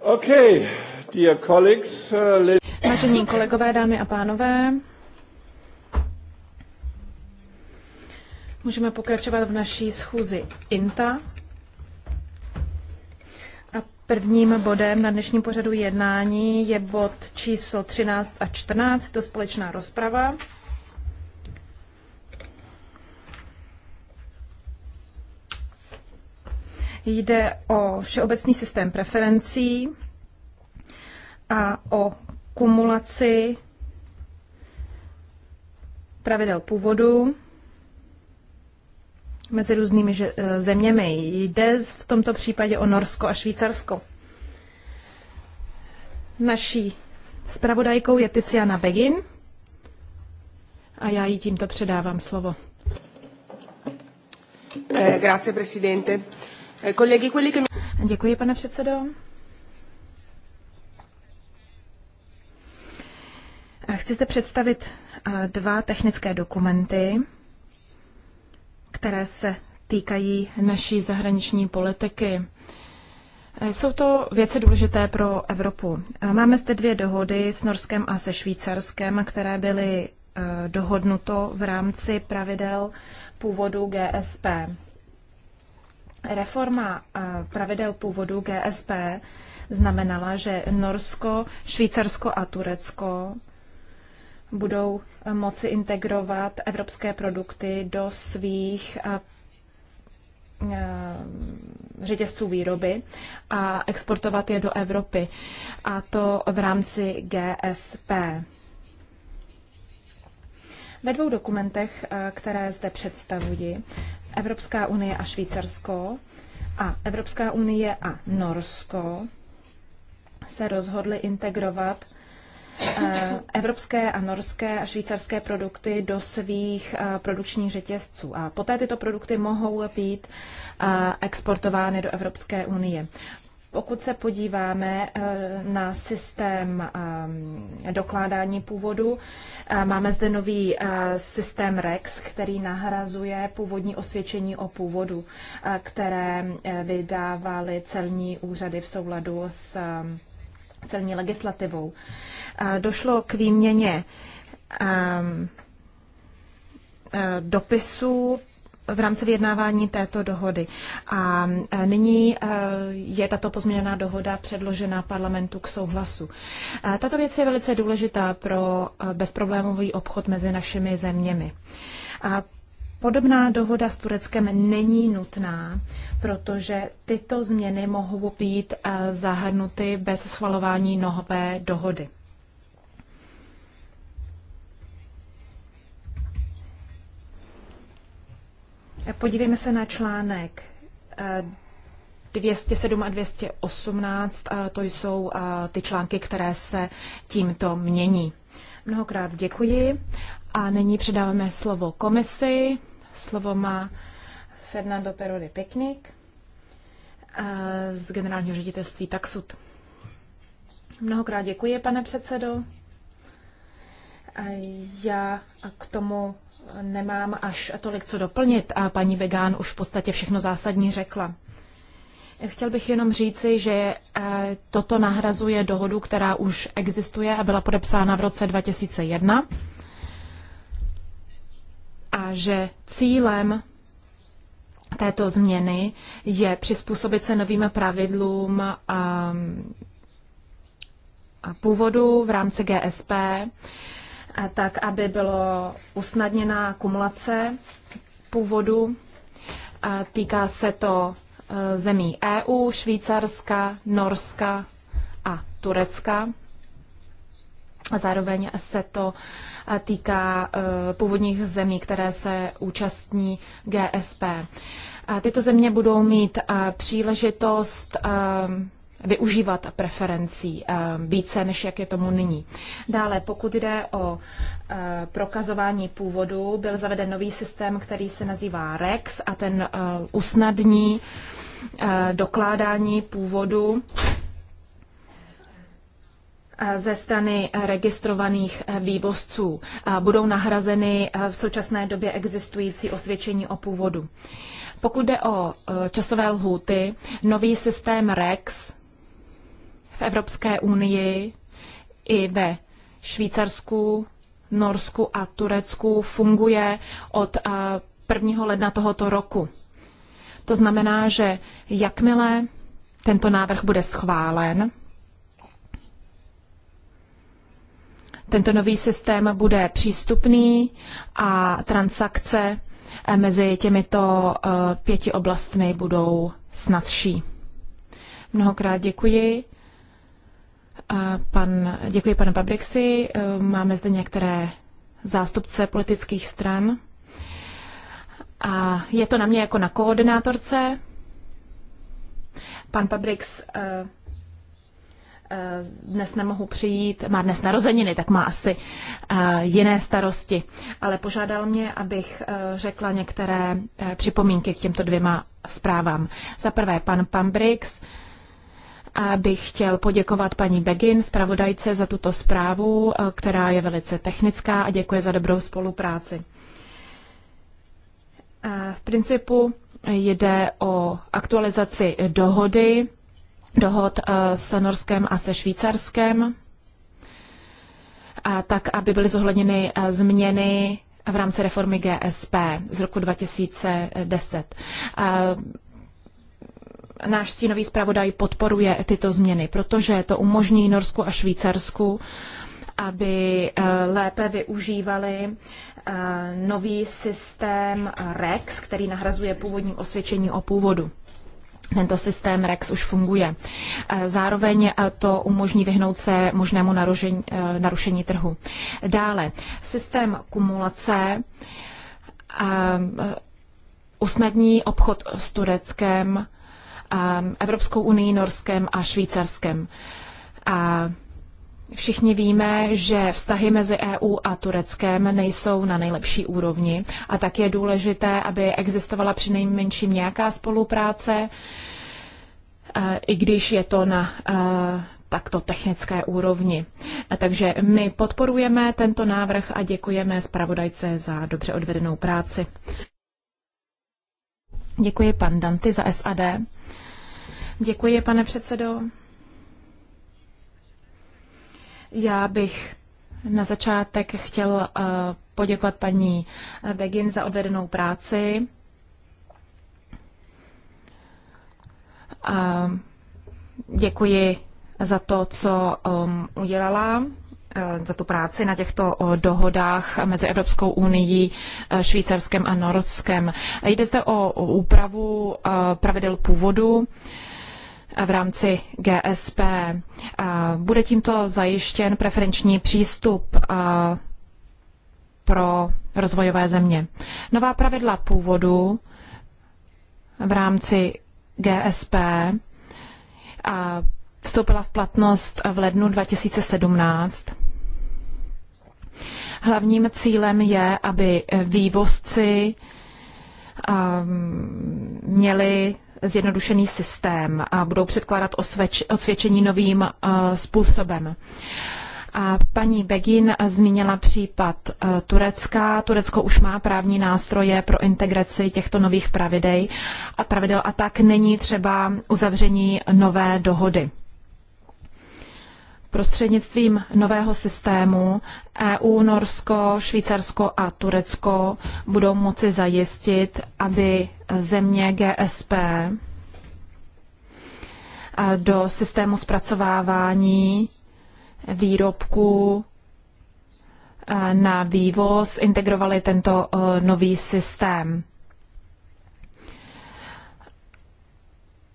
Okay, dear colleagues, uh, Vážení kolegové, dámy a pánové, můžeme pokračovat v naší schůzi INTA. A prvním bodem na dnešním pořadu jednání je bod číslo 13 a 14, to společná rozprava. Jde o všeobecný systém preferencí a o kumulaci pravidel původu mezi různými zeměmi. Jde v tomto případě o Norsko a Švýcarsko. Naší spravodajkou je Tiziana Begin a já jí tímto předávám slovo. Eh, grazie, presidente. Eh, Děkuji, pane předsedo. Eh, chci zde představit eh, dva technické dokumenty, které se týkají naší zahraniční politiky. Jsou to věci důležité pro Evropu. Máme zde dvě dohody s Norskem a se Švýcarskem, které byly dohodnuto v rámci pravidel původu GSP. Reforma eh, pravidel původu GSP znamenala, že Norsko, Švýcarsko a Turecko budou eh, moci integrovat evropské produkty do svých eh, řetězců výroby a exportovat je do Evropy. A to v rámci GSP. Ve dvou dokumentech, eh, které zde představuji, Evropská unie a Švýcarsko a Evropská unie a Norsko se rozhodly integrovat eh, evropské a norské a švýcarské produkty do svých eh, produkčních řetězců. A poté tyto produkty mohou být exportovány do Evropské unie. Pokud se podíváme eh, na systém eh, dokládání původu, eh, máme zde nový systém REX, který nahrazuje původní osvědčení o původu, které vydávaly celní úřady v souladu s celní legislativou. Došlo k výměně dopisů v rámci vyjednávání této dohody. A e, nyní e, je tato pozměněná dohoda předložena parlamentu k souhlasu. E, tato věc je velice důležitá pro bezproblémový obchod mezi našimi zeměmi. A Podobná dohoda s Tureckem není nutná, protože tyto změny mohou být zahrnuty bez schvalování nové dohody. Podívejme se na článek 207 eh, a 218. To jsou eh, ty články, které se tímto mění. Mnohokrát děkuji a nyní předáváme slovo komisi. Slovo má Fernando Perody Piknik eh, z generálního ředitelství Taxud. Mnohokrát děkuji, pane předsedo. Já k tomu nemám až tolik co doplnit a paní Vegán už v podstatě všechno zásadní řekla. Chtěl bych jenom říci, že eh, toto nahrazuje dohodu, která už existuje a byla podepsána v roce 2001 a že cílem této změny je přizpůsobit se novým pravidlům a, ehm, a původu v rámci GSP tak aby bylo usnadněná kumulace původu. Týká se to e, zemí EU, Švýcarska, Norska a Turecka. A zároveň se to e, týká e, původních zemí, které se účastní GSP. Tyto země budou mít příležitost využívat preferencí eh, více, než jak je tomu nyní. Dále, pokud jde o eh, prokazování původu, byl zaveden nový systém, který se nazývá REX a ten eh, usnadní dokládání původu ze strany registrovaných vývozců. Budou nahrazeny v současné době existující osvědčení o původu. Pokud jde o časové lhůty, nový systém REX v Evropské unii i ve Švýcarsku, Norsku a Turecku funguje od 1. Eh, ledna tohoto roku. To znamená, že jakmile tento návrh bude schválen, tento nový systém bude přístupný a transakce eh, mezi těmito eh, pěti oblastmi budou snadší. Mnohokrát děkuji Pan, děkuji pane Pabrixi. Máme zde některé zástupce politických stran. A je to na mě jako na koordinátorce. Pan Pabrix eh, eh, dnes nemohu přijít, má dnes narozeniny, tak má asi eh, jiné starosti. Ale požádal mě, abych řekla některé připomínky k těmto dvěma zprávám. Za prvé, pan Pambrix bych chtěl poděkovat paní Begin, zpravodajce, za tuto zprávu, eh, která je velice technická a děkuji za dobrou spolupráci. V principu jde o aktualizaci dohody, dohod eh, s Norskem a se Švýcarskem, a tak, aby byly zohledněny eh, změny v rámci reformy GSP z roku 2010 náš stínový zpravodaj podporuje tyto změny, protože to umožní Norsku a Švýcarsku, aby eh, lépe využívali eh, nový systém REX, který nahrazuje původní osvědčení o původu. Tento systém REX už funguje. Eh, zároveň to umožní vyhnout se možnému narušení, narušení trhu. Dále, systém kumulace usnadní obchod s Tureckem Evropskou unii, Norskem a Švýcarskem. A Všichni víme, že vztahy mezi EU a Tureckem nejsou na nejlepší úrovni a tak je důležité, aby existovala přinejmenším nějaká spolupráce, e, i když je to na e, takto technické úrovni. A takže my podporujeme tento návrh a děkujeme zpravodajce za dobře odvedenou práci. Děkuji pan Danty za SAD. Děkuji, pane předsedo. Já bych na začátek chtěl eh, poděkovat paní Begin za odvedenou práci. A děkuji za to, co um, udělala eh, za tu práci na těchto dohodách mezi Evropskou unii, eh, Švýcarskem a Norskem. Jde zde o úpravu pravidel původu v rámci GSP. Bude tímto zajištěn preferenční přístup pro rozvojové země. Nová pravidla původu v rámci GSP vstoupila v platnost v lednu 2017. Hlavním cílem je, aby vývozci měli zjednodušený systém a budou předkládat osvědč, osvědčení novým eh, způsobem. A paní Begin zmínila případ eh, Turecka. Turecko už má právní nástroje pro integraci těchto nových pravidel a pravidel a tak není třeba uzavření nové dohody prostřednictvím nového systému EU, Norsko, Švýcarsko a Turecko budou moci zajistit, aby země GSP do systému zpracovávání výrobků na vývoz integrovali tento e, nový systém.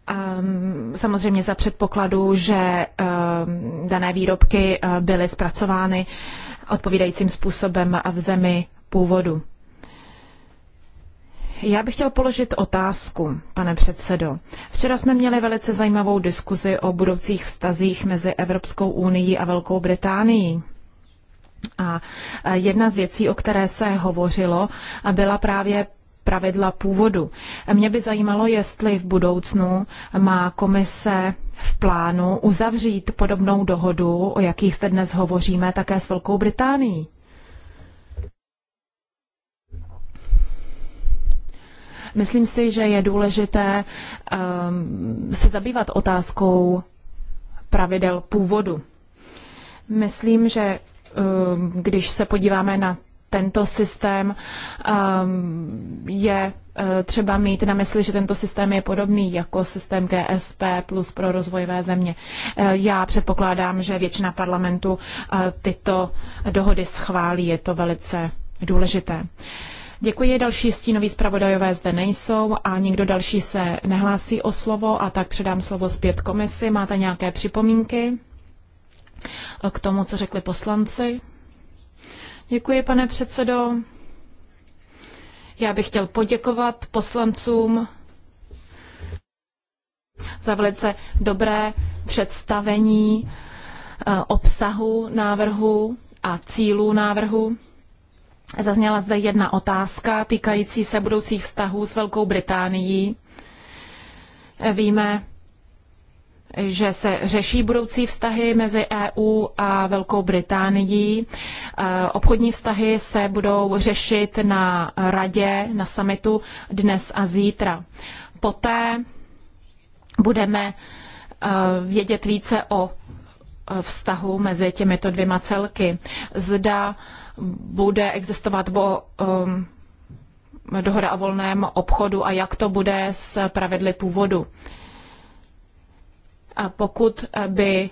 Ehm, samozřejmě za předpokladu, že ehm, dané výrobky eh, byly zpracovány odpovídajícím způsobem v zemi původu. Já bych chtěl položit otázku, pane předsedo. Včera jsme měli velice zajímavou diskuzi o budoucích vztazích mezi Evropskou unii a Velkou Británií. A eh, jedna z věcí, o které se hovořilo, byla právě pravidla původu. Mě by zajímalo, jestli v budoucnu má komise v plánu uzavřít podobnou dohodu, o jakých zde dnes hovoříme, také s Velkou Británií. Myslím si, že je důležité um, se zabývat otázkou pravidel původu. Myslím, že ehm, když se podíváme na tento systém ehm, je eh, třeba mít na mysli, že tento systém je podobný jako systém GSP plus pro rozvojové země. Eh, já předpokládám, že většina parlamentu eh, tyto dohody schválí, je to velice důležité. Děkuji, další stínoví zpravodajové zde nejsou a nikdo další se nehlásí o slovo a tak předám slovo zpět komisi. Máte nějaké připomínky k tomu, co řekli poslanci? Děkuji, pane předsedo. Já bych chtěl poděkovat poslancům za velice dobré představení eh, obsahu návrhu a cílů návrhu. Zazněla zde jedna otázka týkající se budoucích vztahů s Velkou Británií. Eh, víme, že se řeší budoucí vztahy mezi EU a Velkou Británií. E, obchodní vztahy se budou řešit na radě, na samitu dnes a zítra. Poté budeme e, vědět více o e, vztahu mezi těmito dvěma celky. Zda bude existovat bo, um, dohoda o volném obchodu a jak to bude s pravidly původu pokud by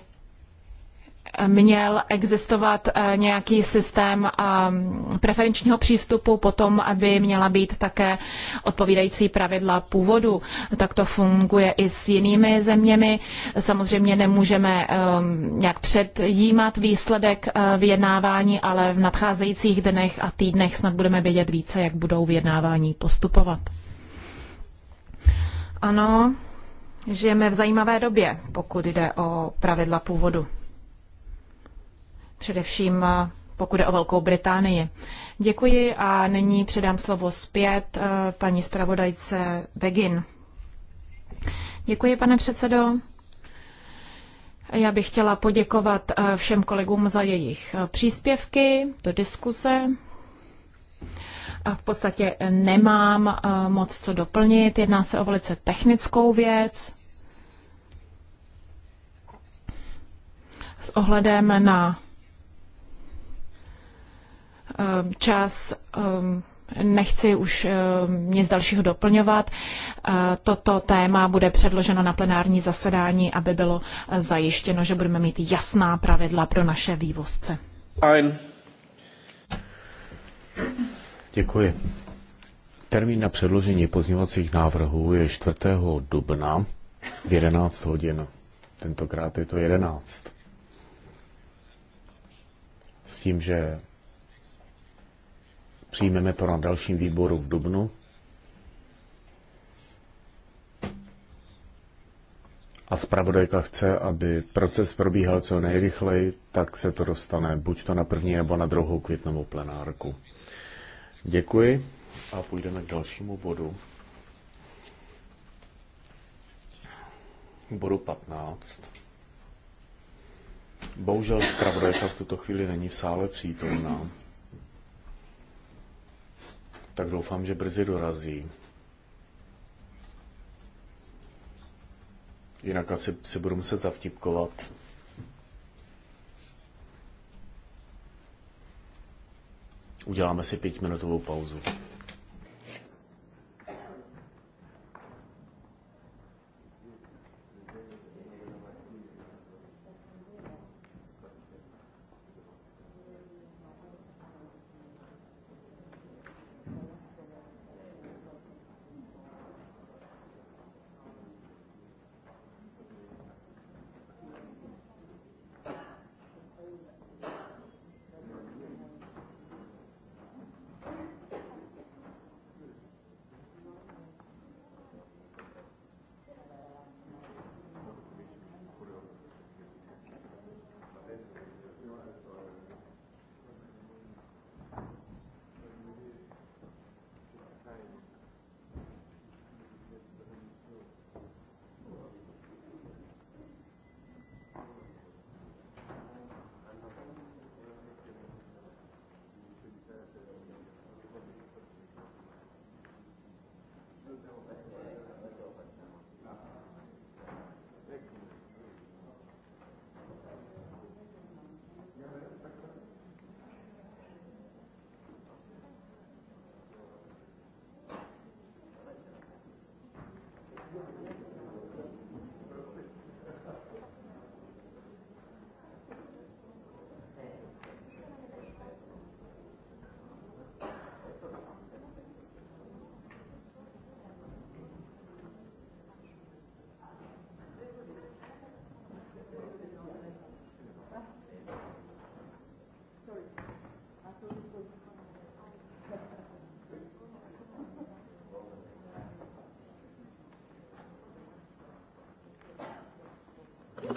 měl existovat eh, nějaký systém ehm, preferenčního přístupu, potom aby měla být také odpovídající pravidla původu. Tak to funguje i s jinými zeměmi. Samozřejmě nemůžeme ehm, nějak předjímat výsledek eh, vyjednávání, ale v nadcházejících dnech a týdnech snad budeme vědět více, jak budou vyjednávání postupovat. Ano. Žijeme v zajímavé době, pokud jde o pravidla původu. Především eh, pokud jde o Velkou Británii. Děkuji a nyní předám slovo zpět eh, paní zpravodajce Begin. Děkuji, pane předsedo. Já bych chtěla poděkovat eh, všem kolegům za jejich příspěvky do diskuse v podstatě nemám eh, moc co doplnit. Jedná se o velice technickou věc. S ohledem na eh, čas eh, nechci už nic dalšího doplňovat. Toto téma bude předloženo na plenární zasedání, aby bylo zajištěno, že budeme mít jasná pravidla pro naše vývozce. Fine. Děkuji. Termín na předložení pozněvacích návrhů je 4. dubna v 11 hodin. Tentokrát je to 11. S tím, že přijmeme to na dalším výboru v dubnu. A zpravodajka chce, aby proces probíhal co nejrychleji, tak se to dostane buď to na první nebo na druhou květnovou plenárku. Děkuji a půjdeme k dalšímu bodu. bodu 15. Bohužel zpravodajka v tuto chvíli není v sále přítomná. Tak doufám, že brzy dorazí. Jinak asi si budu muset zavtipkovat. Uděláme si pětiminutovou pauzu.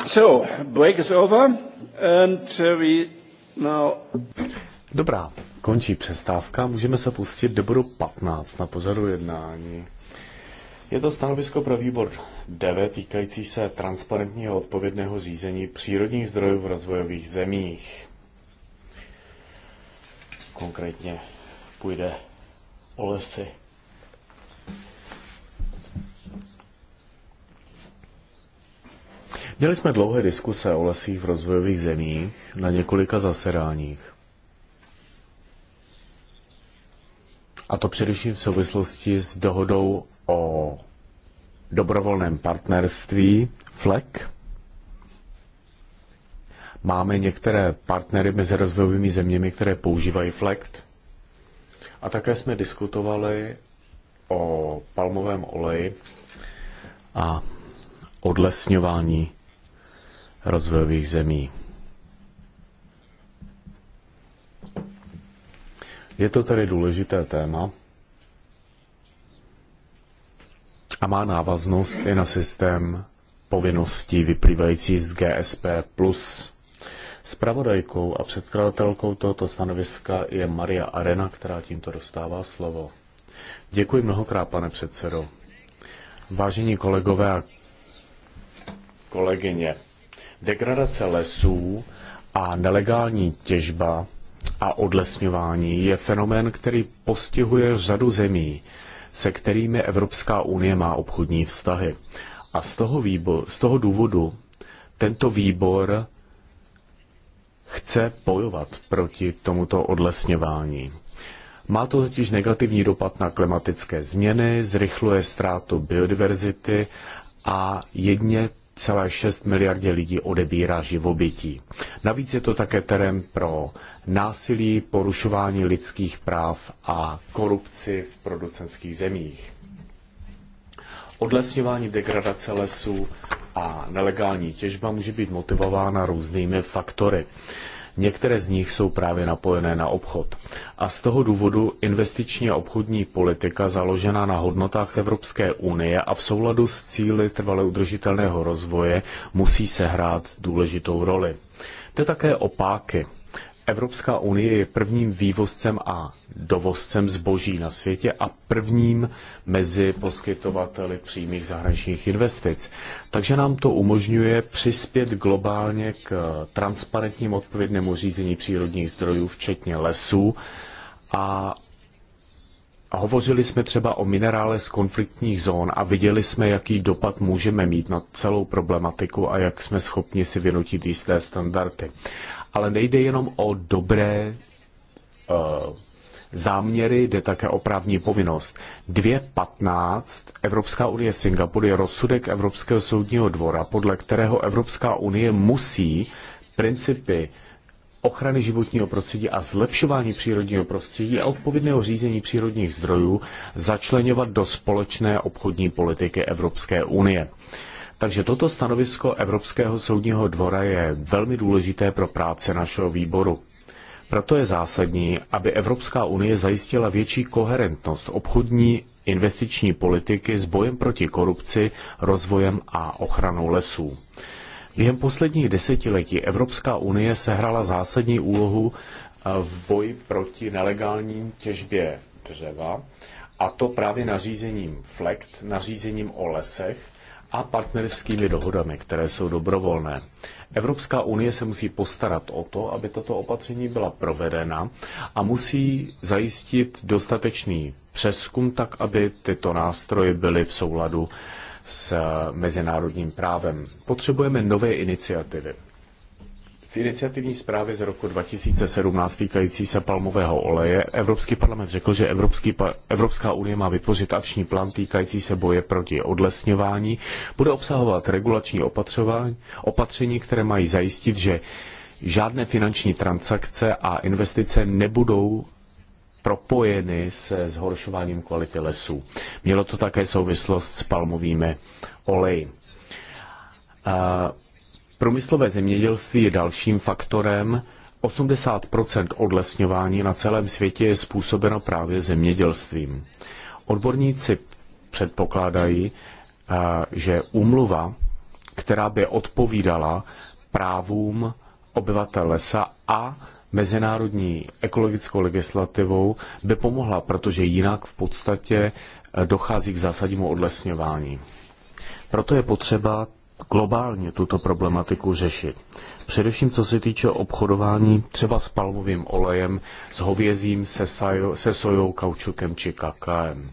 So, break is over and uh, we now... Dobrá, končí přestávka, můžeme se pustit do bodu 15 na pořadu jednání. Je to stanovisko pro výbor 9 týkající se transparentního odpovědného řízení přírodních zdrojů v rozvojových zemích. Konkrétně půjde o lesy. Měli jsme dlouhé diskuse o lesích v rozvojových zemích na několika zasedáních. A to především v souvislosti s dohodou o dobrovolném partnerství FLEC. Máme některé partnery mezi rozvojovými zeměmi, které používají FLEc. A také jsme diskutovali o palmovém oleji a odlesňování rozvojových zemí. Je to tedy důležité téma a má návaznost i na systém povinností vyplývající z GSP+. Spravodajkou a předkladatelkou tohoto stanoviska je Maria Arena, která tímto dostává slovo. Děkuji mnohokrát, pane předsedo. Vážení kolegové a kolegyně, Degradace lesů a nelegální těžba a odlesňování je fenomén, který postihuje řadu zemí, se kterými Evropská unie má obchodní vztahy. A z toho, výbor, z toho důvodu tento výbor chce bojovat proti tomuto odlesňování. Má to totiž negativní dopad na klimatické změny, zrychluje ztrátu biodiverzity a jedně 1,6 miliardě lidí odebírá živobytí. Navíc je to také terén pro násilí, porušování lidských práv a korupci v producentských zemích. Odlesňování degradace lesů a nelegální těžba může být motivována různými faktory. Některé z nich jsou právě napojené na obchod. A z toho důvodu investiční a obchodní politika založená na hodnotách Evropské unie a v souladu s cíly trvale udržitelného rozvoje musí sehrát důležitou roli. To je také opáky. Evropská unie je prvním vývozcem a dovozcem zboží na světě a prvním mezi poskytovateli přímých zahraničních investic. Takže nám to umožňuje přispět globálně k transparentním odpovědnému řízení přírodních zdrojů, včetně lesů. A hovořili jsme třeba o minerále z konfliktních zón a viděli jsme, jaký dopad můžeme mít na celou problematiku a jak jsme schopni si vynutit jisté standardy ale nejde jenom o dobré uh, záměry, jde také o právní povinnost. 2.15 Evropská unie Singapur je rozsudek Evropského soudního dvora, podle kterého Evropská unie musí principy ochrany životního prostředí a zlepšování přírodního prostředí a odpovědného řízení přírodních zdrojů začlenovat do společné obchodní politiky Evropské unie. Takže toto stanovisko Evropského soudního dvora je velmi důležité pro práce našeho výboru. Proto je zásadní, aby Evropská unie zajistila větší koherentnost obchodní investiční politiky s bojem proti korupci, rozvojem a ochranou lesů. Během posledních desetiletí Evropská unie sehrala zásadní úlohu eh, v boji proti nelegální těžbě dřeva, a to právě nařízením FLECT, nařízením o lesech a partnerskými dohodami, které jsou dobrovolné. Evropská unie se musí postarat o to, aby tato opatření byla provedena a musí zajistit dostatečný přeskum tak, aby tyto nástroje byly v souladu s mezinárodním právem. Potřebujeme nové iniciativy iniciativní zprávy z roku 2017 týkající se palmového oleje Evropský parlament řekl, že Evropský, Evropská unie má vytvořit akční plán týkající se boje proti odlesňování. Bude obsahovat regulační opatření, které mají zajistit, že žádné finanční transakce a investice nebudou propojeny se zhoršováním kvality lesů. Mělo to také souvislost s palmovými oleji. Uh, Průmyslové zemědělství je dalším faktorem. 80 odlesňování na celém světě je způsobeno právě zemědělstvím. Odborníci předpokládají, eh, že úmluva, která by odpovídala právům obyvatel lesa a mezinárodní ekologickou legislativou by pomohla, protože jinak v podstatě eh, dochází k zásadnímu odlesňování. Proto je potřeba globálně tuto problematiku řešit. Především co se týče obchodování třeba s palmovým olejem, s hovězím, se, sajo, se sojou, kaučukem či kakaem.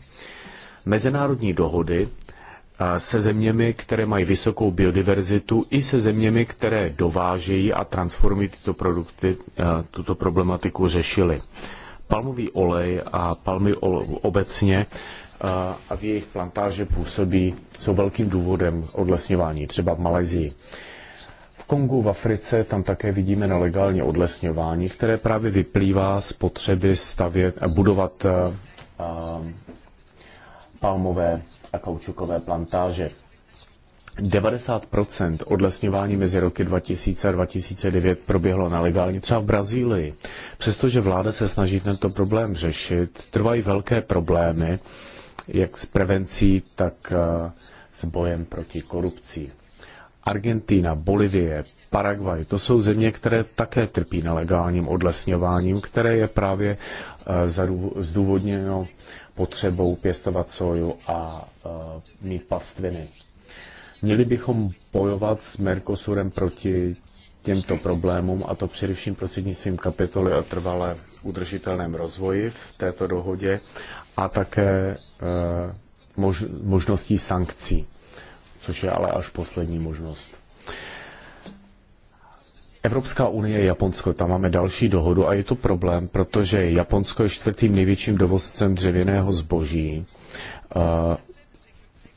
Mezinárodní dohody se zeměmi, které mají vysokou biodiverzitu, i se zeměmi, které dovážejí a transformují tyto produkty, tuto problematiku řešily. Palmový olej a palmy obecně a v jejich plantáže působí, jsou velkým důvodem odlesňování, třeba v Malajzii. V Kongu, v Africe, tam také vidíme nelegální odlesňování, které právě vyplývá z potřeby stavět a budovat a, palmové a kaučukové plantáže. 90 odlesňování mezi roky 2000 a 2009 proběhlo nelegálně, třeba v Brazílii. Přestože vláda se snaží tento problém řešit, trvají velké problémy jak s prevencí, tak eh, s bojem proti korupci. Argentina, Bolivie, Paraguay, to jsou země, které také trpí nelegálním odlesňováním, které je právě eh, zdůvodněno potřebou pěstovat soju a eh, mít pastviny. Měli bychom bojovat s Mercosurem proti těmto problémům, a to především prostřednictvím kapitoly o trvalé udržitelném rozvoji v této dohodě a také eh, možností sankcí, což je ale až poslední možnost. Evropská unie, je Japonsko, tam máme další dohodu a je to problém, protože Japonsko je čtvrtým největším dovozcem dřevěného zboží eh,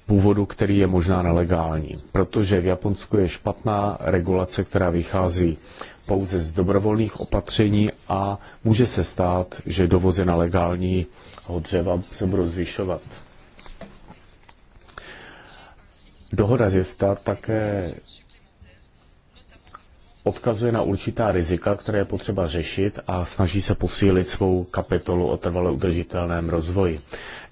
původu, který je možná nelegální, protože v Japonsku je špatná regulace, která vychází pouze z dobrovolných opatření a může se stát, že dovoz je nelegální toho dřeva se budou zvyšovat. Dohoda ZESTA také odkazuje na určitá rizika, které je potřeba řešit a snaží se posílit svou kapitolu o trvale udržitelném rozvoji.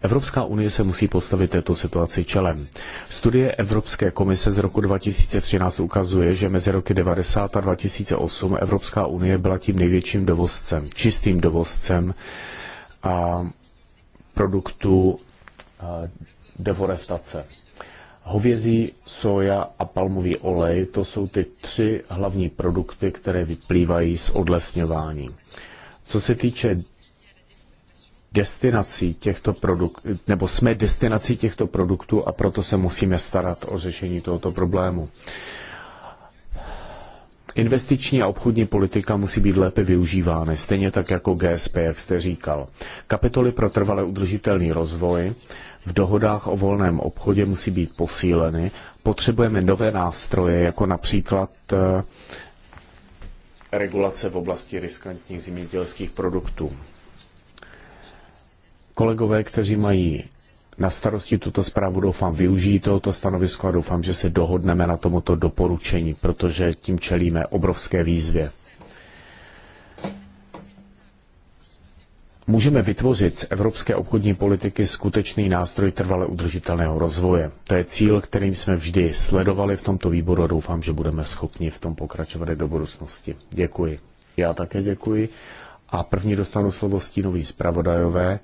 Evropská unie se musí postavit této situaci čelem. Studie Evropské komise z roku 2013 ukazuje, že mezi roky 90 a 2008 Evropská unie byla tím největším dovozcem, čistým dovozcem a produktů eh, deforestace. Hovězí, soja a palmový olej, to jsou ty tři hlavní produkty, které vyplývají z odlesňování. Co se týče destinací těchto produktů, nebo jsme destinací těchto produktů a proto se musíme starat o řešení tohoto problému. Investiční a obchodní politika musí být lépe využívány, stejně tak jako GSP, jak jste říkal. Kapitoly pro trvale udržitelný rozvoj v dohodách o volném obchodě musí být posíleny. Potřebujeme nové nástroje, jako například eh, regulace v oblasti riskantních zemědělských produktů. Kolegové, kteří mají na starosti tuto zprávu, doufám, využijí tohoto stanovisko a doufám, že se dohodneme na tomuto doporučení, protože tím čelíme obrovské výzvě. Můžeme vytvořit z evropské obchodní politiky skutečný nástroj trvale udržitelného rozvoje. To je cíl, kterým jsme vždy sledovali v tomto výboru a doufám, že budeme schopni v tom pokračovat i do budoucnosti. Děkuji. Já také děkuji. A první dostanu slovo stínový zpravodajové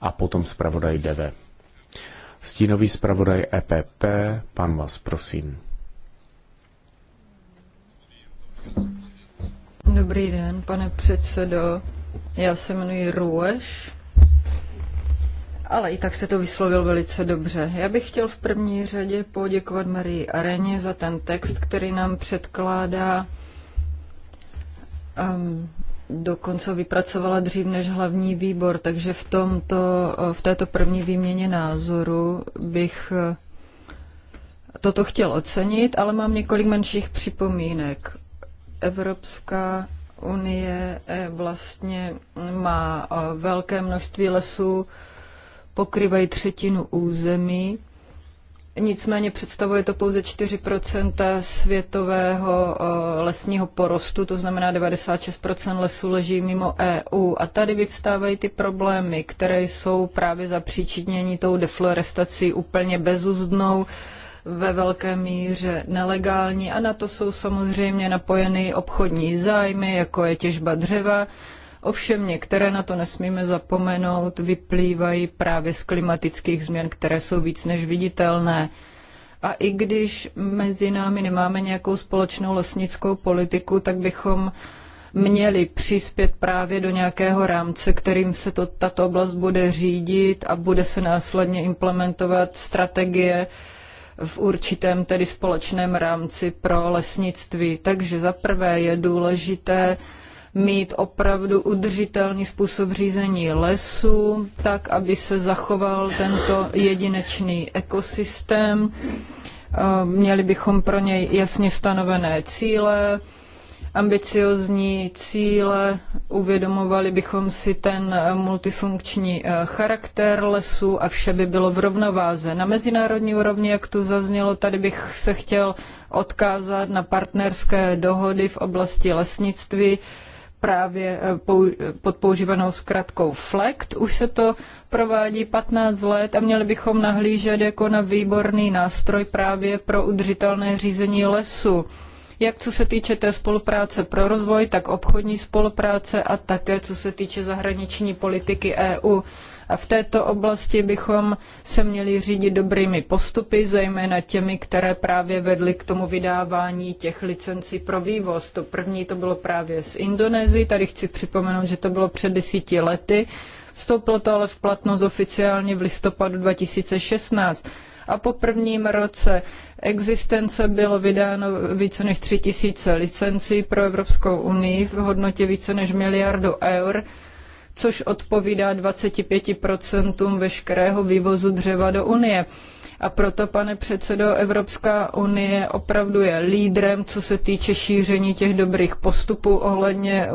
a potom zpravodaj DEVE. Stínový zpravodaj EPP, pan vás prosím. Dobrý den, pane předsedo. Já se jmenuji Rueš, ale i tak se to vyslovil velice dobře. Já bych chtěl v první řadě poděkovat Marii Areně za ten text, který nám předkládá. Um, dokonce vypracovala dřív než hlavní výbor, takže v, tomto, v této první výměně názoru bych eh, toto chtěl ocenit, ale mám několik menších připomínek. Evropská unie eh, vlastně má eh, velké množství lesů, pokrývají třetinu území Nicméně představuje to pouze 4 světového eh, lesního porostu, to znamená 96 lesů leží mimo EU. A tady vyvstávají ty problémy, které jsou právě zapříčinění tou deflorestací úplně bezuzdnou ve velké míře nelegální a na to jsou samozřejmě napojeny obchodní zájmy, jako je těžba dřeva, Ovšem některé na to nesmíme zapomenout, vyplývají právě z klimatických změn, které jsou víc než viditelné. A i když mezi námi nemáme nějakou společnou lesnickou politiku, tak bychom měli přispět právě do nějakého rámce, kterým se to, tato oblast bude řídit a bude se následně implementovat strategie v určitém tedy společném rámci pro lesnictví. Takže za prvé je důležité mít opravdu udržitelný způsob řízení lesů, tak aby se zachoval tento jedinečný ekosystém. Eh, měli bychom pro něj jasně stanovené cíle, ambiciozní cíle, uvědomovali bychom si ten eh, multifunkční eh, charakter lesu a vše by bylo v rovnováze. Na mezinárodní úrovni, jak tu zaznělo, tady bych se chtěl odkázat na partnerské dohody v oblasti lesnictví, právě eh, pod používanou zkratkou FLECT. Už se to provádí 15 let a měli bychom nahlížet jako na výborný nástroj právě pro udržitelné řízení lesu. Jak co se týče té spolupráce pro rozvoj, tak obchodní spolupráce a také co se týče zahraniční politiky EU. A v této oblasti bychom se měli řídit dobrými postupy, zejména těmi, které právě vedly k tomu vydávání těch licencí pro vývoz. To první to bylo právě z Indonésií. tady chci připomenout, že to bylo před desíti lety. Vstoupilo to ale v platnost oficiálně v listopadu 2016 a po prvním roce existence bylo vydáno více než 3 tisíce licencí pro Evropskou unii v hodnotě více než miliardu eur což odpovídá 25% veškerého vývozu dřeva do Unie. A proto, pane předsedo, Evropská unie opravdu je lídrem, co se týče šíření těch dobrých postupů ohledně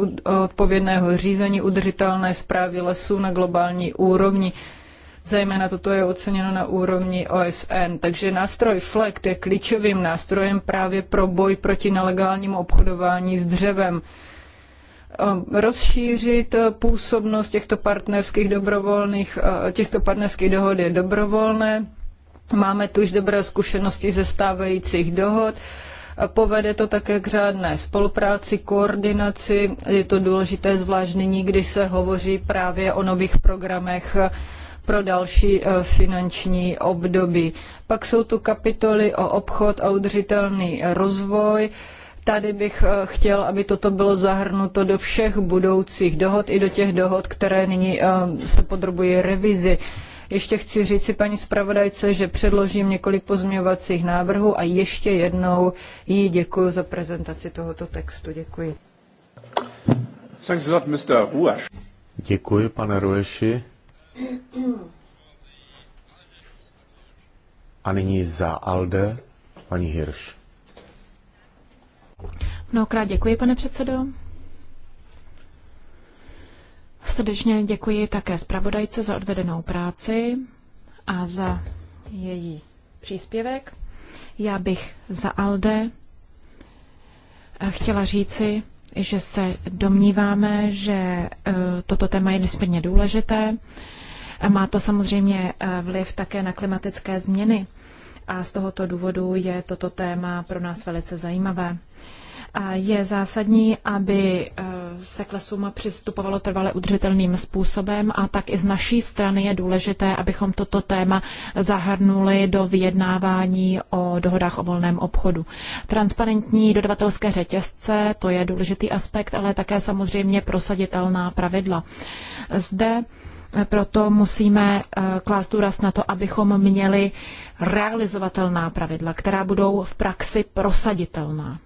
odpovědného řízení udržitelné správy lesů na globální úrovni. Zejména toto je oceněno na úrovni OSN. Takže nástroj FLECT je klíčovým nástrojem právě pro boj proti nelegálnímu obchodování s dřevem. Um, rozšířit eh, působnost těchto partnerských dobrovolných, eh, těchto partnerských dohod je dobrovolné. Máme tu už dobré zkušenosti ze stávajících dohod. Povede to také k řádné spolupráci, koordinaci. Je to důležité zvlášť nyní, kdy se hovoří právě o nových programech eh, pro další finanční období. Pak jsou tu kapitoly o obchod a udržitelný rozvoj. Tady bych eh, chtěl, aby toto bylo zahrnuto do všech budoucích dohod i do těch dohod, které nyní eh, se podrobují revizi. Ještě chci říci paní zpravodajce, že předložím několik pozměňovacích návrhů a ještě jednou jí děkuji za prezentaci tohoto textu. Děkuji. Děkuji, pane Rueši. A nyní za Alde, paní Hirsch. Mnohokrát děkuji, pane předsedo. Srdečně děkuji také zpravodajce za odvedenou práci a za její příspěvek. Já bych za ALDE chtěla říci, že se domníváme, že eh, toto téma je nesmírně důležité. Má to samozřejmě eh, vliv také na klimatické změny a z tohoto důvodu je toto téma pro nás velice zajímavé. A je zásadní, aby e, se k lesům přistupovalo trvale udržitelným způsobem a tak i z naší strany je důležité, abychom toto téma zahrnuli do vyjednávání o dohodách o volném obchodu. Transparentní dodavatelské řetězce, to je důležitý aspekt, ale také samozřejmě prosaditelná pravidla. Zde proto musíme eh, klást důraz na to, abychom měli realizovatelná pravidla, která budou v praxi prosaditelná.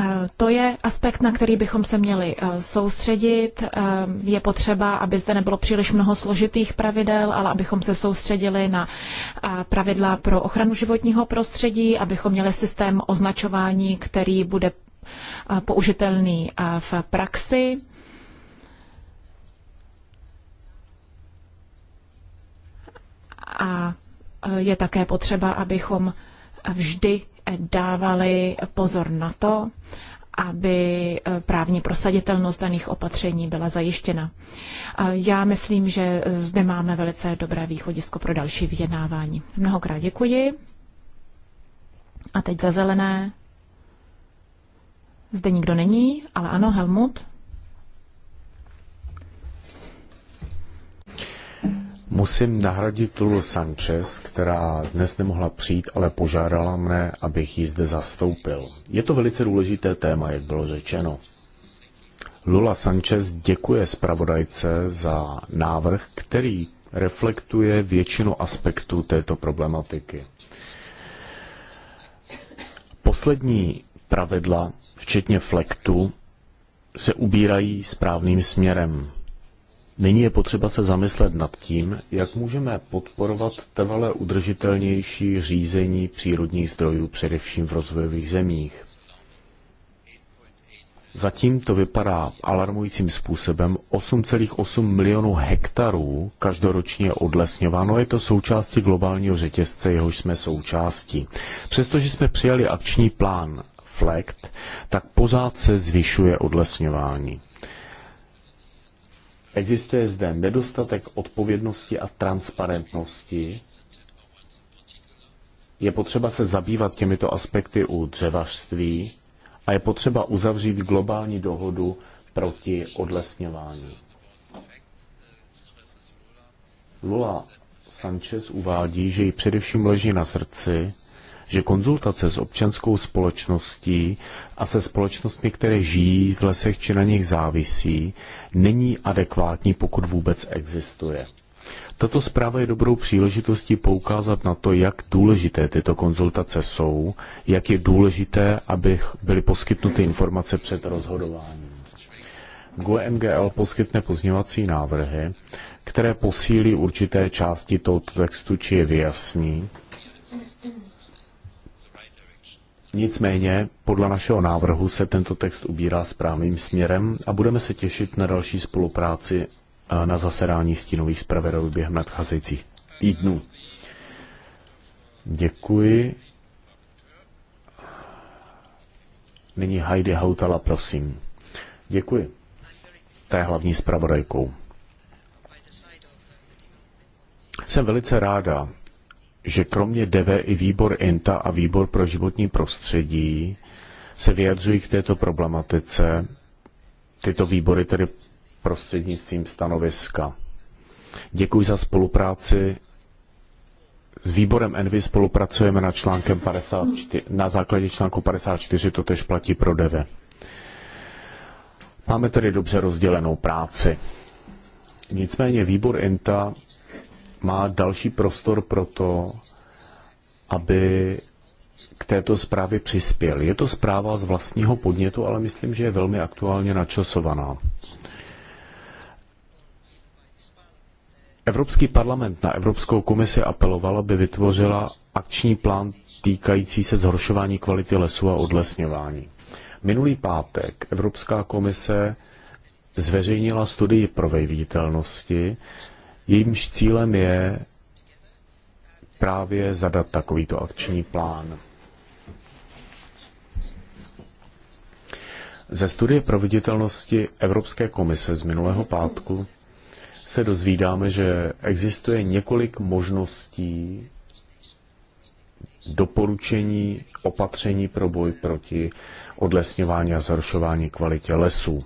Eh, to je aspekt, na který bychom se měli eh, soustředit. Je potřeba, aby zde nebylo příliš mnoho složitých pravidel, ale abychom se soustředili na pravidla pro ochranu životního prostředí, abychom měli systém označování, který bude použitelný v praxi A je také potřeba, abychom vždy dávali pozor na to, aby e, právní prosaditelnost daných opatření byla zajištěna. Já myslím, že e, zde máme velice dobré východisko pro další vyjednávání. Mnohokrát děkuji. A teď za zelené. Zde nikdo není, ale ano, Helmut. Musím nahradit Lulu Sanchez, která dnes nemohla přijít, ale požádala mne, abych ji zde zastoupil. Je to velice důležité téma, jak bylo řečeno. Lula Sanchez děkuje zpravodajce za návrh, který reflektuje většinu aspektů této problematiky. Poslední pravidla, včetně flektu, se ubírají správným směrem. Nyní je potřeba se zamyslet nad tím, jak můžeme podporovat trvalé udržitelnější řízení přírodních zdrojů, především v rozvojových zemích. Zatím to vypadá alarmujícím způsobem. 8,8 milionů hektarů každoročně odlesňováno. Je to součástí globálního řetězce, jehož jsme součástí. Přestože jsme přijali akční plán FLECT, tak pořád se zvyšuje odlesňování. Existuje zde nedostatek odpovědnosti a transparentnosti. Je potřeba se zabývat těmito aspekty u dřevařství a je potřeba uzavřít globální dohodu proti odlesňování. Lula Sanchez uvádí, že jí především leží na srdci, že konzultace s občanskou společností a se společnostmi, které žijí v lesech či na nich závisí, není adekvátní, pokud vůbec existuje. Tato zpráva je dobrou příležitostí poukázat na to, jak důležité tyto konzultace jsou, jak je důležité, aby byly poskytnuty informace před rozhodováním. GUMGL poskytne pozněvací návrhy, které posílí určité části tohoto textu či je vyjasní, Nicméně, podle našeho návrhu se tento text ubírá správným směrem a budeme se těšit na další spolupráci eh, na zasedání stínových zpravodajů během nadcházejících týdnů. Děkuji. Nyní Heidi Hautala, prosím. Děkuji. To je hlavní zpravodajkou. Jsem velice ráda, že kromě DV i výbor INTA a výbor pro životní prostředí se vyjadřují k této problematice, tyto výbory tedy prostřednictvím stanoviska. Děkuji za spolupráci. S výborem Envy spolupracujeme na, článkem 54, na základě článku 54, to tež platí pro DV. Máme tedy dobře rozdělenou práci. Nicméně výbor INTA má další prostor pro to, aby k této zprávě přispěl. Je to zpráva z vlastního podnětu, ale myslím, že je velmi aktuálně načasovaná. Evropský parlament na Evropskou komisi apeloval, aby vytvořila akční plán týkající se zhoršování kvality lesů a odlesňování. Minulý pátek Evropská komise zveřejnila studii proveditelnosti, jejímž cílem je právě zadat takovýto akční plán. Ze studie proveditelnosti Evropské komise z minulého pátku se dozvídáme, že existuje několik možností doporučení opatření pro boj proti odlesňování a zhoršování kvalitě lesů.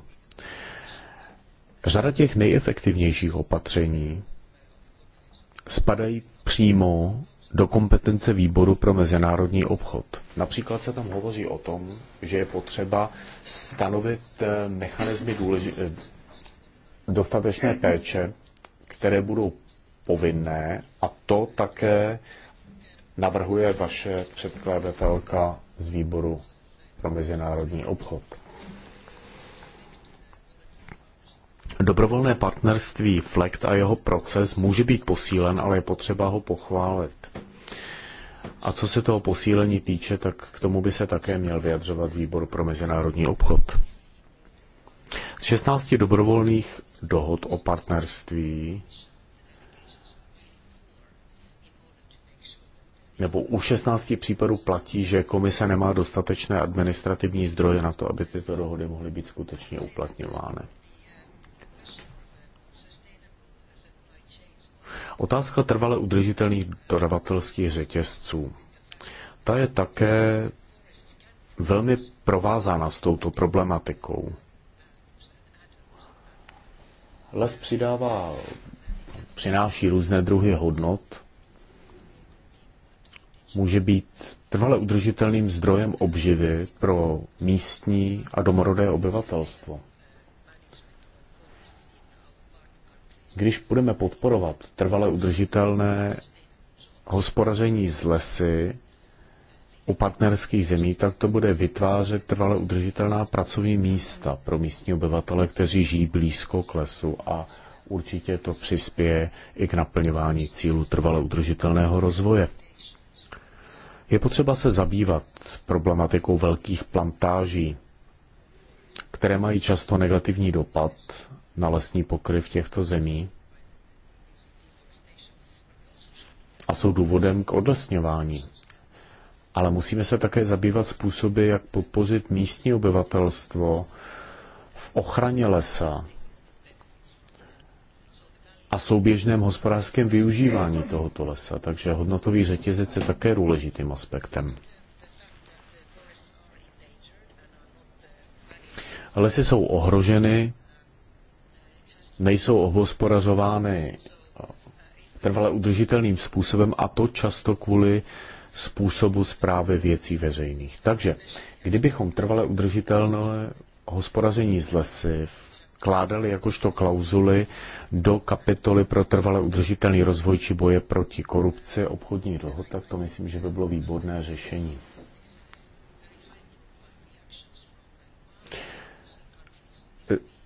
Řada těch nejefektivnějších opatření spadají přímo do kompetence výboru pro mezinárodní obchod. Například se tam hovoří o tom, že je potřeba stanovit eh, mechanizmy důleži- eh, dostatečné péče, které budou povinné a to také navrhuje vaše předkladatelka z výboru pro mezinárodní obchod. Dobrovolné partnerství FLECT a jeho proces může být posílen, ale je potřeba ho pochválit. A co se toho posílení týče, tak k tomu by se také měl vyjadřovat výbor pro mezinárodní obchod. Z 16 dobrovolných dohod o partnerství nebo u 16 případů platí, že komise nemá dostatečné administrativní zdroje na to, aby tyto dohody mohly být skutečně uplatňovány. Otázka trvale udržitelných dodavatelských řetězců. Ta je také velmi provázána s touto problematikou. Les přidává, přináší různé druhy hodnot, může být trvale udržitelným zdrojem obživy pro místní a domorodé obyvatelstvo. Když budeme podporovat trvale udržitelné hospodaření z lesy u partnerských zemí, tak to bude vytvářet trvale udržitelná pracovní místa pro místní obyvatele, kteří žijí blízko k lesu a určitě to přispěje i k naplňování cílu trvale udržitelného rozvoje. Je potřeba se zabývat problematikou velkých plantáží, které mají často negativní dopad na lesní pokryv těchto zemí a jsou důvodem k odlesňování. Ale musíme se také zabývat způsoby, jak podpořit místní obyvatelstvo v ochraně lesa a souběžném hospodářském využívání tohoto lesa. Takže hodnotový řetězec je také důležitým aspektem. Lesy jsou ohroženy, nejsou obhospodařovány trvale udržitelným způsobem a to často kvůli způsobu zprávy věcí veřejných. Takže kdybychom trvale udržitelné hospodaření z lesy vkládali jakožto klauzuly do kapitoly pro trvale udržitelný rozvoj či boje proti korupci obchodní dohod, tak to myslím, že by bylo výborné řešení.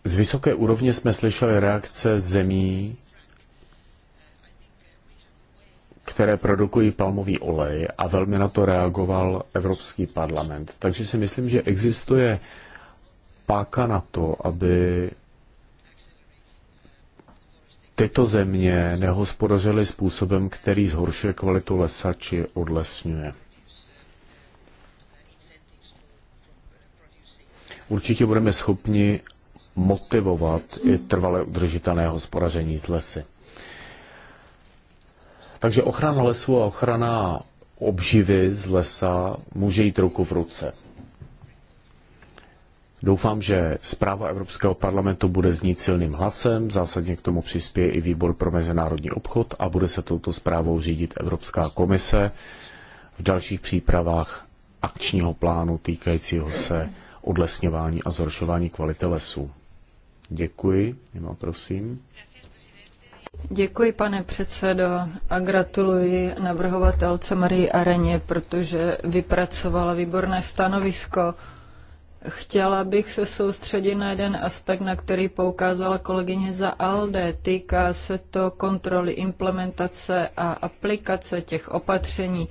Z vysoké úrovně jsme slyšeli reakce zemí, které produkují palmový olej a velmi na to reagoval Evropský parlament. Takže si myslím, že existuje páka na to, aby tyto země nehospodařily způsobem, který zhoršuje kvalitu lesa či odlesňuje. Určitě budeme schopni motivovat i trvale udržitelné hospodaření z lesy. Takže ochrana lesu a ochrana obživy z lesa může jít ruku v ruce. Doufám, že zpráva Evropského parlamentu bude znít silným hlasem, zásadně k tomu přispěje i výbor pro mezinárodní obchod a bude se touto zprávou řídit Evropská komise v dalších přípravách akčního plánu týkajícího se odlesňování a zhoršování kvality lesů. Děkuji, Jema, prosím. Děkuji, pane předsedo, a gratuluji navrhovatelce Marii Areně, protože vypracovala výborné stanovisko. Chtěla bych se soustředit na jeden aspekt, na který poukázala kolegyně za ALDE. Týká se to kontroly implementace a aplikace těch opatření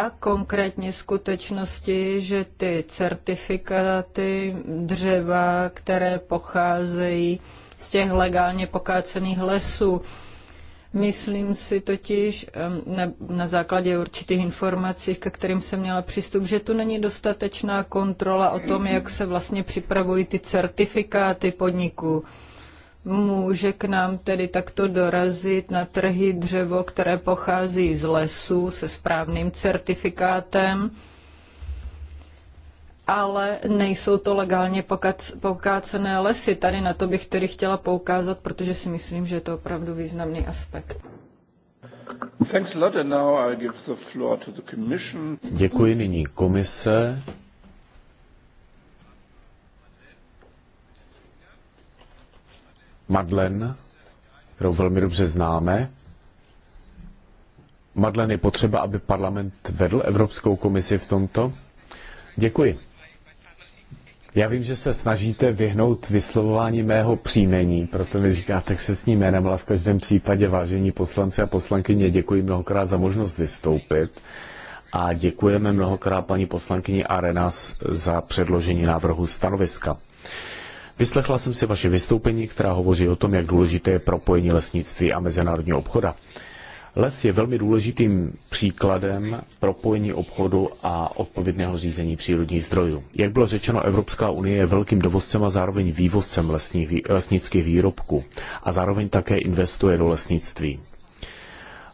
a konkrétně skutečnosti, že ty certifikáty dřeva, které pocházejí z těch legálně pokácených lesů, Myslím si totiž na, na základě určitých informací, ke kterým jsem měla přístup, že tu není dostatečná kontrola o tom, jak se vlastně připravují ty certifikáty podniků může k nám tedy takto dorazit na trhy dřevo, které pochází z lesu se správným certifikátem, ale nejsou to legálně pokácené lesy. Tady na to bych tedy chtěla poukázat, protože si myslím, že je to opravdu významný aspekt. Děkuji nyní komise. Madlen, kterou velmi dobře známe. Madlen, je potřeba, aby parlament vedl Evropskou komisi v tomto? Děkuji. Já vím, že se snažíte vyhnout vyslovování mého příjmení, proto mi říkáte se s ním jménem, ale v každém případě, vážení poslanci a poslankyně, děkuji mnohokrát za možnost vystoupit a děkujeme mnohokrát paní poslankyni Arenas za předložení návrhu stanoviska. Vyslechla jsem si vaše vystoupení, která hovoří o tom, jak důležité je propojení lesnictví a mezinárodního obchoda. Les je velmi důležitým příkladem propojení obchodu a odpovědného řízení přírodních zdrojů. Jak bylo řečeno, Evropská unie je velkým dovozcem a zároveň vývozcem lesních, lesnických výrobků a zároveň také investuje do lesnictví.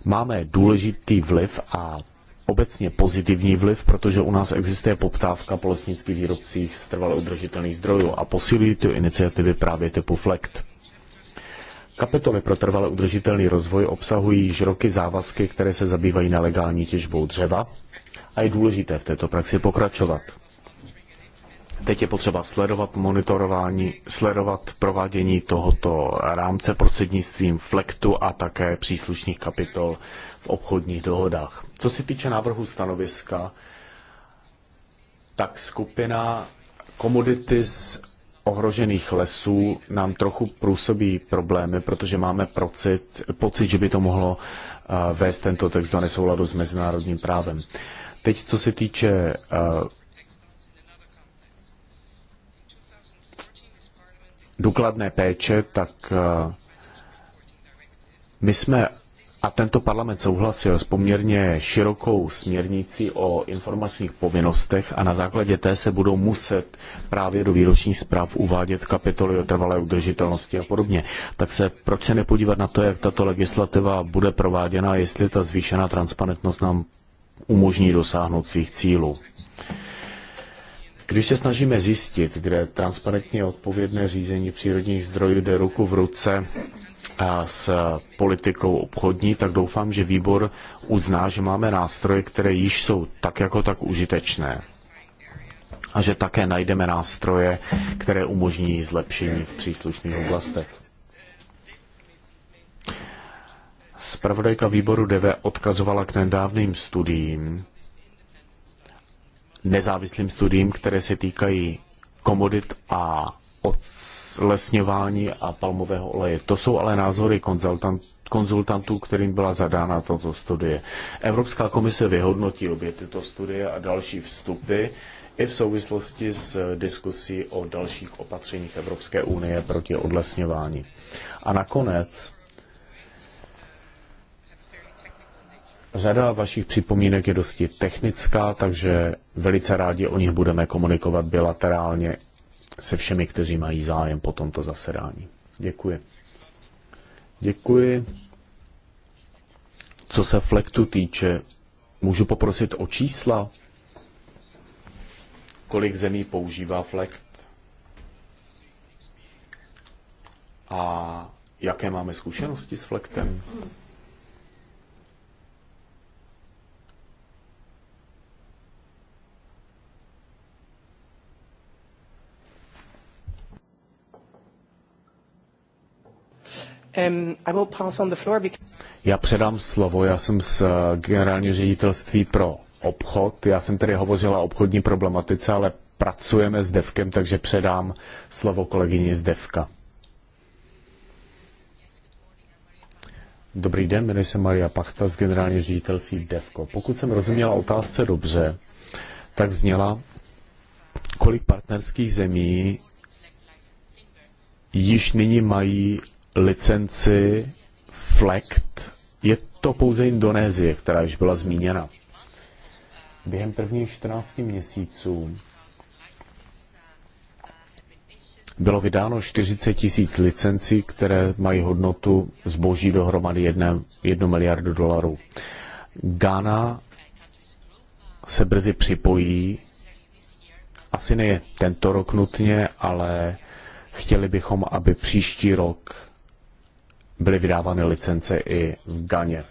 Máme důležitý vliv a obecně pozitivní vliv, protože u nás existuje poptávka po lesnických výrobcích z trvale udržitelných zdrojů a posilují tu iniciativy právě typu FLECT. Kapitoly pro trvale udržitelný rozvoj obsahují již roky závazky, které se zabývají nelegální těžbou dřeva a je důležité v této praxi pokračovat. Teď je potřeba sledovat monitorování, sledovat provádění tohoto rámce prostřednictvím flektu a také příslušných kapitol v obchodních dohodách. Co se týče návrhu stanoviska, tak skupina komodity z ohrožených lesů nám trochu působí problémy, protože máme pocit, pocit že by to mohlo eh, vést tento text do nesouladu s mezinárodním právem. Teď, co se týče eh, důkladné péče, tak eh, my jsme a tento parlament souhlasil s poměrně širokou směrnicí o informačních povinnostech a na základě té se budou muset právě do výročních zpráv uvádět kapitoly o trvalé udržitelnosti a podobně. Tak se proč se nepodívat na to, jak tato legislativa bude prováděna, jestli ta zvýšená transparentnost nám umožní dosáhnout svých cílů. Když se snažíme zjistit, kde transparentně odpovědné řízení přírodních zdrojů jde ruku v ruce a s politikou obchodní, tak doufám, že výbor uzná, že máme nástroje, které již jsou tak jako tak užitečné a že také najdeme nástroje, které umožní zlepšení v příslušných oblastech. Zpravodajka výboru DV odkazovala k nedávným studiím, nezávislým studiím, které se týkají komodit a odlesňování a palmového oleje. To jsou ale názory konzultant, konzultantů, kterým byla zadána tato studie. Evropská komise vyhodnotí obě tyto studie a další vstupy i v souvislosti s diskusí o dalších opatřeních Evropské unie proti odlesňování. A nakonec Řada vašich připomínek je dosti technická, takže velice rádi o nich budeme komunikovat bilaterálně se všemi, kteří mají zájem po tomto zasedání. Děkuji. Děkuji. Co se flektu týče, můžu poprosit o čísla? Kolik zemí používá flekt? A jaké máme zkušenosti s flektem? Hmm. Um, já předám slovo, já jsem z eh, generálního ředitelství pro obchod. Já jsem tady hovořila o obchodní problematice, ale pracujeme s Devkem, takže předám slovo kolegyni z Devka. Dobrý den, jmenuji se Maria Pachta z generálního ředitelství Devko. Pokud jsem rozuměla otázce dobře, tak zněla, kolik partnerských zemí již nyní mají licenci FLECT. Je to pouze Indonésie, která již byla zmíněna. Během prvních 14 měsíců bylo vydáno 40 tisíc licencí, které mají hodnotu zboží dohromady 1, 1 miliardu dolarů. Ghana se brzy připojí, asi ne tento rok nutně, ale chtěli bychom, aby příští rok byly vydávány licence i v Ganě.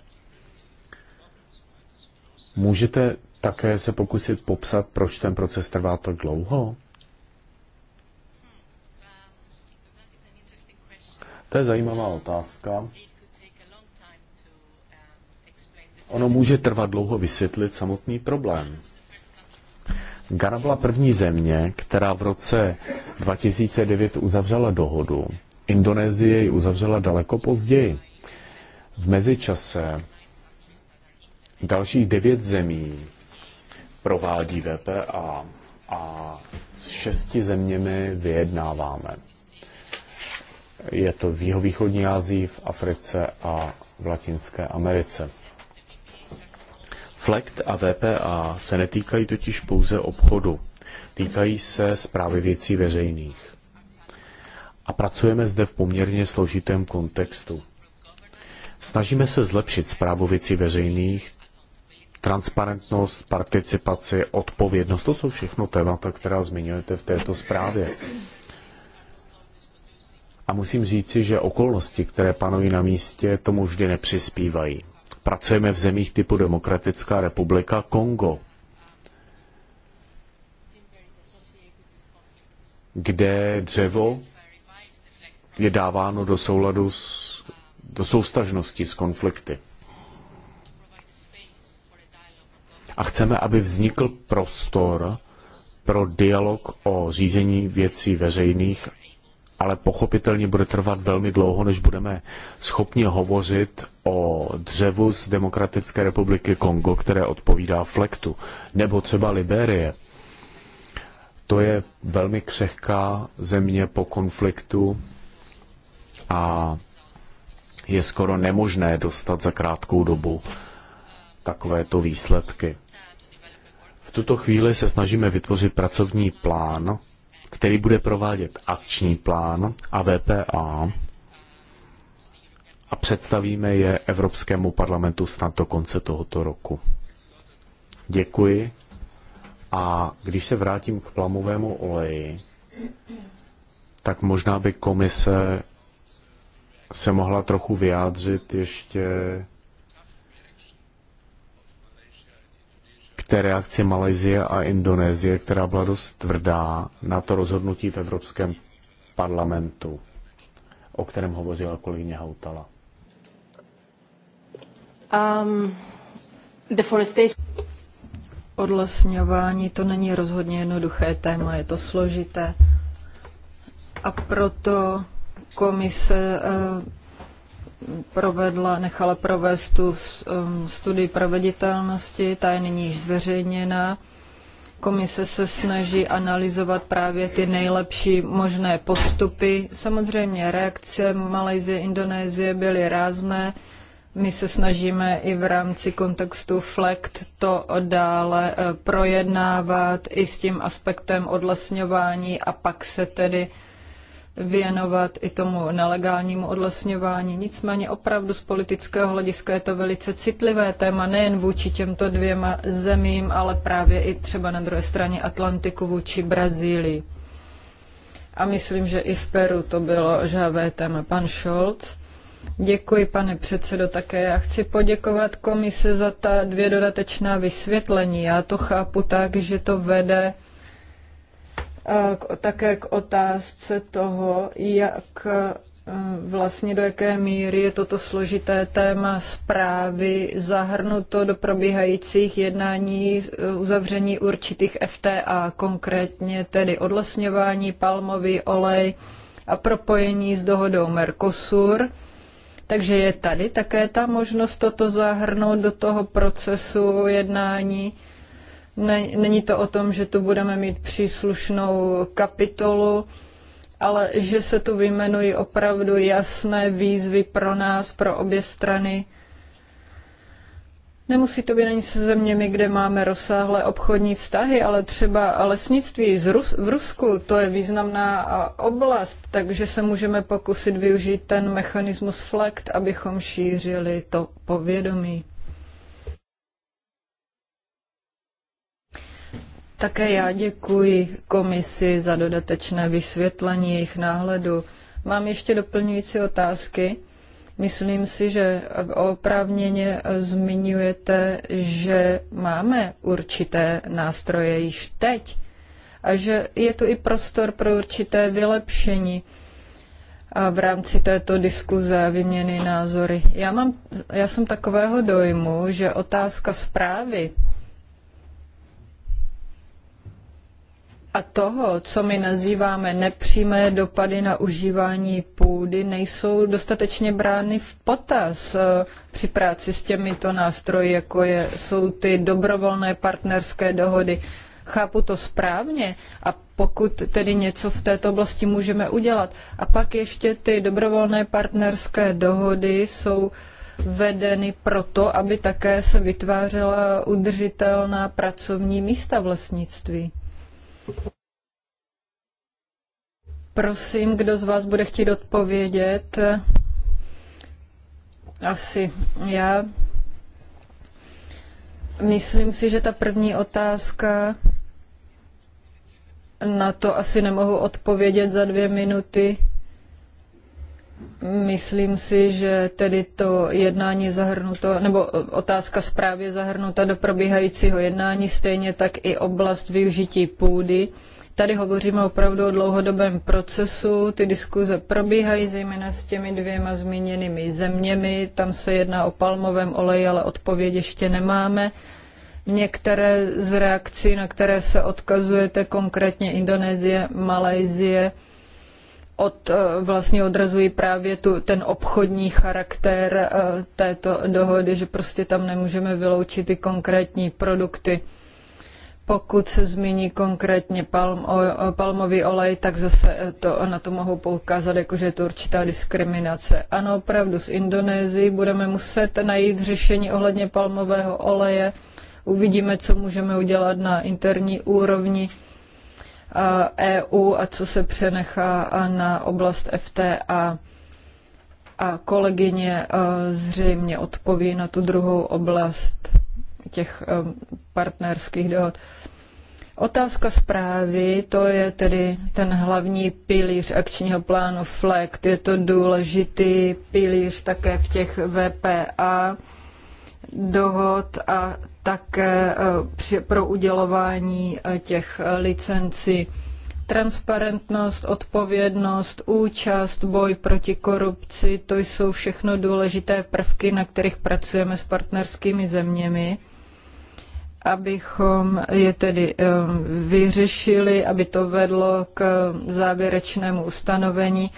Můžete také se pokusit popsat, proč ten proces trvá tak dlouho? To je zajímavá otázka. Ono může trvat dlouho vysvětlit samotný problém. Ghana byla první země, která v roce 2009 uzavřela dohodu, Indonésie ji uzavřela daleko později. V mezičase dalších devět zemí provádí VPA a s šesti zeměmi vyjednáváme. Je to v jihovýchodní Asii, v Africe a v Latinské Americe. FLECT a VPA se netýkají totiž pouze obchodu. Týkají se zprávy věcí veřejných a pracujeme zde v poměrně složitém kontextu. Snažíme se zlepšit zprávu věcí veřejných, transparentnost, participaci, odpovědnost. To jsou všechno témata, která zmiňujete v této zprávě. A musím říci, že okolnosti, které panují na místě, tomu vždy nepřispívají. Pracujeme v zemích typu Demokratická republika Kongo, kde dřevo je dáváno do souladu s, do soustažnosti s konflikty. A chceme, aby vznikl prostor pro dialog o řízení věcí veřejných, ale pochopitelně bude trvat velmi dlouho, než budeme schopni hovořit o dřevu z Demokratické republiky Kongo, které odpovídá flektu, nebo třeba Liberie. To je velmi křehká země po konfliktu a je skoro nemožné dostat za krátkou dobu takovéto výsledky. V tuto chvíli se snažíme vytvořit pracovní plán, který bude provádět akční plán a VPA a představíme je Evropskému parlamentu snad do konce tohoto roku. Děkuji. A když se vrátím k plamovému oleji, tak možná by komise se mohla trochu vyjádřit ještě k té reakci Malajzie a Indonésie, která byla dost tvrdá na to rozhodnutí v Evropském parlamentu, o kterém hovořila kolegyně Hautala. Um, deforestation. Odlesňování to není rozhodně jednoduché téma, je to složité. A proto komise eh, provedla, nechala provést tu eh, studii proveditelnosti, ta je nyní již zveřejněna. Komise se snaží analyzovat právě ty nejlepší možné postupy. Samozřejmě reakce Malajzie, Indonésie byly rázné. My se snažíme i v rámci kontextu FLECT to dále eh, projednávat i s tím aspektem odlesňování a pak se tedy věnovat i tomu nelegálnímu odlesňování. Nicméně opravdu z politického hlediska je to velice citlivé téma nejen vůči těmto dvěma zemím, ale právě i třeba na druhé straně Atlantiku vůči Brazílii. A myslím, že i v Peru to bylo žávé téma. Pan Scholz. Děkuji, pane předsedo, také já chci poděkovat komise za ta dvě dodatečná vysvětlení. Já to chápu tak, že to vede také k otázce toho, jak eh, vlastně do jaké míry je toto složité téma zprávy zahrnuto do probíhajících jednání eh, uzavření určitých FTA, konkrétně tedy odlesňování, palmový olej a propojení s dohodou Mercosur. Takže je tady také ta možnost toto zahrnout do toho procesu jednání. Není to o tom, že tu budeme mít příslušnou kapitolu, ale že se tu vyjmenují opravdu jasné výzvy pro nás, pro obě strany. Nemusí to být ani se zeměmi, kde máme rozsáhlé obchodní vztahy, ale třeba lesnictví z Rus- v Rusku, to je významná oblast, takže se můžeme pokusit využít ten mechanismus FLECT, abychom šířili to povědomí. Také já děkuji komisi za dodatečné vysvětlení jejich náhledu. Mám ještě doplňující otázky. Myslím si, že oprávněně zmiňujete, že máme určité nástroje již teď a že je tu i prostor pro určité vylepšení a v rámci této diskuze a vyměny názory. Já, mám, já jsem takového dojmu, že otázka zprávy a toho, co my nazýváme nepřímé dopady na užívání půdy, nejsou dostatečně brány v potaz eh, při práci s těmito nástroji, jako je, jsou ty dobrovolné partnerské dohody. Chápu to správně a pokud tedy něco v této oblasti můžeme udělat. A pak ještě ty dobrovolné partnerské dohody jsou vedeny proto, aby také se vytvářela udržitelná pracovní místa v lesnictví. Prosím, kdo z vás bude chtít odpovědět? Asi já. Myslím si, že ta první otázka, na to asi nemohu odpovědět za dvě minuty. Myslím si, že tedy to jednání zahrnuto, nebo otázka zprávy zahrnuta do probíhajícího jednání, stejně tak i oblast využití půdy. Tady hovoříme opravdu o dlouhodobém procesu, ty diskuze probíhají zejména s těmi dvěma zmíněnými zeměmi, tam se jedná o palmovém oleji, ale odpověď ještě nemáme. Některé z reakcí, na které se odkazujete, konkrétně Indonésie, Malajsie, od, eh, vlastně odrazují právě tu, ten obchodní charakter eh, této dohody, že prostě tam nemůžeme vyloučit ty konkrétní produkty. Pokud se zmíní konkrétně palm, o, eh, palmový olej, tak zase to, na to mohou poukázat, jako že je to určitá diskriminace. Ano, opravdu z Indonésií budeme muset najít řešení ohledně palmového oleje. Uvidíme, co můžeme udělat na interní úrovni EU eh, e a co se přenechá na oblast FTA. A kolegyně eh, zřejmě odpoví na tu druhou oblast těch eh, partnerských dohod. Otázka zprávy, to je tedy ten hlavní pilíř akčního plánu FLECT. Je to důležitý pilíř také v těch VPA dohod a také eh, pro udělování eh, těch eh, licencí. Transparentnost, odpovědnost, účast, boj proti korupci, to jsou všechno důležité prvky, na kterých pracujeme s partnerskými zeměmi, abychom je tedy vyřešili, aby to vedlo k závěrečnému ustanovení,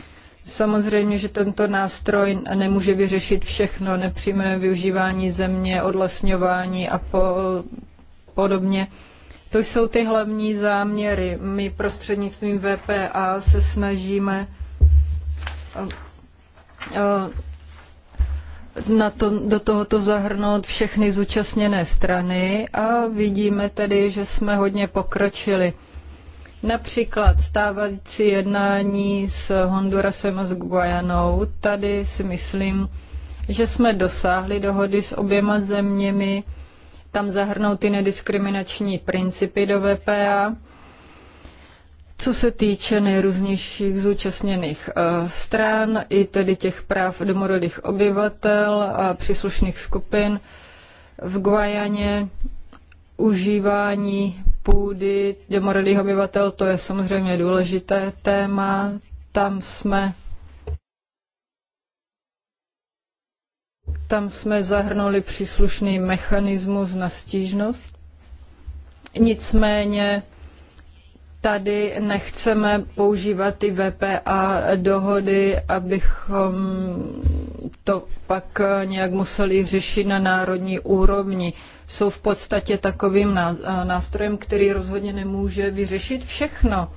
Samozřejmě, že tento nástroj nemůže vyřešit všechno, nepřímé využívání země, odlesňování a po, podobně. To jsou ty hlavní záměry. My prostřednictvím VPA se snažíme eh, na to, do tohoto zahrnout všechny zúčastněné strany a vidíme tedy, že jsme hodně pokročili. Například stávající jednání s Hondurasem a s Guajanou. Tady si myslím, že jsme dosáhli dohody s oběma zeměmi, tam zahrnout ty nediskriminační principy do VPA. Co se týče nejrůznějších zúčastněných eh, stran, i tedy těch práv domorodých obyvatel a příslušných skupin v Guajaně, užívání půdy domorodých obyvatel, to je samozřejmě důležité téma. Tam jsme tam jsme zahrnuli příslušný mechanismus na stížnost. Nicméně tady nechceme používat ty VPA dohody, abychom to pak nějak museli řešit na národní úrovni. Jsou v podstatě takovým nástrojem, který rozhodně nemůže vyřešit všechno.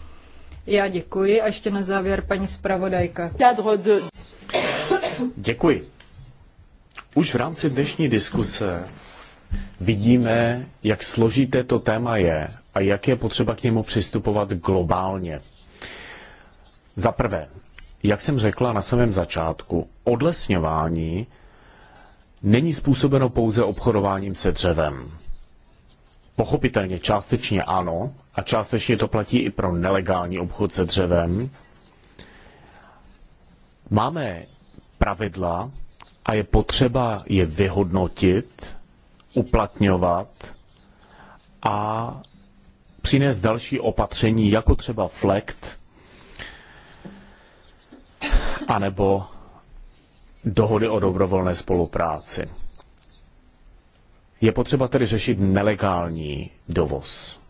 Já děkuji a ještě na závěr paní zpravodajka. Děkuji. Už v rámci dnešní diskuse vidíme, jak složité to téma je a jak je potřeba k němu přistupovat globálně. Za prvé, jak jsem řekla na samém začátku, odlesňování není způsobeno pouze obchodováním se dřevem. Pochopitelně částečně ano, a částečně to platí i pro nelegální obchod se dřevem. Máme pravidla a je potřeba je vyhodnotit, uplatňovat a přinést další opatření, jako třeba flekt, anebo dohody o dobrovolné spolupráci. Je potřeba tedy řešit nelegální dovoz.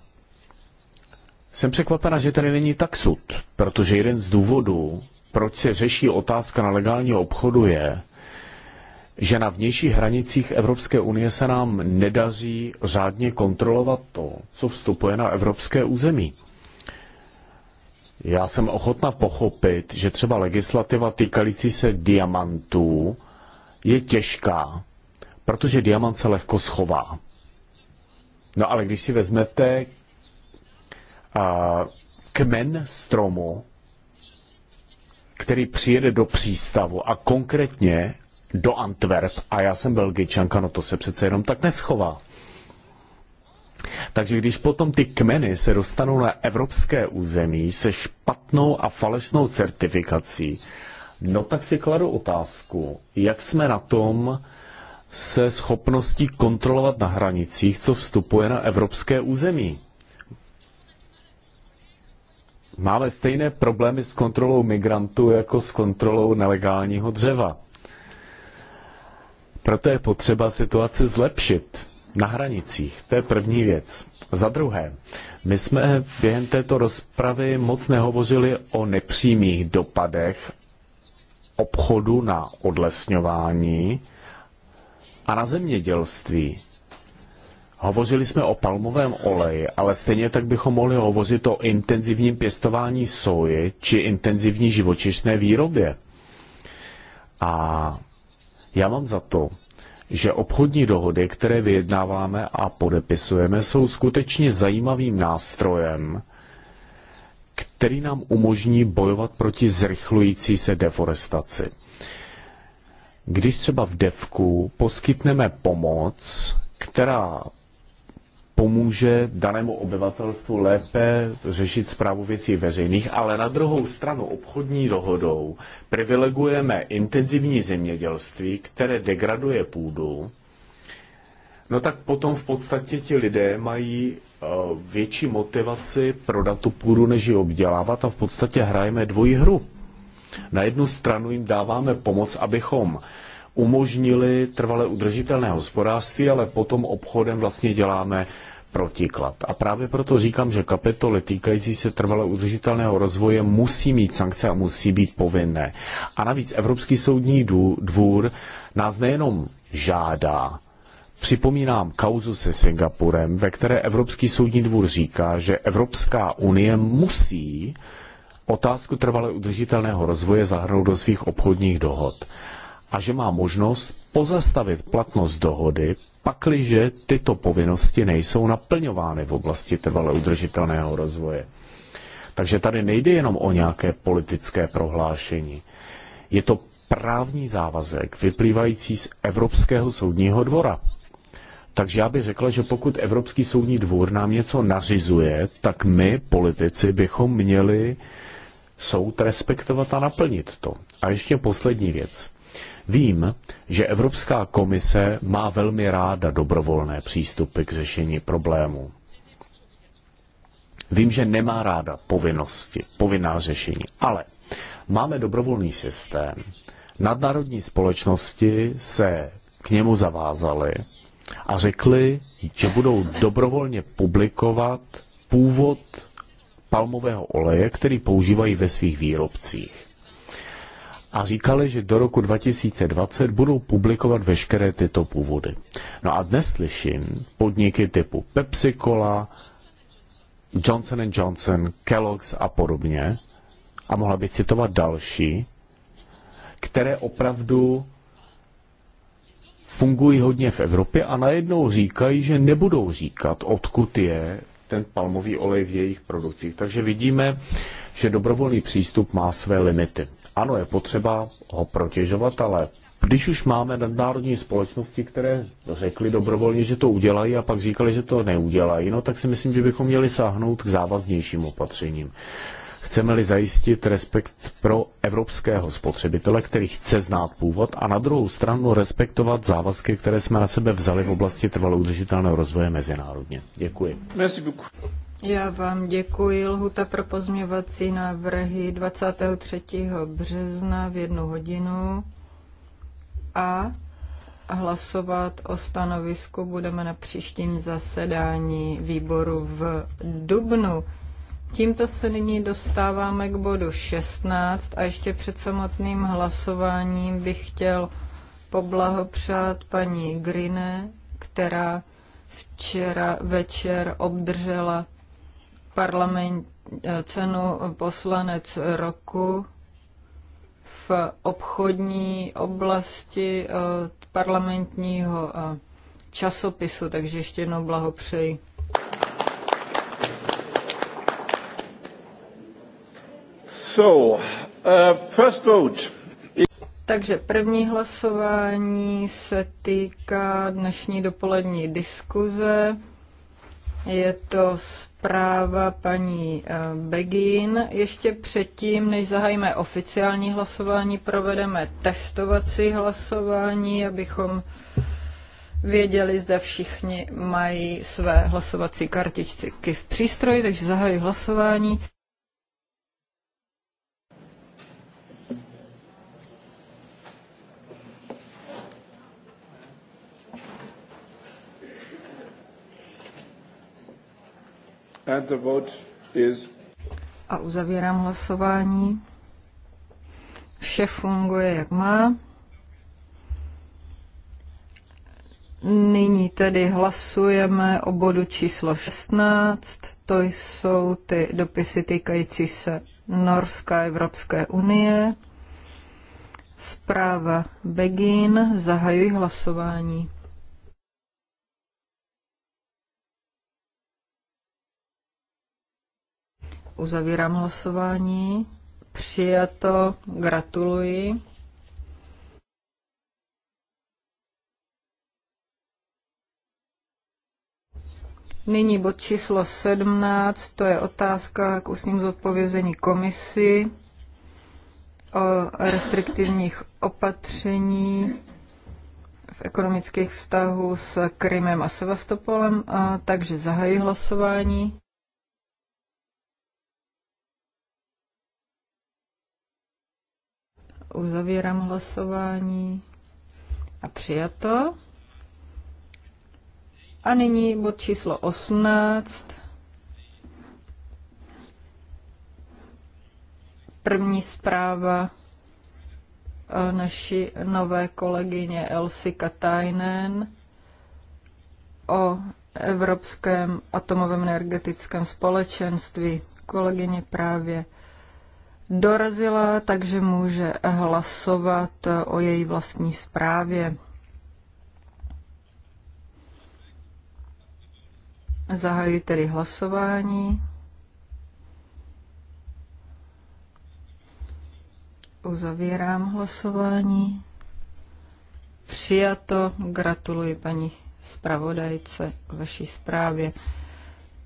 Jsem překvapena, že tady není tak sud, protože jeden z důvodů, proč se řeší otázka nelegálního obchodu je, že na vnějších hranicích Evropské unie se nám nedaří řádně kontrolovat to, co vstupuje na evropské území. Já jsem ochotna pochopit, že třeba legislativa týkající se diamantů je těžká, protože diamant se lehko schová. No ale když si vezmete a, kmen stromu, který přijede do přístavu a konkrétně do Antwerp a já jsem belgičanka, no to se přece jenom tak neschová. Takže když potom ty kmeny se dostanou na evropské území se špatnou a falešnou certifikací, no tak si kladu otázku, jak jsme na tom se schopností kontrolovat na hranicích, co vstupuje na evropské území. Máme stejné problémy s kontrolou migrantů jako s kontrolou nelegálního dřeva. Proto je potřeba situaci zlepšit na hranicích. To je první věc. Za druhé, my jsme během této rozpravy moc nehovořili o nepřímých dopadech obchodu na odlesňování a na zemědělství. Hovořili jsme o palmovém oleji, ale stejně tak bychom mohli hovořit o intenzivním pěstování soji či intenzivní živočišné výrobě. A já mám za to, že obchodní dohody, které vyjednáváme a podepisujeme, jsou skutečně zajímavým nástrojem, který nám umožní bojovat proti zrychlující se deforestaci. Když třeba v devku poskytneme pomoc, která pomůže danému obyvatelstvu lépe řešit zprávu věcí veřejných, ale na druhou stranu obchodní dohodou privilegujeme intenzivní zemědělství, které degraduje půdu, no tak potom v podstatě ti lidé mají eh, větší motivaci prodat tu půdu, než ji obdělávat a v podstatě hrajeme dvojí hru. Na jednu stranu jim dáváme pomoc, abychom umožnili trvale udržitelné hospodářství, ale potom obchodem vlastně děláme protiklad. A právě proto říkám, že kapitoly týkající se trvale udržitelného rozvoje musí mít sankce a musí být povinné. A navíc Evropský soudní dvůr nás nejenom žádá, Připomínám kauzu se Singapurem, ve které Evropský soudní dvůr říká, že Evropská unie musí otázku trvale udržitelného rozvoje zahrnout do svých obchodních dohod a že má možnost pozastavit platnost dohody, pakliže tyto povinnosti nejsou naplňovány v oblasti trvale udržitelného rozvoje. Takže tady nejde jenom o nějaké politické prohlášení. Je to právní závazek vyplývající z Evropského soudního dvora. Takže já bych řekla, že pokud Evropský soudní dvůr nám něco nařizuje, tak my, politici, bychom měli soud respektovat a naplnit to. A ještě poslední věc. Vím, že Evropská komise má velmi ráda dobrovolné přístupy k řešení problémů. Vím, že nemá ráda povinnosti, povinná řešení, ale máme dobrovolný systém. Nadnárodní společnosti se k němu zavázaly a řekly, že budou dobrovolně publikovat původ palmového oleje, který používají ve svých výrobcích a říkali, že do roku 2020 budou publikovat veškeré tyto původy. No a dnes slyším podniky typu Pepsi Cola, Johnson Johnson, Kellogg's a podobně, a mohla bych citovat další, které opravdu fungují hodně v Evropě a najednou říkají, že nebudou říkat, odkud je ten palmový olej v jejich produkcích. Takže vidíme, že dobrovolný přístup má své limity. Ano, je potřeba ho protěžovat, ale když už máme nadnárodní společnosti, které řekly dobrovolně, že to udělají a pak říkali, že to neudělají, no tak si myslím, že bychom měli sáhnout k závaznějším opatřením. Chceme-li zajistit respekt pro evropského spotřebitele, který chce znát původ a na druhou stranu respektovat závazky, které jsme na sebe vzali v oblasti trvalou udržitelného rozvoje mezinárodně. Děkuji. Já vám děkuji. Lhuta pro pozměvací návrhy 23. března v jednu hodinu a hlasovat o stanovisku budeme na příštím zasedání výboru v Dubnu. Tímto se nyní dostáváme k bodu 16 a ještě před samotným hlasováním bych chtěl poblahopřát paní Grine, která včera večer obdržela parlament, eh, cenu poslanec roku v obchodní oblasti eh, parlamentního eh, časopisu, takže ještě jednou blahopřeji. So, uh, first vote. Takže první hlasování se týká dnešní dopolední diskuze. Je to s zpráva paní eh, Begin. Ještě předtím, než zahájíme oficiální hlasování, provedeme testovací hlasování, abychom věděli, zda všichni mají své hlasovací kartičky v přístroji, takže zahájí hlasování. And the vote is... A uzavírám hlasování. Vše funguje, jak má. Nyní tedy hlasujeme o bodu číslo 16. To jsou ty dopisy týkající se Norska Evropské unie. Zpráva Begin. Zahajuji hlasování. Uzavírám hlasování. Přijato. Gratuluji. Nyní bod číslo 17, to je otázka k ústním zodpovězení komisi o restriktivních opatření v ekonomických vztahu s Krymem a Sevastopolem, a takže zahají hlasování. Uzavírám hlasování a přijato. A nyní bod číslo 18. První zpráva eh, naší nové kolegyně Elsi Katainen o Evropském atomovém energetickém společenství. Kolegyně právě dorazila, takže může hlasovat o její vlastní zprávě. Zahajuji tedy hlasování. Uzavírám hlasování. Přijato. Gratuluji paní zpravodajce k vaší zprávě.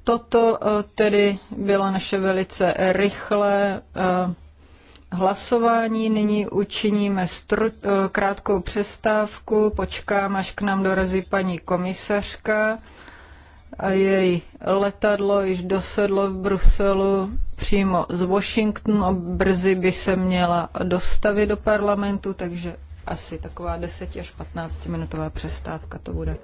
Toto eh, tedy bylo naše velice rychlé eh, hlasování. Nyní učiníme stru, eh, krátkou přestávku, počkám, až k nám dorazí paní komisařka a její letadlo již dosedlo v Bruselu přímo z Washingtonu brzy by se měla dostavit do parlamentu, takže asi taková 10 až 15 minutová přestávka to bude.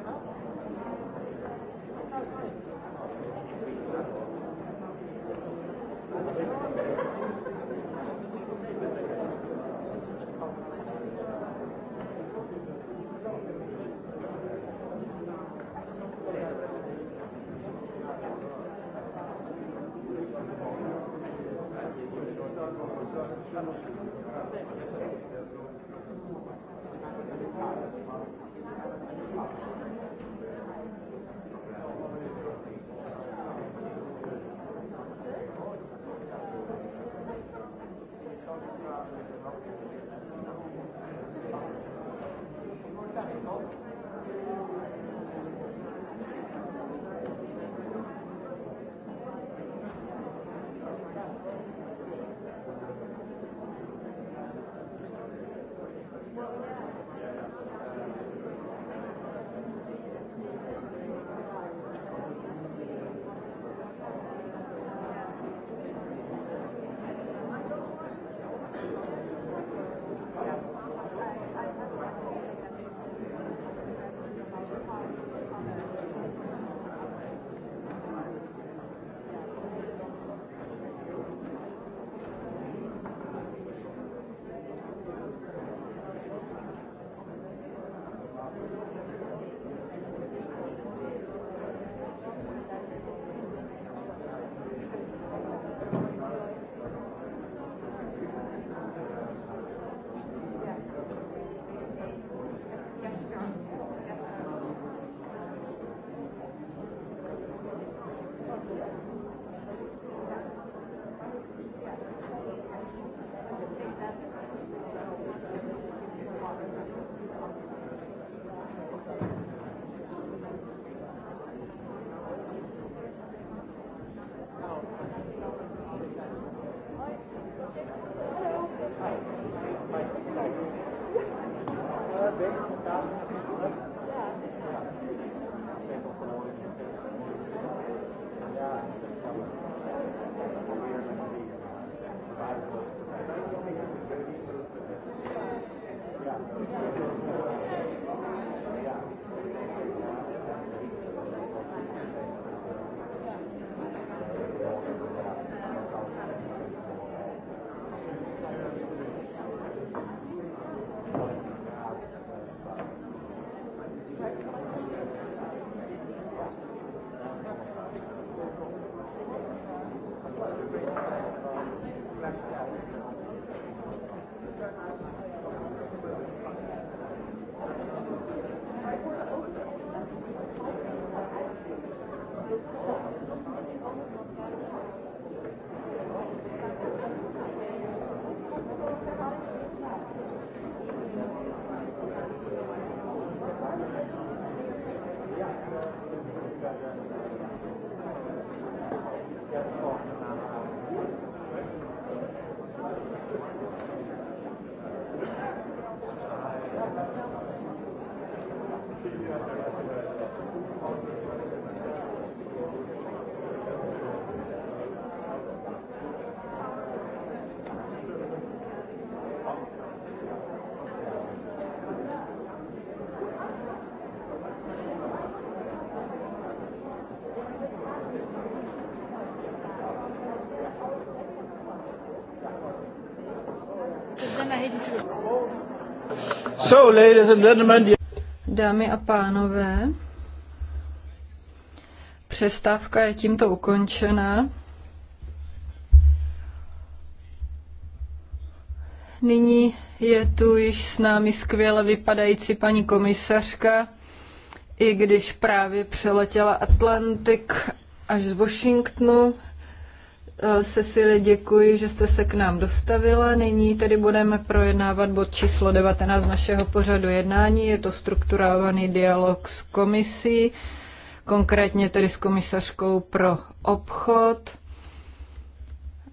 problema. So, ladies and gentlemen, Dámy a pánové, přestávka je tímto ukončena. Nyní je tu již s námi skvěle vypadající paní komisařka, i když právě přeletěla Atlantik až z Washingtonu, Eh, Cecilie, děkuji, že jste se k nám dostavila. Nyní tedy budeme projednávat bod číslo 19 našeho pořadu jednání. Je to strukturovaný dialog s komisí, konkrétně tedy s komisařkou pro obchod.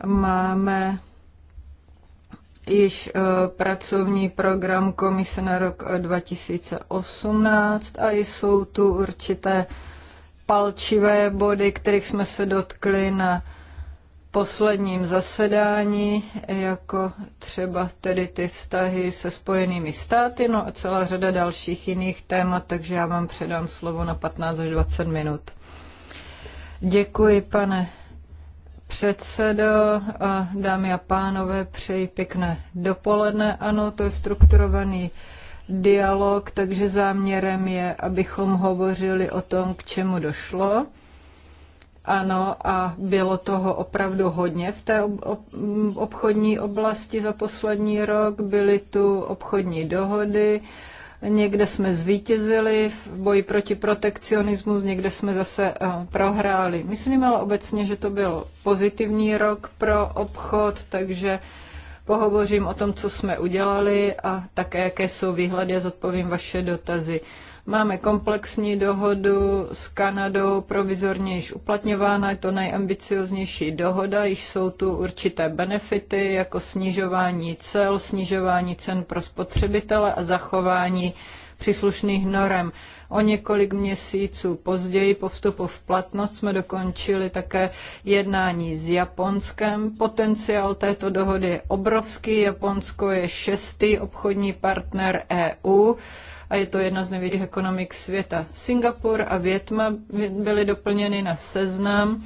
Máme již eh, pracovní program komise na rok 2018 eh, a jsou tu určité palčivé body, kterých jsme se dotkli na posledním zasedání, jako třeba tedy ty vztahy se spojenými státy, no a celá řada dalších jiných témat, takže já vám předám slovo na 15 až 20 minut. Děkuji, pane předsedo, a dámy a pánové, přeji pěkné dopoledne. Ano, to je strukturovaný dialog, takže záměrem je, abychom hovořili o tom, k čemu došlo ano, a bylo toho opravdu hodně v té obchodní oblasti za poslední rok. Byly tu obchodní dohody, někde jsme zvítězili v boji proti protekcionismu, někde jsme zase eh, prohráli. Myslím ale obecně, že to byl pozitivní rok pro obchod, takže pohovořím o tom, co jsme udělali a také, jaké jsou výhledy a zodpovím vaše dotazy. Máme komplexní dohodu s Kanadou, provizorně již uplatňována, je to nejambicioznější dohoda, již jsou tu určité benefity, jako snižování cel, snižování cen pro spotřebitele a zachování příslušných norem. O několik měsíců později po vstupu v platnost jsme dokončili také jednání s Japonskem. Potenciál této dohody je obrovský. Japonsko je šestý obchodní partner EU a je to jedna z největších ekonomik světa. Singapur a Větma byly doplněny na seznam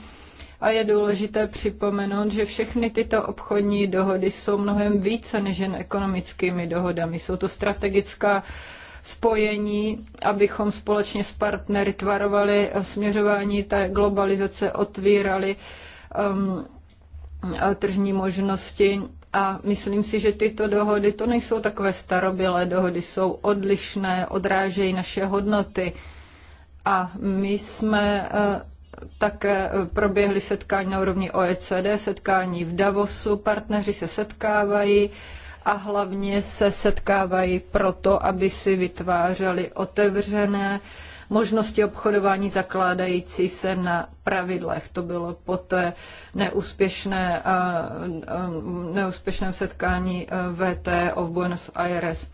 a je důležité připomenout, že všechny tyto obchodní dohody jsou mnohem více než jen ekonomickými dohodami. Jsou to strategická spojení, abychom společně s partnery tvarovali směřování té globalizace, otvírali um, tržní možnosti a myslím si, že tyto dohody to nejsou takové starobylé dohody, jsou odlišné, odrážejí naše hodnoty. A my jsme eh, také eh, proběhli setkání na úrovni OECD, setkání v Davosu, partneři se setkávají a hlavně se setkávají proto, aby si vytvářeli otevřené uh, možnosti obchodování zakládající se na pravidlech. To bylo po té neúspěšné, neúspěšném setkání VT v Buenos Aires.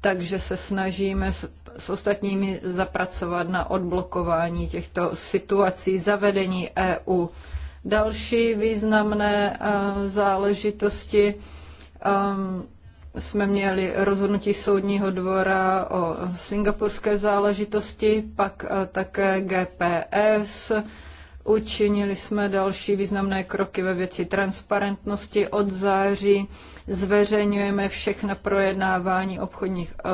Takže se snažíme s ostatními zapracovat na odblokování těchto situací, zavedení EU. Další významné záležitosti um, jsme měli rozhodnutí soudního dvora o singapurské záležitosti, pak eh, také GPS, Učinili jsme další významné kroky ve věci transparentnosti. Od září zveřejňujeme všechna projednávání obchodních eh,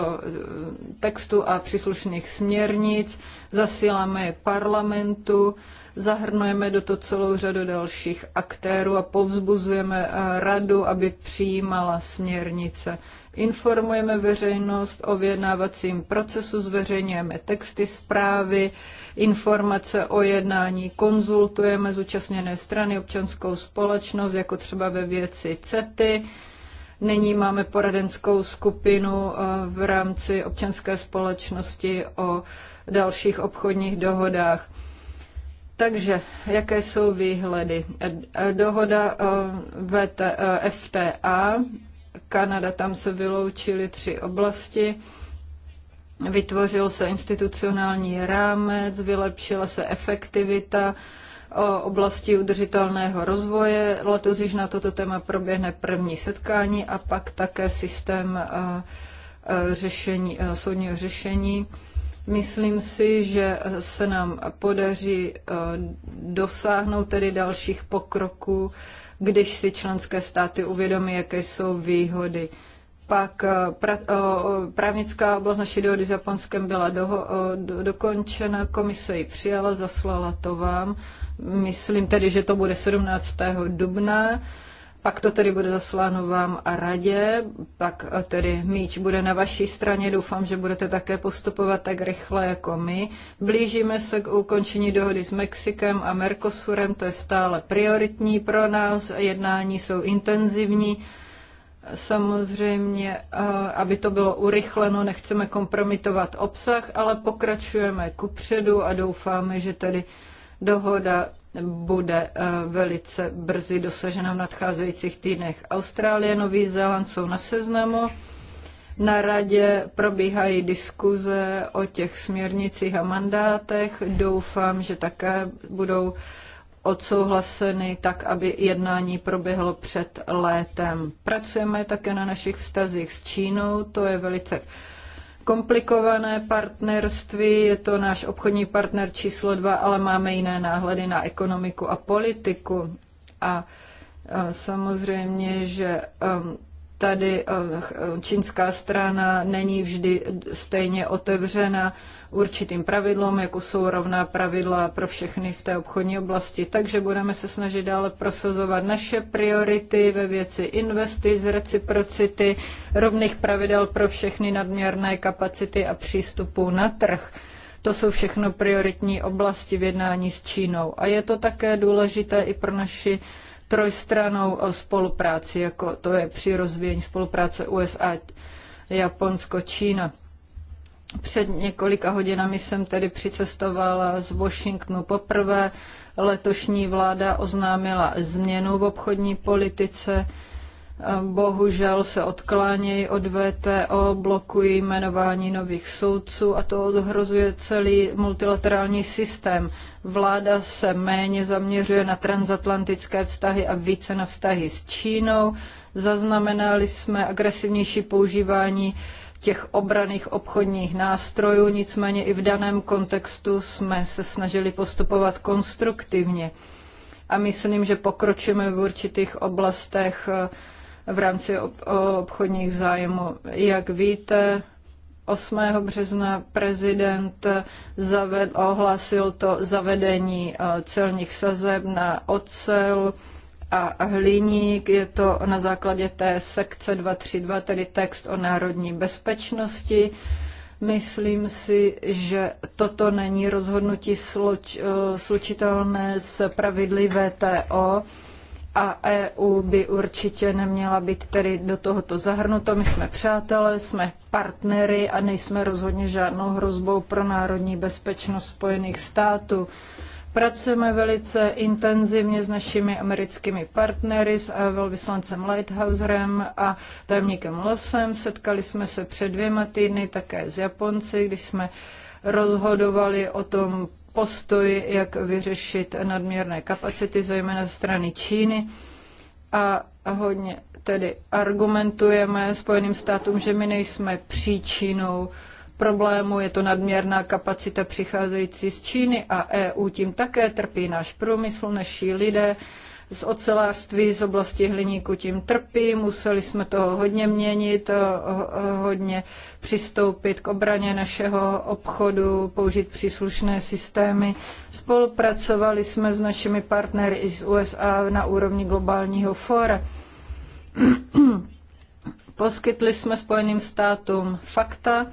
textů a příslušných směrnic, zasíláme je parlamentu Zahrnujeme do toho celou řadu dalších aktérů a povzbuzujeme eh, radu, aby přijímala směrnice. Informujeme veřejnost o vyjednávacím procesu, zveřejňujeme texty, zprávy, informace o jednání, konzultujeme zúčastněné strany, občanskou společnost, jako třeba ve věci CETY, Nyní máme poradenskou skupinu eh, v rámci občanské společnosti o dalších obchodních dohodách. Takže jaké jsou výhledy? Dohoda eh, eh, FTA, Kanada, tam se vyloučily tři oblasti. Vytvořil se institucionální rámec, vylepšila se efektivita eh, oblasti udržitelného rozvoje. Letos již na toto téma proběhne první setkání a pak také systém řešení, soudního řešení. Myslím si, že se nám podaří eh, dosáhnout tedy dalších pokroků, když si členské státy uvědomí, jaké jsou výhody. Pak eh, pra, eh, právnická oblast naší dohody s Japonskem byla do, do, dokončena, komise ji přijala, zaslala to vám. Myslím tedy, že to bude 17. dubna. Pak to tedy bude zasláno vám a radě, pak eh, tedy míč bude na vaší straně. Doufám, že budete také postupovat tak rychle jako my. Blížíme se k ukončení dohody s Mexikem a Mercosurem, to je stále prioritní pro nás. Jednání jsou intenzivní. Samozřejmě, eh, aby to bylo urychleno, nechceme kompromitovat obsah, ale pokračujeme kupředu a doufáme, že tedy dohoda bude eh, velice brzy dosažena v nadcházejících týdnech. Austrálie, Nový Zéland jsou na seznamu. Na radě probíhají diskuze o těch směrnicích a mandátech. Doufám, že také budou odsouhlaseny tak, aby jednání proběhlo před létem. Pracujeme také na našich vztazích s Čínou, to je velice komplikované partnerství, je to náš obchodní partner číslo dva, ale máme jiné náhledy na ekonomiku a politiku. A samozřejmě, že um, tady eh, čínská strana není vždy stejně otevřena určitým pravidlům, jako jsou rovná pravidla pro všechny v té obchodní oblasti. Takže budeme se snažit dále prosazovat naše priority ve věci investic, reciprocity, rovných pravidel pro všechny nadměrné kapacity a přístupu na trh. To jsou všechno prioritní oblasti v jednání s Čínou. A je to také důležité i pro naši trojstranou spolupráci, jako to je při rozvíjení spolupráce USA, Japonsko, Čína. Před několika hodinami jsem tedy přicestovala z Washingtonu poprvé. Letošní vláda oznámila změnu v obchodní politice bohužel se odklánějí od VTO, blokují jmenování nových soudců a to odhrozuje celý multilaterální systém. Vláda se méně zaměřuje na transatlantické vztahy a více na vztahy s Čínou. Zaznamenali jsme agresivnější používání těch obraných obchodních nástrojů, nicméně i v daném kontextu jsme se snažili postupovat konstruktivně. A myslím, že pokročíme v určitých oblastech v rámci obchodních zájmů. Jak víte, 8. března prezident zaved, ohlásil to zavedení eh, celních sazeb na ocel a hliník. Je to na základě té sekce 232, tedy text o národní bezpečnosti. Myslím si, že toto není rozhodnutí sluč, eh, slučitelné s pravidly VTO a EU by určitě neměla být tedy do tohoto zahrnuto. My jsme přátelé, jsme partnery a nejsme rozhodně žádnou hrozbou pro národní bezpečnost Spojených států. Pracujeme velice intenzivně s našimi americkými partnery, s velvyslancem Lighthouserem a tajemníkem Losem. Setkali jsme se před dvěma týdny také s Japonci, když jsme rozhodovali o tom postoj, jak vyřešit nadměrné kapacity, zejména ze strany Číny. A hodně tedy argumentujeme Spojeným státům, že my nejsme příčinou problému, je to nadměrná kapacita přicházející z Číny a EU tím také trpí náš průmysl, naši lidé z ocelářství, z oblasti hliníku tím trpí, museli jsme toho hodně měnit, eh, eh, hodně přistoupit k obraně našeho obchodu, použít příslušné systémy. Spolupracovali jsme s našimi partnery i z USA na úrovni globálního fora. Poskytli jsme Spojeným státům fakta,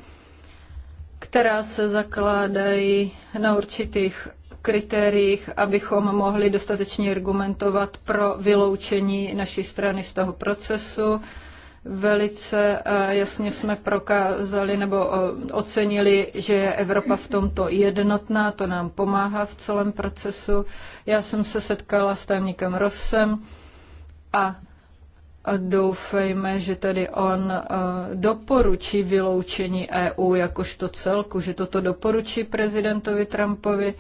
která se zakládají na určitých kritériích, abychom mohli dostatečně argumentovat pro vyloučení naší strany z toho procesu. Velice eh, jasně jsme prokázali nebo eh, ocenili, že je Evropa v tomto jednotná, to nám pomáhá v celém procesu. Já jsem se setkala s tajemníkem Rosem a a doufejme, že tedy on eh, doporučí vyloučení EU jakožto celku, že toto doporučí prezidentovi Trumpovi.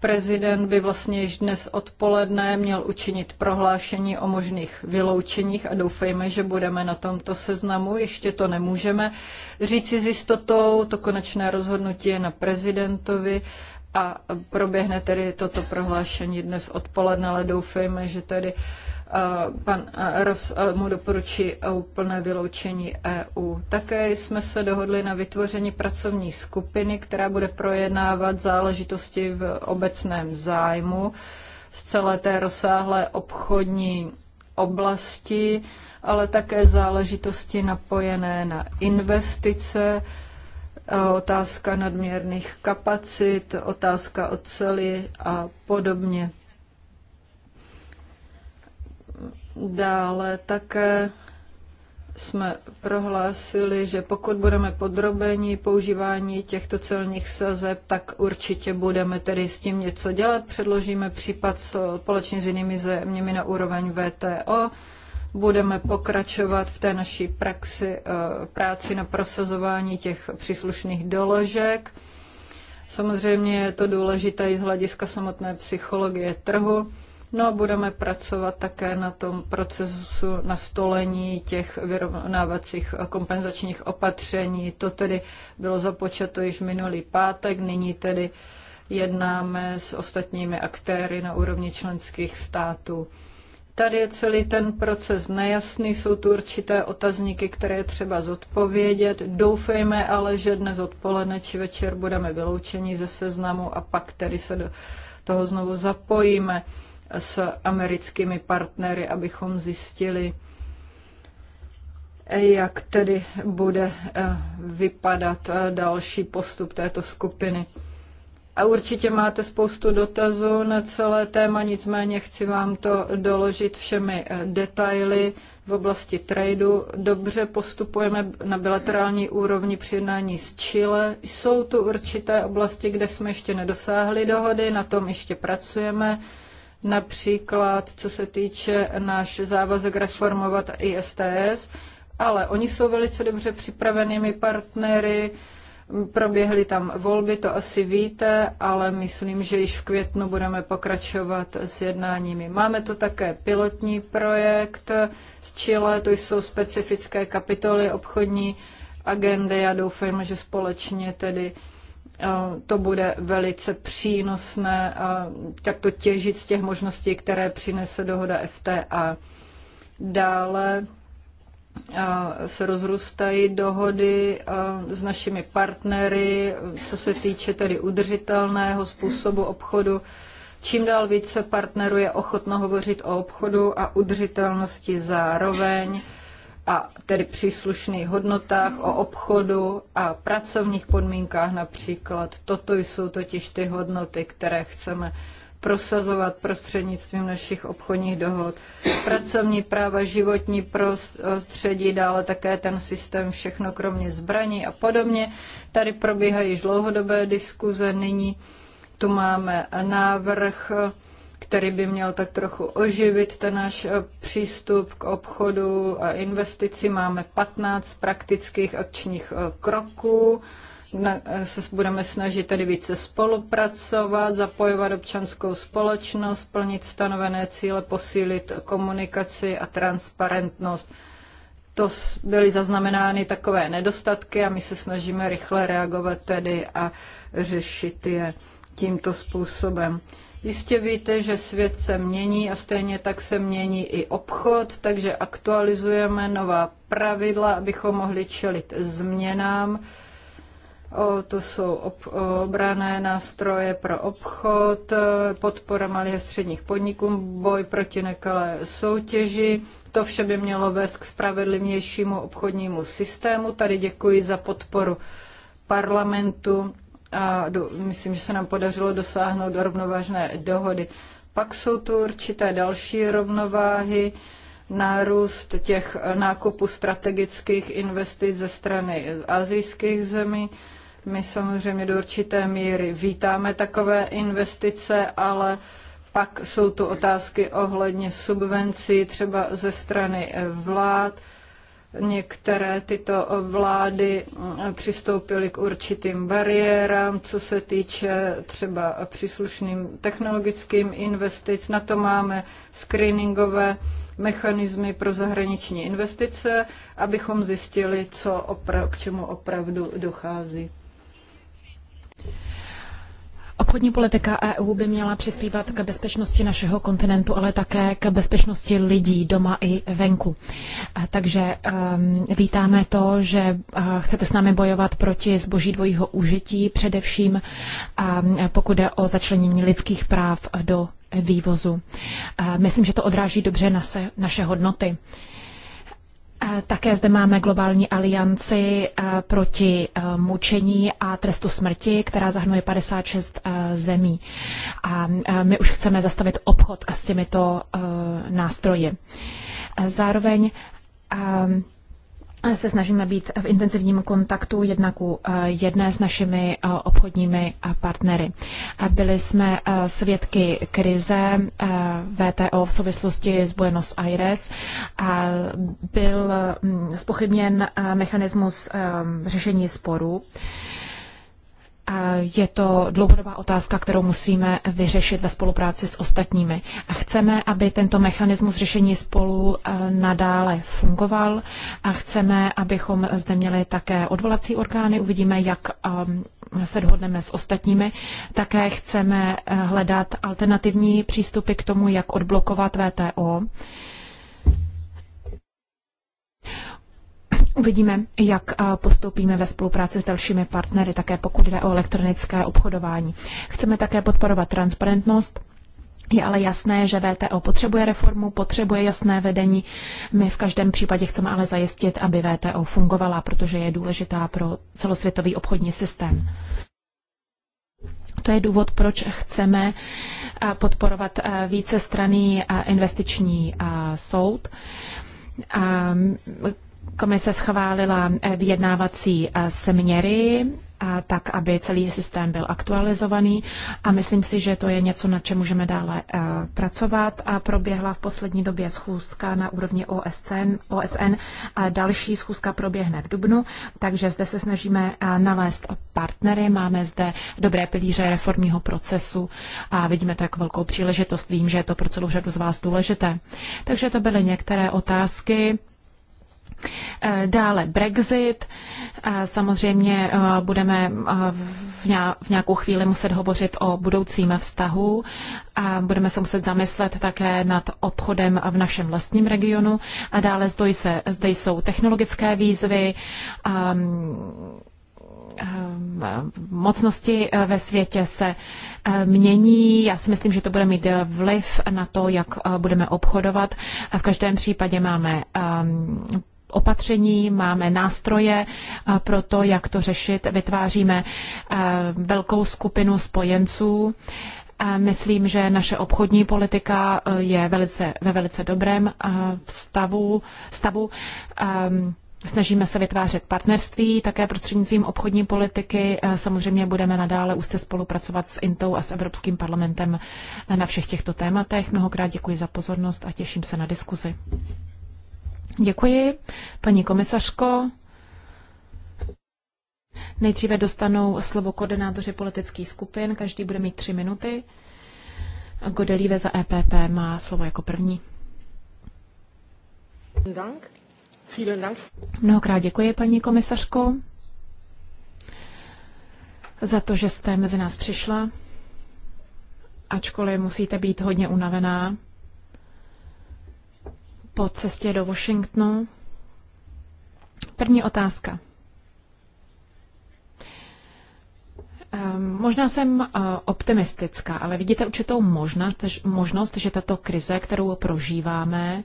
Prezident by vlastně již dnes odpoledne měl učinit prohlášení o možných vyloučeních a doufejme, že budeme na tomto seznamu. Ještě to nemůžeme říci s jistotou, to konečné rozhodnutí je na prezidentovi a proběhne tedy toto prohlášení dnes odpoledne, ale doufejme, že tedy uh, Eh, pan eh, Ros eh, mu doporučí úplné vyloučení EU. Také jsme se dohodli na vytvoření pracovní skupiny, která bude projednávat záležitosti v obecném zájmu z celé té rozsáhlé obchodní oblasti, ale také záležitosti napojené na investice, otázka nadměrných kapacit, otázka oceli a podobně. Dále také jsme prohlásili, že pokud budeme podrobeni používání těchto celních sazeb, tak určitě budeme tedy s tím něco dělat. Předložíme případ společně s jinými zeměmi na úroveň VTO. Budeme pokračovat v té naší praxi, eh, práci na prosazování těch příslušných doložek. Samozřejmě je to důležité i z hlediska samotné psychologie trhu No a budeme pracovat také na tom procesu nastolení těch vyrovnávacích kompenzačních opatření. To tedy bylo započato již minulý pátek, nyní tedy jednáme s ostatními aktéry na úrovni členských států. Tady je celý ten proces nejasný, jsou tu určité otazníky, které je třeba zodpovědět. Doufejme ale, že dnes odpoledne či večer budeme vyloučeni ze seznamu a pak tedy se do toho znovu zapojíme s americkými partnery, abychom zjistili, jak tedy bude eh, vypadat eh, další postup této skupiny. A určitě máte spoustu dotazů na celé téma, nicméně chci vám to doložit všemi eh, detaily v oblasti tradu. Dobře postupujeme na bilaterální úrovni při jednání s Chile. Jsou tu určité oblasti, kde jsme ještě nedosáhli dohody, na tom ještě pracujeme například co se týče náš závazek reformovat ISTS, ale oni jsou velice dobře připravenými partnery, proběhly tam volby, to asi víte, ale myslím, že již v květnu budeme pokračovat s jednáními. Máme tu také pilotní projekt z Chile, to jsou specifické kapitoly obchodní agendy. Já doufám, že společně tedy to bude velice přínosné a takto těžit z těch možností, které přinese dohoda FTA. Dále se rozrůstají dohody s našimi partnery, co se týče tedy udržitelného způsobu obchodu. Čím dál více partnerů je ochotno hovořit o obchodu a udržitelnosti zároveň a tedy příslušných hodnotách, o obchodu a pracovních podmínkách například. Toto jsou totiž ty hodnoty, které chceme prosazovat prostřednictvím našich obchodních dohod. Pracovní práva, životní prostředí, dále také ten systém všechno kromě zbraní a podobně. Tady probíhají již dlouhodobé diskuze, nyní tu máme návrh který by měl tak trochu oživit ten náš eh, přístup k obchodu a investici. Máme 15 praktických akčních eh, kroků. Eh, se budeme snažit tedy více spolupracovat, zapojovat občanskou společnost, plnit stanovené cíle, posílit komunikaci a transparentnost. To byly zaznamenány takové nedostatky a my se snažíme rychle reagovat tedy a řešit je tímto způsobem. Jistě víte, že svět se mění a stejně tak se mění i obchod, takže aktualizujeme nová pravidla, abychom mohli čelit změnám. O, to jsou ob, obrané nástroje pro obchod, podpora malých a středních podniků, boj proti nekalé soutěži. To vše by mělo vést k spravedlivějšímu obchodnímu systému. Tady děkuji za podporu parlamentu a do, myslím, že se nám podařilo dosáhnout do rovnovážné dohody. Pak jsou tu určité další rovnováhy, nárůst těch nákupů strategických investic ze strany azijských zemí. My samozřejmě do určité míry vítáme takové investice, ale pak jsou tu otázky ohledně subvencí třeba ze strany vlád Některé tyto vlády přistoupily k určitým bariérám, co se týče třeba příslušným technologickým investic. Na to máme screeningové mechanismy pro zahraniční investice, abychom zjistili, co opra- k čemu opravdu dochází. Obchodní politika EU by měla přispívat k bezpečnosti našeho kontinentu, ale také k bezpečnosti lidí doma i venku. Takže um, vítáme to, že uh, chcete s námi bojovat proti zboží dvojího užití, především um, pokud jde o začlenění lidských práv do vývozu. Uh, myslím, že to odráží dobře naše, naše hodnoty. Uh, také zde máme globální alianci e, proti e, mučení a trestu smrti, která zahrnuje 56 e, zemí. A my už chceme zastavit obchod s těmito nástroji. Zároveň se snažíme být v intenzivním kontaktu jednaku eh, jedné s našimi eh, obchodními eh, partnery. Byli jsme svědky krize VTO v souvislosti s Buenos Aires. a Byl spochybněn mm, mechanismus řešení sporů. Je to dlouhodobá otázka, kterou musíme vyřešit ve spolupráci s ostatními. A chceme, aby tento mechanismus řešení spolu eh, nadále fungoval a chceme, abychom zde měli také odvolací orgány. Uvidíme, jak ehm, se dohodneme s ostatními. Také chceme eh, hledat alternativní přístupy k tomu, jak odblokovat VTO. Uvidíme, jak eh, postoupíme ve spolupráci s dalšími partnery, také pokud jde o elektronické obchodování. Chceme také podporovat transparentnost. Je ale jasné, že VTO potřebuje reformu, potřebuje jasné vedení. My v každém případě chceme ale zajistit, aby VTO fungovala, protože je důležitá pro celosvětový obchodní systém. To je důvod, proč chceme eh, podporovat eh, vícestranný investiční soud Komise schválila eh, vyjednávací eh, směry, tak aby celý systém byl aktualizovaný a myslím si, že to je něco, na čem můžeme dále eh, pracovat a proběhla v poslední době schůzka na úrovni OSN, OSN a další schůzka proběhne v Dubnu, takže zde se snažíme nalézt partnery, máme zde dobré pilíře reformního procesu a vidíme to jako velkou příležitost, vím, že je to pro celou řadu z vás důležité. Takže to byly některé otázky, Eh, dále Brexit. Eh, samozřejmě eh, budeme v nějakou chvíli muset hovořit o budoucím vztahu. Budeme se muset zamyslet také nad obchodem v našem vlastním regionu. A dále zde, zde jsou technologické výzvy, ehm, ehm, mocnosti ve světě se mění. Já si myslím, že to bude mít vliv na to, jak budeme obchodovat. V každém případě máme ehm, opatření, máme nástroje pro to, jak to řešit. Vytváříme velkou skupinu spojenců. Myslím, že naše obchodní politika je velice, ve velice dobrém stavu. stavu. Snažíme se vytvářet partnerství, také prostřednictvím obchodní politiky. Samozřejmě budeme nadále úzce spolupracovat s Intou a s Evropským parlamentem na všech těchto tématech. Mnohokrát děkuji za pozornost a těším se na diskuzi. Děkuji, paní komisařko. Nejdříve dostanou slovo koordinátoři politických skupin, každý bude mít tři minuty. Godelíve za EPP má slovo jako první. Mnohokrát děkuji, paní komisařko, za to, že jste mezi nás přišla, ačkoliv musíte být hodně unavená po cestě do Washingtonu. První otázka. Ehm, možná jsem eh, optimistická, ale vidíte určitou možnost, možnost, že tato krize, kterou prožíváme,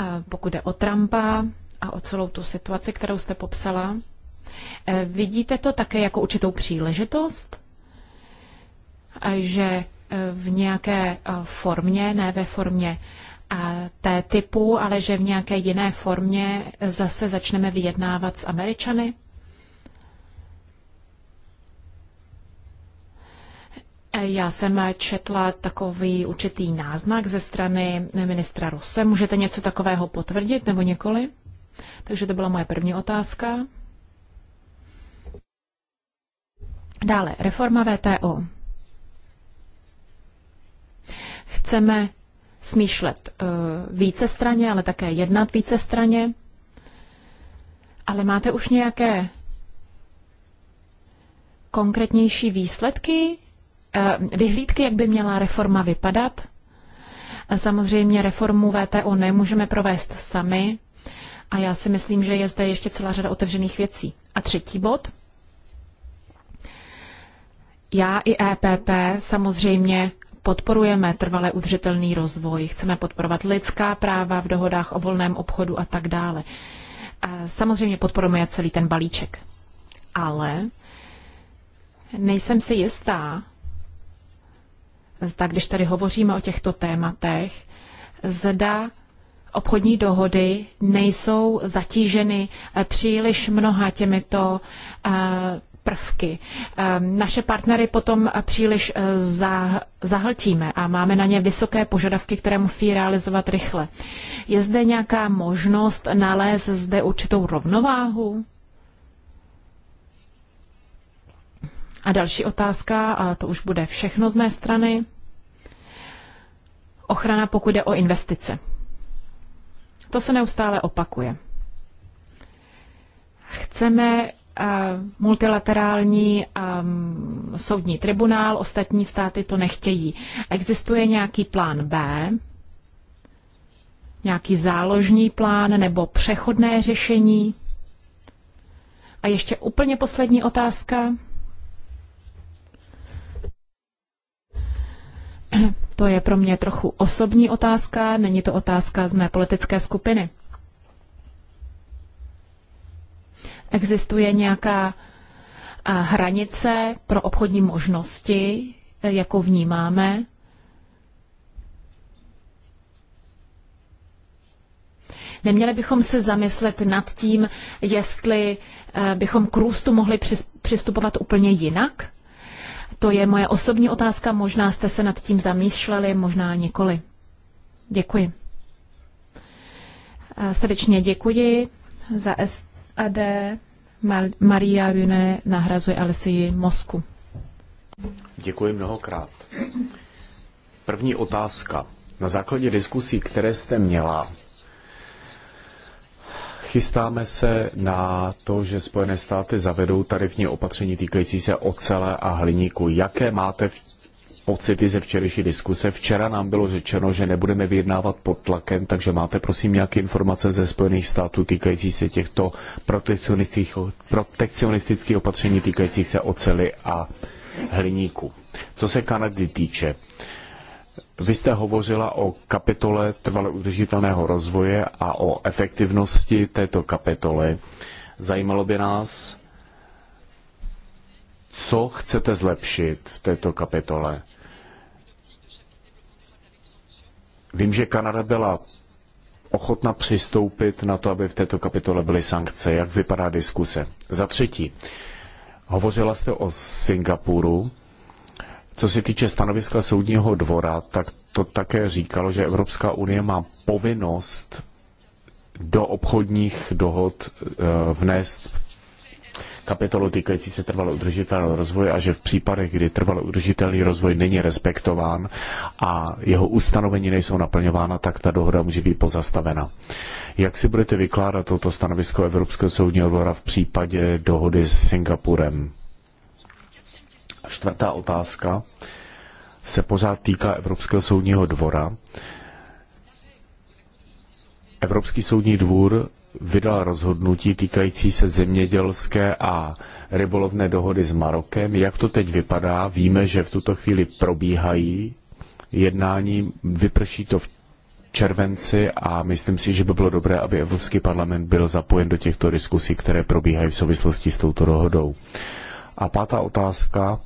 eh, pokud jde o Trumpa a o celou tu situaci, kterou jste popsala, eh, vidíte to také jako určitou příležitost, že v nějaké formě, ne ve formě té typu, ale že v nějaké jiné formě zase začneme vyjednávat s Američany? Já jsem četla takový určitý náznak ze strany ministra Ruse. Můžete něco takového potvrdit nebo nikoli? Takže to byla moje první otázka. Dále, reforma VTO. Chceme smýšlet eh, více straně, ale také jednat více straně. Ale máte už nějaké konkrétnější výsledky, eh, vyhlídky, jak by měla reforma vypadat? Samozřejmě reformu VTO nemůžeme provést sami a já si myslím, že je zde ještě celá řada otevřených věcí. A třetí bod. Já i EPP samozřejmě podporujeme trvalé udržitelný rozvoj, chceme podporovat lidská práva v dohodách o volném obchodu a tak dále. Samozřejmě podporujeme celý ten balíček. Ale nejsem si jistá, zda když tady hovoříme o těchto tématech, zda obchodní dohody nejsou zatíženy příliš mnoha těmito eh, prvky. Ehm, naše partnery potom příliš eh, zahltíme a máme na ně vysoké požadavky, které musí realizovat rychle. Je zde nějaká možnost nalézt zde určitou rovnováhu? A další otázka, a to už bude všechno z mé strany. Ochrana, pokud jde o investice. To se neustále opakuje. Chceme Eh, multilaterální ehm, soudní tribunál, ostatní státy to nechtějí. Existuje nějaký plán B, nějaký záložní plán nebo přechodné řešení? A ještě úplně poslední otázka. To je pro mě trochu osobní otázka, není to otázka z mé politické skupiny. Existuje nějaká hranice pro obchodní možnosti, e, jakou vnímáme? Neměli bychom se zamyslet nad tím, jestli e, bychom k růstu mohli přistupovat úplně jinak? To je moje osobní otázka, možná jste se nad tím zamýšleli, možná nikoli. Děkuji. E, srdečně děkuji za ST Ad. Maria June nahrazuje Alessii Mosku. Děkuji mnohokrát. První otázka. Na základě diskusí, které jste měla, chystáme se na to, že Spojené státy zavedou tarifní opatření týkající se ocele a hliníku. Jaké máte v pocity ze včerejší diskuse. Včera nám bylo řečeno, že nebudeme vyjednávat pod tlakem, takže máte prosím nějaké informace ze Spojených států týkající se těchto protekcionistických, protekcionistických opatření týkajících se ocely a hliníku. Co se Kanady týče, vy jste hovořila o kapitole trvale udržitelného rozvoje a o efektivnosti této kapitoly. Zajímalo by nás, co chcete zlepšit v této kapitole. Vím, že Kanada byla ochotna přistoupit na to, aby v této kapitole byly sankce. Jak vypadá diskuse? Za třetí, hovořila jste o Singapuru. Co se týče stanoviska soudního dvora, tak to také říkalo, že Evropská unie má povinnost do obchodních dohod eh, vnést kapitolu týkající se trvalo udržitelného rozvoje a že v případech, kdy trvalo udržitelný rozvoj není respektován a jeho ustanovení nejsou naplňována, tak ta dohoda může být pozastavena. Jak si budete vykládat toto stanovisko Evropského soudního dvora v případě dohody s Singapurem? A čtvrtá otázka se pořád týká Evropského soudního dvora. Evropský soudní dvůr vydal rozhodnutí týkající se zemědělské a rybolovné dohody s Marokem. Jak to teď vypadá? Víme, že v tuto chvíli probíhají jednání, vyprší to v červenci a myslím si, že by bylo dobré, aby Evropský parlament byl zapojen do těchto diskusí, které probíhají v souvislosti s touto dohodou. A pátá otázka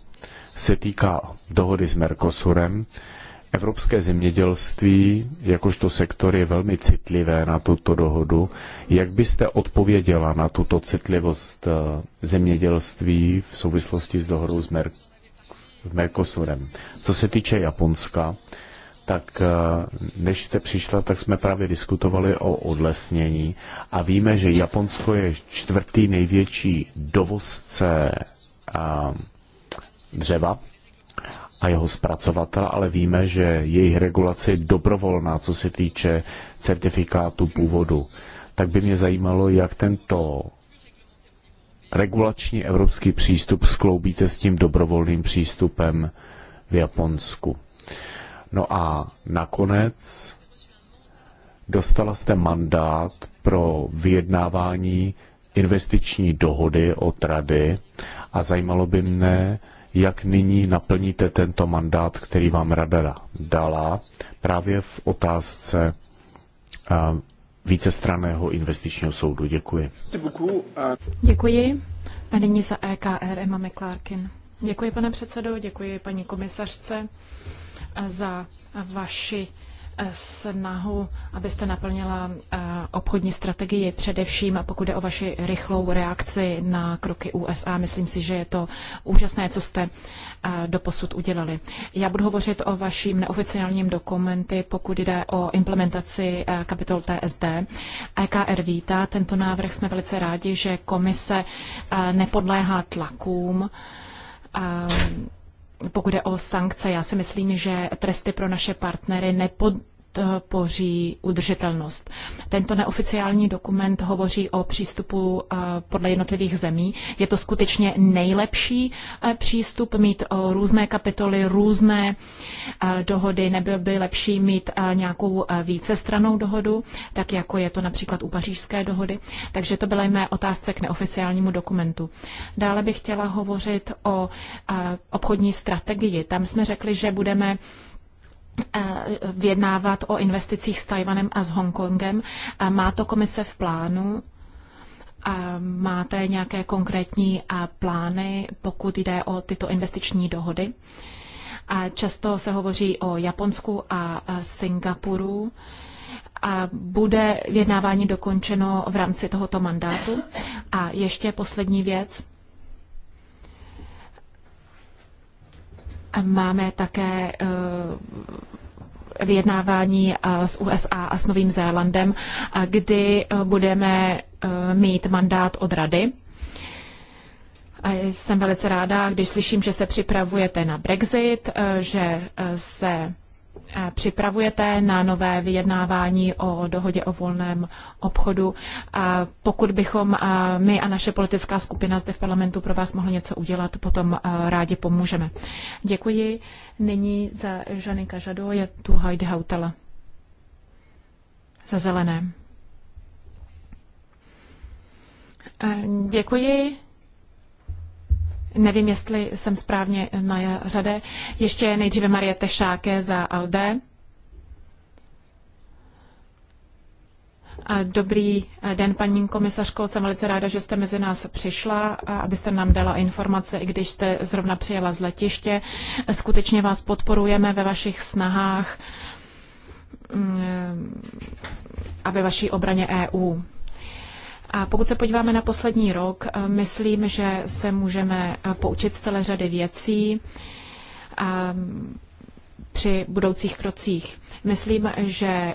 se týká dohody s Mercosurem. Evropské zemědělství, jakožto sektor, je velmi citlivé na tuto dohodu. Jak byste odpověděla na tuto citlivost eh, zemědělství v souvislosti s dohodou s Mer- Mercosurem? Co se týče Japonska, tak eh, než jste přišla, tak jsme právě diskutovali o odlesnění a víme, že Japonsko je čtvrtý největší dovozce eh, dřeva a jeho zpracovatele, ale víme, že jejich regulace je dobrovolná, co se týče certifikátu původu. Tak by mě zajímalo, jak tento regulační evropský přístup skloubíte s tím dobrovolným přístupem v Japonsku. No a nakonec dostala jste mandát pro vyjednávání investiční dohody od rady a zajímalo by mne, jak nyní naplníte tento mandát, který vám rada dala právě v otázce eh, vícestraného investičního soudu. Děkuji. Děkuji. A nyní za EKR Emma McClarkin. Děkuji, pane předsedo, děkuji paní komisařce za vaši snahu, abyste naplnila eh, obchodní strategii, především pokud jde o vaši rychlou reakci na kroky USA. Myslím si, že je to úžasné, co jste eh, doposud udělali. Já budu hovořit o vaším neoficiálním dokumenty, pokud jde o implementaci eh, kapitol TSD. EKR vítá tento návrh. Jsme velice rádi, že komise nepodléhá tlakům pokud je o sankce, já si myslím, že tresty pro naše partnery nepod, podpoří eh, udržitelnost. Tento neoficiální dokument hovoří o přístupu eh, podle jednotlivých zemí. Je to skutečně nejlepší eh, přístup mít různé kapitoly, různé dohody. Nebyl by lepší mít nějakou vícestranou dohodu, tak jako je to například u pařížské dohody. Takže to byly mé otázce k neoficiálnímu dokumentu. Dále bych chtěla hovořit o obchodní strategii. Tam jsme řekli, že budeme Eh, vyjednávat o investicích s Tajvanem a s Hongkongem. Eh, má to komise v plánu? A eh, máte nějaké konkrétní plány, pokud jde o tyto investiční dohody? A často se hovoří o Japonsku a Singapuru. A bude vyjednávání dokončeno v rámci tohoto mandátu? A ještě poslední věc. Máme také eh, vyjednávání eh, s USA a s Novým Zélandem, kdy eh, budeme mít mandát od Rady. A jsem velice ráda, když slyším, že se připravujete na Brexit, že se připravujete na nové vyjednávání o dohodě o volném obchodu. Pokud bychom my a naše politická skupina zde v parlamentu pro vás mohli něco udělat, potom rádi pomůžeme. Děkuji. Nyní za Žany Žado je tu Heidi Hautala. Za zelené. Děkuji. Nevím, jestli jsem správně na řadě. Ještě nejdříve Marie Tešáke za LD. Dobrý den, paní komisařko. Jsem velice ráda, že jste mezi nás přišla, abyste nám dala informace, i když jste zrovna přijela z letiště. Skutečně vás podporujeme ve vašich snahách mm, a ve vaší obraně EU. A pokud se podíváme na poslední rok, eh, myslím, že se můžeme eh, poučit celé řady věcí ehm, při budoucích krocích. Myslím, že eh,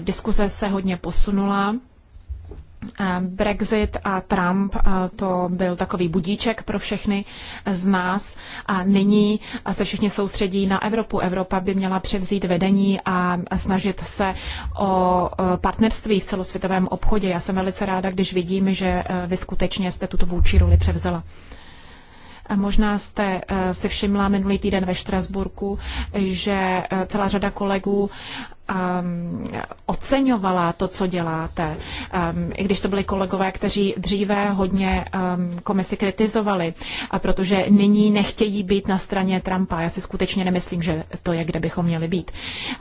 diskuze se hodně posunula Eh, Brexit a Trump eh, to byl takový budíček pro všechny z nás a nyní se všichni soustředí na Evropu. Evropa by měla převzít vedení a snažit se o eh, partnerství v celosvětovém obchodě. Já jsem velice ráda, když vidím, že vy skutečně jste tuto vůči roli převzela. Možná jste si všimla minulý týden ve Štrasburku, že celá řada kolegů um, oceňovala to, co děláte, um, i když to byli kolegové, kteří dříve hodně um, ehm, komisi kritizovali, a protože nyní nechtějí být na straně Trumpa. Já si skutečně nemyslím, že to je, kde bychom měli být.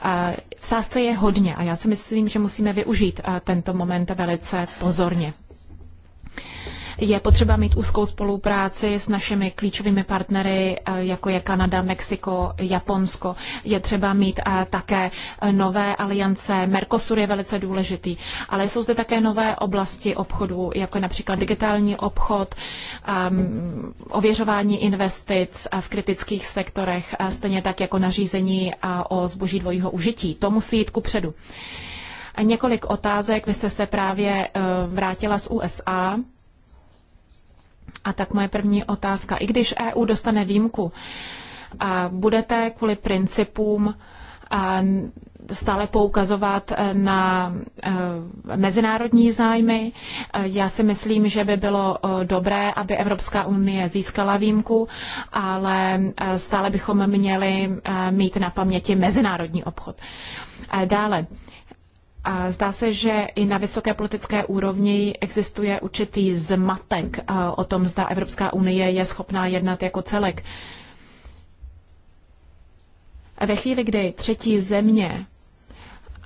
Uh, v sásce je hodně a já si myslím, že musíme využít uh, tento moment velice pozorně. Uh, je potřeba mít úzkou spolupráci s našimi klíčovými partnery, eh, jako je Kanada, Mexiko, Japonsko. Je třeba mít eh, také eh, nové aliance. Mercosur je velice důležitý, ale jsou zde také nové oblasti obchodu, jako například digitální obchod, ehm, ověřování investic v kritických sektorech, stejně tak jako nařízení o zboží dvojího užití. To musí jít ku předu. Několik otázek. Vy jste se právě vrátila z USA. A tak moje první otázka. I když EU dostane výjimku, budete kvůli principům stále poukazovat e, na e, mezinárodní zájmy. E, já si myslím, že by bylo dobré, aby Evropská unie získala výjimku, ale stále bychom měli mít na paměti mezinárodní obchod. Dále, Zdá se, že i na vysoké politické úrovni existuje určitý zmatek eh, o tom, zda Evropská unie je schopná jednat jako celek. Ve chvíli, kdy třetí země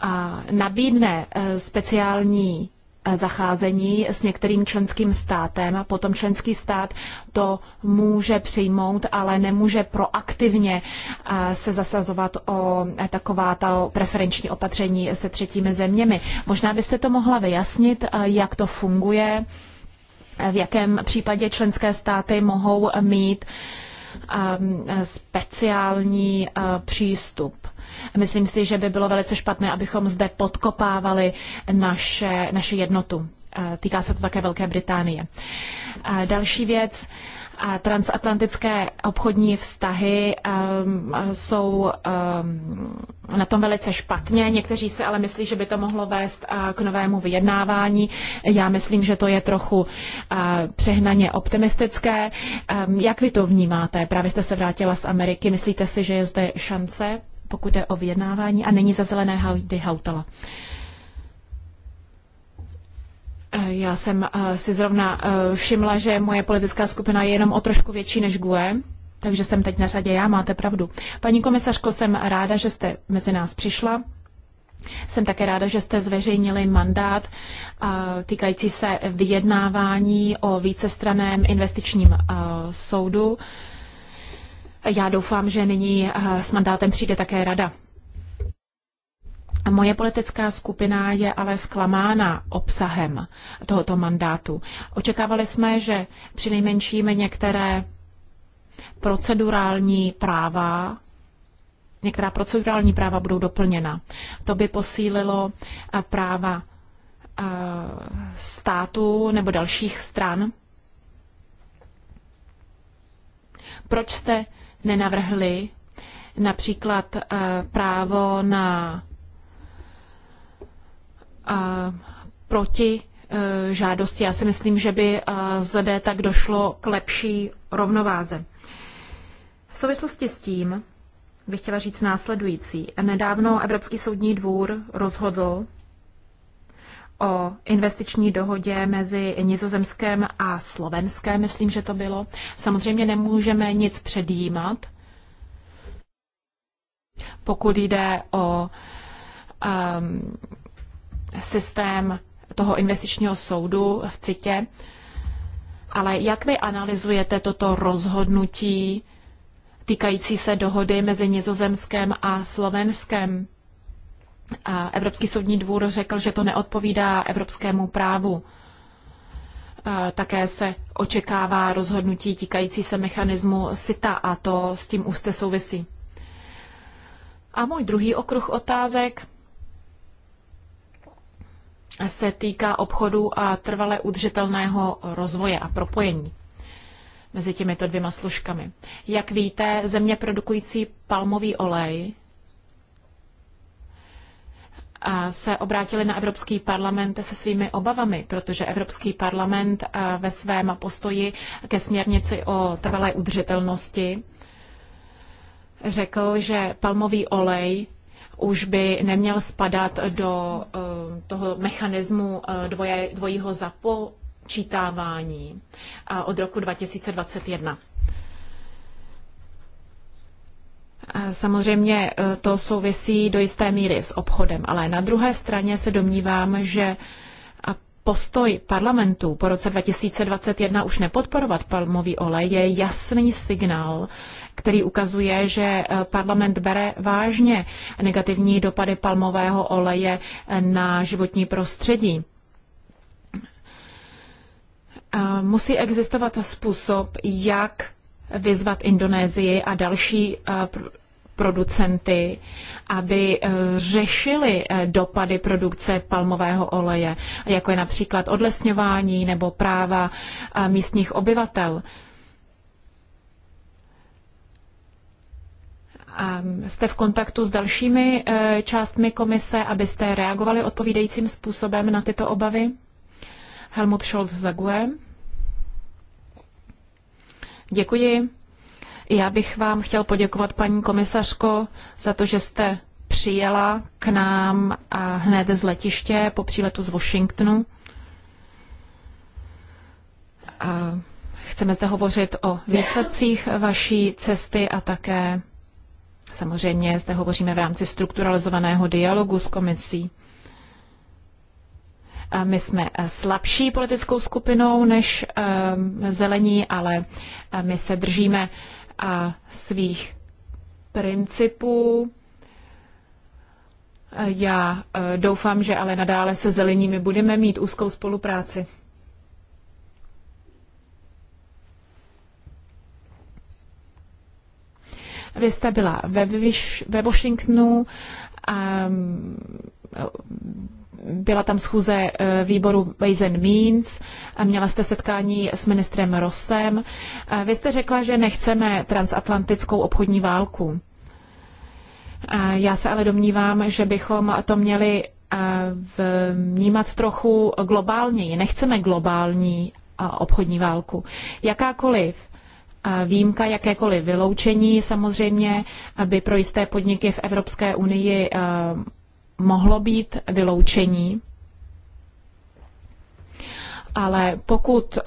eh, nabídne eh, speciální Eh, zacházení s některým členským státem, potom členský stát to může přijmout, ale nemůže proaktivně eh, se zasazovat o eh, taková ta preferenční opatření se třetími zeměmi. Možná byste to mohla vyjasnit, jak to funguje, v jakém případě členské státy mohou mít ehm, speciální přístup Myslím si, že by bylo velice špatné, abychom zde podkopávali naše, naše jednotu. Týká se to také Velké Británie. Další věc. Transatlantické obchodní vztahy ehm, jsou ehm, na tom velice špatně. Někteří si ale myslí, že by to mohlo vést k novému vyjednávání. Já myslím, že to je trochu přehnaně optimistické. Ehm, jak vy to vnímáte? Právě jste se vrátila z Ameriky. Myslíte si, že je zde šance? pokud je o vyjednávání a není za zelené Heidi Hautala. Eh, já jsem eh, si zrovna eh, všimla, že moje politická skupina je jenom o trošku větší než GUE, takže jsem teď na řadě já, máte pravdu. Paní komisařko, jsem ráda, že jste mezi nás přišla. Jsem také ráda, že jste zveřejnili mandát týkající se vyjednávání o vícestraném investičním soudu. Já doufám, že nyní eh, s mandátem přijde také rada. Moje politická skupina je ale zklamána obsahem tohoto mandátu. Očekávali jsme, že přinejmenším některé procedurální práva některá procedurální práva budou doplněna. To by posílilo eh, práva eh, státu nebo dalších stran. Proč jste nenavrhli, například eh, právo na eh, proti eh, žádosti. Já si myslím, že by zde tak došlo k lepší rovnováze. V souvislosti s tím bych chtěla říct následující. Nedávno Evropský soudní dvůr rozhodl, o investiční dohodě mezi Nizozemskem a Slovenskem, myslím, že to bylo. Samozřejmě nemůžeme nic předjímat, pokud jde o um, systém toho investičního soudu v CITě. Ale jak vy analyzujete toto rozhodnutí týkající se dohody mezi Nizozemskem a Slovenskem? Evropský soudní dvůr řekl, že to neodpovídá evropskému právu. Také se očekává rozhodnutí týkající se mechanismu SITA a to s tím úste souvisí. A můj druhý okruh otázek se týká obchodu a trvale udržitelného rozvoje a propojení mezi těmito dvěma složkami. Jak víte, země produkující palmový olej se obrátili na Evropský parlament se svými obavami, protože Evropský parlament ve svém postoji ke směrnici o trvalé udržitelnosti řekl, že palmový olej už by neměl spadat do e, toho mechanismu e, dvoje, dvojího započítávání od roku 2021. Samozřejmě e, to souvisí do jisté míry s obchodem, ale na druhé straně se domnívám, že postoj parlamentu po roce 2021 už nepodporovat palmový olej je jasný signál, který ukazuje, že e, parlament bere vážně negativní dopady palmového oleje na životní prostředí. E, musí existovat způsob, jak vyzvat Indonésii a další producenty, aby eh, řešili eh, dopady produkce palmového oleje, jako je například odlesňování nebo práva eh, místních obyvatel. A mm, jste v kontaktu s dalšími částmi komise, abyste reagovali odpovídajícím způsobem na tyto obavy? Helmut Scholz za e. Děkuji. Já bych vám chtěl poděkovat, paní komisařko, za to, že jste přijela k nám a hned z letiště po příletu z Washingtonu. A chceme zde hovořit o výsledcích vaší cesty a také samozřejmě zde hovoříme v rámci strukturalizovaného dialogu s komisí. A my jsme slabší politickou skupinou než ehm, zelení, ale my se držíme a svých principů. Já eh, doufám, že ale nadále se zeleními budeme mít úzkou spolupráci. Vy jste byla ve, ve Washingtonu a ehm, byla tam schůze eh, výboru Ways and Means, měla jste setkání s ministrem Rosem. Eh, vy jste řekla, že nechceme transatlantickou obchodní válku. Eh, já se ale domnívám, že bychom to měli vnímat trochu globálněji. Nechceme globální obchodní válku. Jakákoliv výjimka, jakékoliv vyloučení samozřejmě aby pro jisté podniky v Evropské unii mohlo být vyloučení, ale pokud eh,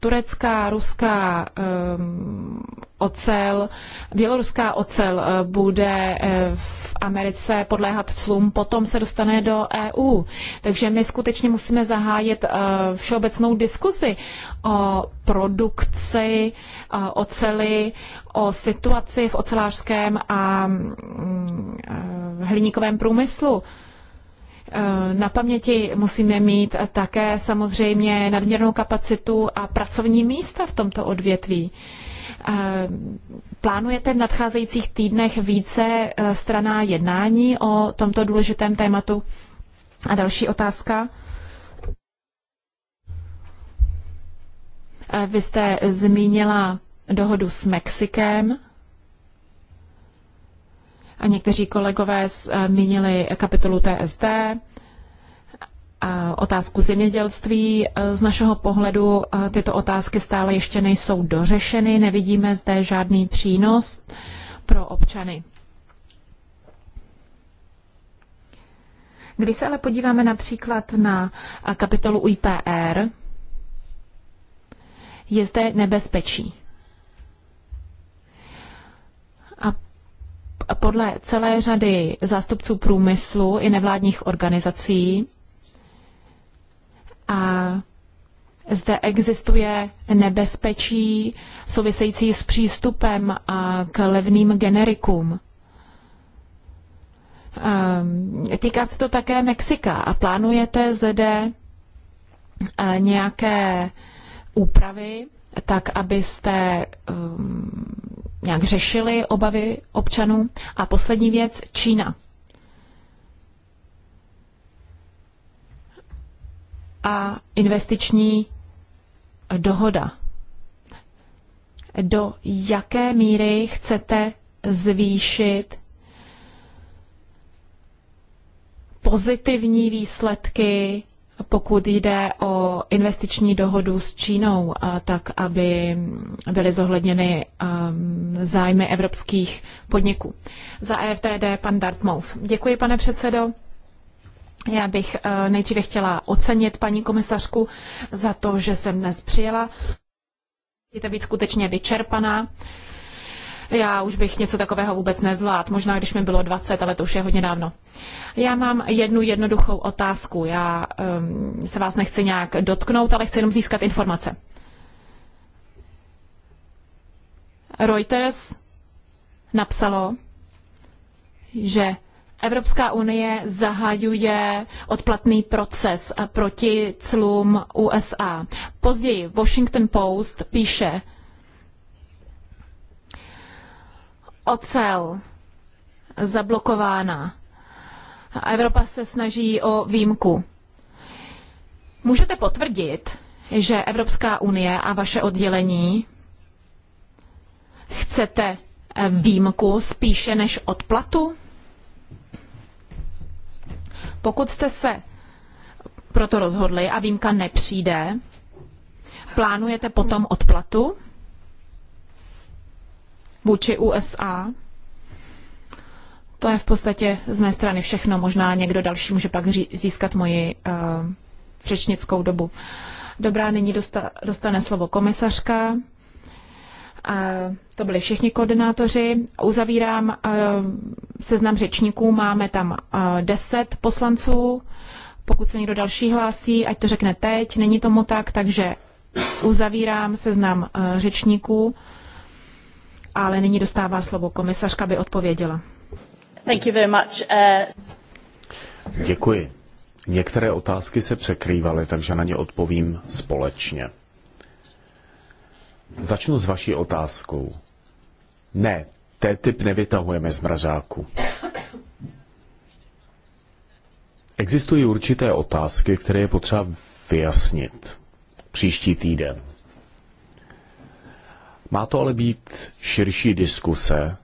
turecká, ruská um, ocel, běloruská ocel eh, bude v Americe podléhat clům, potom se dostane do EU. Takže my skutečně musíme zahájit uh, všeobecnou diskusi o produkci uh, oceli, o situaci v ocelářském a mm, e, hliníkovém průmyslu. E, na paměti musíme mít také samozřejmě nadměrnou kapacitu a pracovní místa v tomto odvětví. E, plánujete v nadcházejících týdnech více straná jednání o tomto důležitém tématu? A další otázka. Vy jste zmínila dohodu s Mexikem. A někteří kolegové eh, zmínili kapitolu TSD, a otázku zemědělství. Eh, z našeho pohledu eh, tyto otázky stále ještě nejsou dořešeny, nevidíme zde žádný přínos pro občany. Když se ale podíváme například na kapitolu IPR, je zde nebezpečí. podle celé řady zástupců průmyslu i nevládních organizací a zde existuje nebezpečí související s přístupem k levným generikům. Ehm, týká se to také Mexika a plánujete zde eh, nějaké úpravy tak abyste um, nějak řešili obavy občanů? A poslední věc, Čína. A investiční dohoda. Do jaké míry chcete zvýšit pozitivní výsledky pokud jde o investiční dohodu s Čínou, tak aby byly zohledněny um, zájmy evropských podniků. Za EFTD pan Dartmouth. Děkuji, pane předsedo. Já bych uh, nejdříve chtěla ocenit paní komisařku za to, že jsem dnes přijela. to být skutečně vyčerpaná. Já už bych něco takového vůbec nezvlád, možná když mi bylo 20, ale to už je hodně dávno. Já mám jednu jednoduchou otázku. Já um, se vás nechci nějak dotknout, ale chci jenom získat informace. Reuters napsalo, že Evropská unie zahajuje odplatný proces proti clům USA. Později Washington Post píše, ocel zablokována. A Evropa se snaží o výjimku. Můžete potvrdit, že Evropská unie a vaše oddělení chcete výjimku spíše než odplatu? Pokud jste se proto rozhodli a výjimka nepřijde, plánujete potom odplatu? vůči USA. To je v podstatě z mé strany všechno. Možná někdo další může pak získat moji uh, řečnickou dobu. Dobrá, nyní dosta- dostane slovo komisařka. Uh, to byli všichni koordinátoři. Uzavírám uh, seznam řečníků. Máme tam uh, 10 poslanců. Pokud se někdo další hlásí, ať to řekne teď. Není tomu tak, takže uzavírám seznam uh, řečníků ale nyní dostává slovo komisařka, by odpověděla. Thank you very much. Uh... Děkuji. Některé otázky se překrývaly, takže na ně odpovím společně. Začnu s vaší otázkou. Ne, té typ nevytahujeme z mrazáku. Existují určité otázky, které je potřeba vyjasnit příští týden. Má to ale být širší diskuse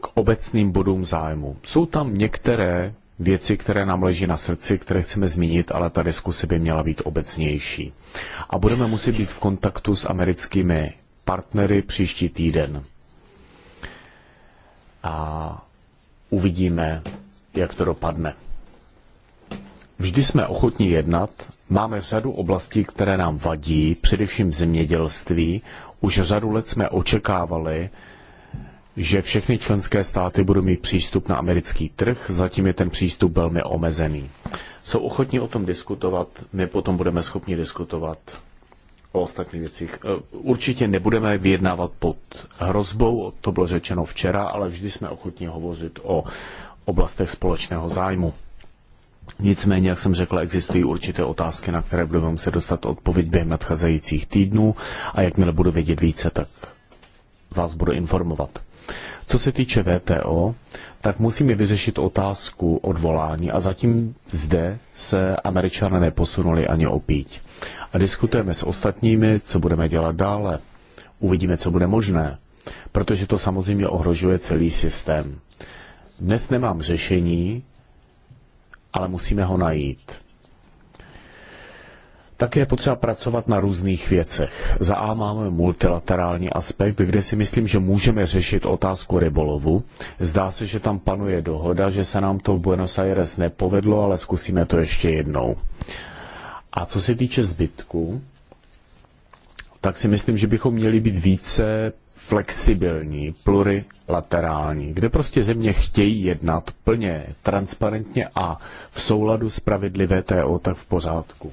k obecným bodům zájmu. Jsou tam některé věci, které nám leží na srdci, které chceme zmínit, ale ta diskuse by měla být obecnější. A budeme muset být v kontaktu s americkými partnery příští týden. A uvidíme, jak to dopadne. Vždy jsme ochotní jednat, máme řadu oblastí, které nám vadí, především v zemědělství, už řadu let jsme očekávali, že všechny členské státy budou mít přístup na americký trh, zatím je ten přístup velmi omezený. Jsou ochotní o tom diskutovat, my potom budeme schopni diskutovat o ostatních věcích. Eh, určitě nebudeme vyjednávat pod hrozbou, to bylo řečeno včera, ale vždy jsme ochotní hovořit o oblastech společného zájmu. Nicméně, jak jsem řekla, existují určité otázky, na které budeme muset dostat odpověď během nadcházejících týdnů a jakmile budu vědět více, tak vás budu informovat. Co se týče VTO, tak musíme vyřešit otázku odvolání a zatím zde se američané neposunuli ani opíť. A diskutujeme s ostatními, co budeme dělat dále. Uvidíme, co bude možné, protože to samozřejmě ohrožuje celý systém. Dnes nemám řešení, ale musíme ho najít. Také je potřeba pracovat na různých věcech. Za A máme multilaterální aspekt, kde si myslím, že můžeme řešit otázku rybolovu. Zdá se, že tam panuje dohoda, že se nám to v Buenos Aires nepovedlo, ale zkusíme to ještě jednou. A co se týče zbytku, tak si myslím, že bychom měli být více flexibilní, plurilaterální, kde prostě země chtějí jednat plně, transparentně a v souladu s pravidly VTO, tak v pořádku.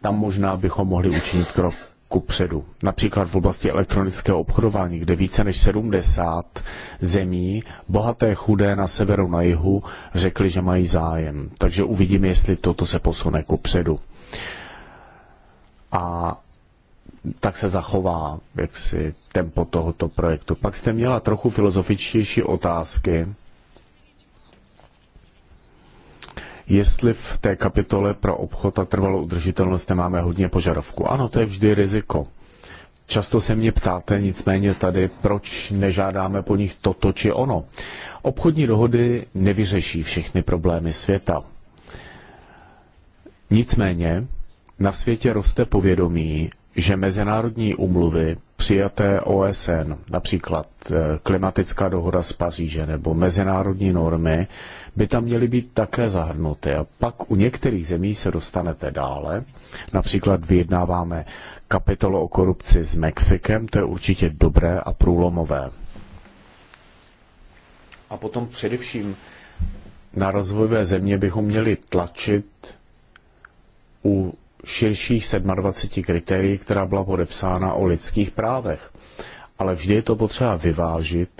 Tam možná bychom mohli učinit krok ku předu. Například v oblasti elektronického obchodování, kde více než 70 zemí, bohaté, chudé na severu, na jihu, řekli, že mají zájem. Takže uvidíme, jestli toto se posune ku předu. A tak se zachová jaksi tempo tohoto projektu. Pak jste měla trochu filozofičtější otázky. Jestli v té kapitole pro obchod a trvalou udržitelnost nemáme hodně požadavků. Ano, to je vždy riziko. Často se mě ptáte nicméně tady, proč nežádáme po nich toto či ono. Obchodní dohody nevyřeší všechny problémy světa. Nicméně na světě roste povědomí, že mezinárodní umluvy přijaté OSN, například eh, klimatická dohoda z Paříže nebo mezinárodní normy, by tam měly být také zahrnuty. A pak u některých zemí se dostanete dále. Například vyjednáváme kapitolu o korupci s Mexikem, to je určitě dobré a průlomové. A potom především na rozvojové země bychom měli tlačit u širších 27 kritérií, která byla podepsána o lidských právech. Ale vždy je to potřeba vyvážit.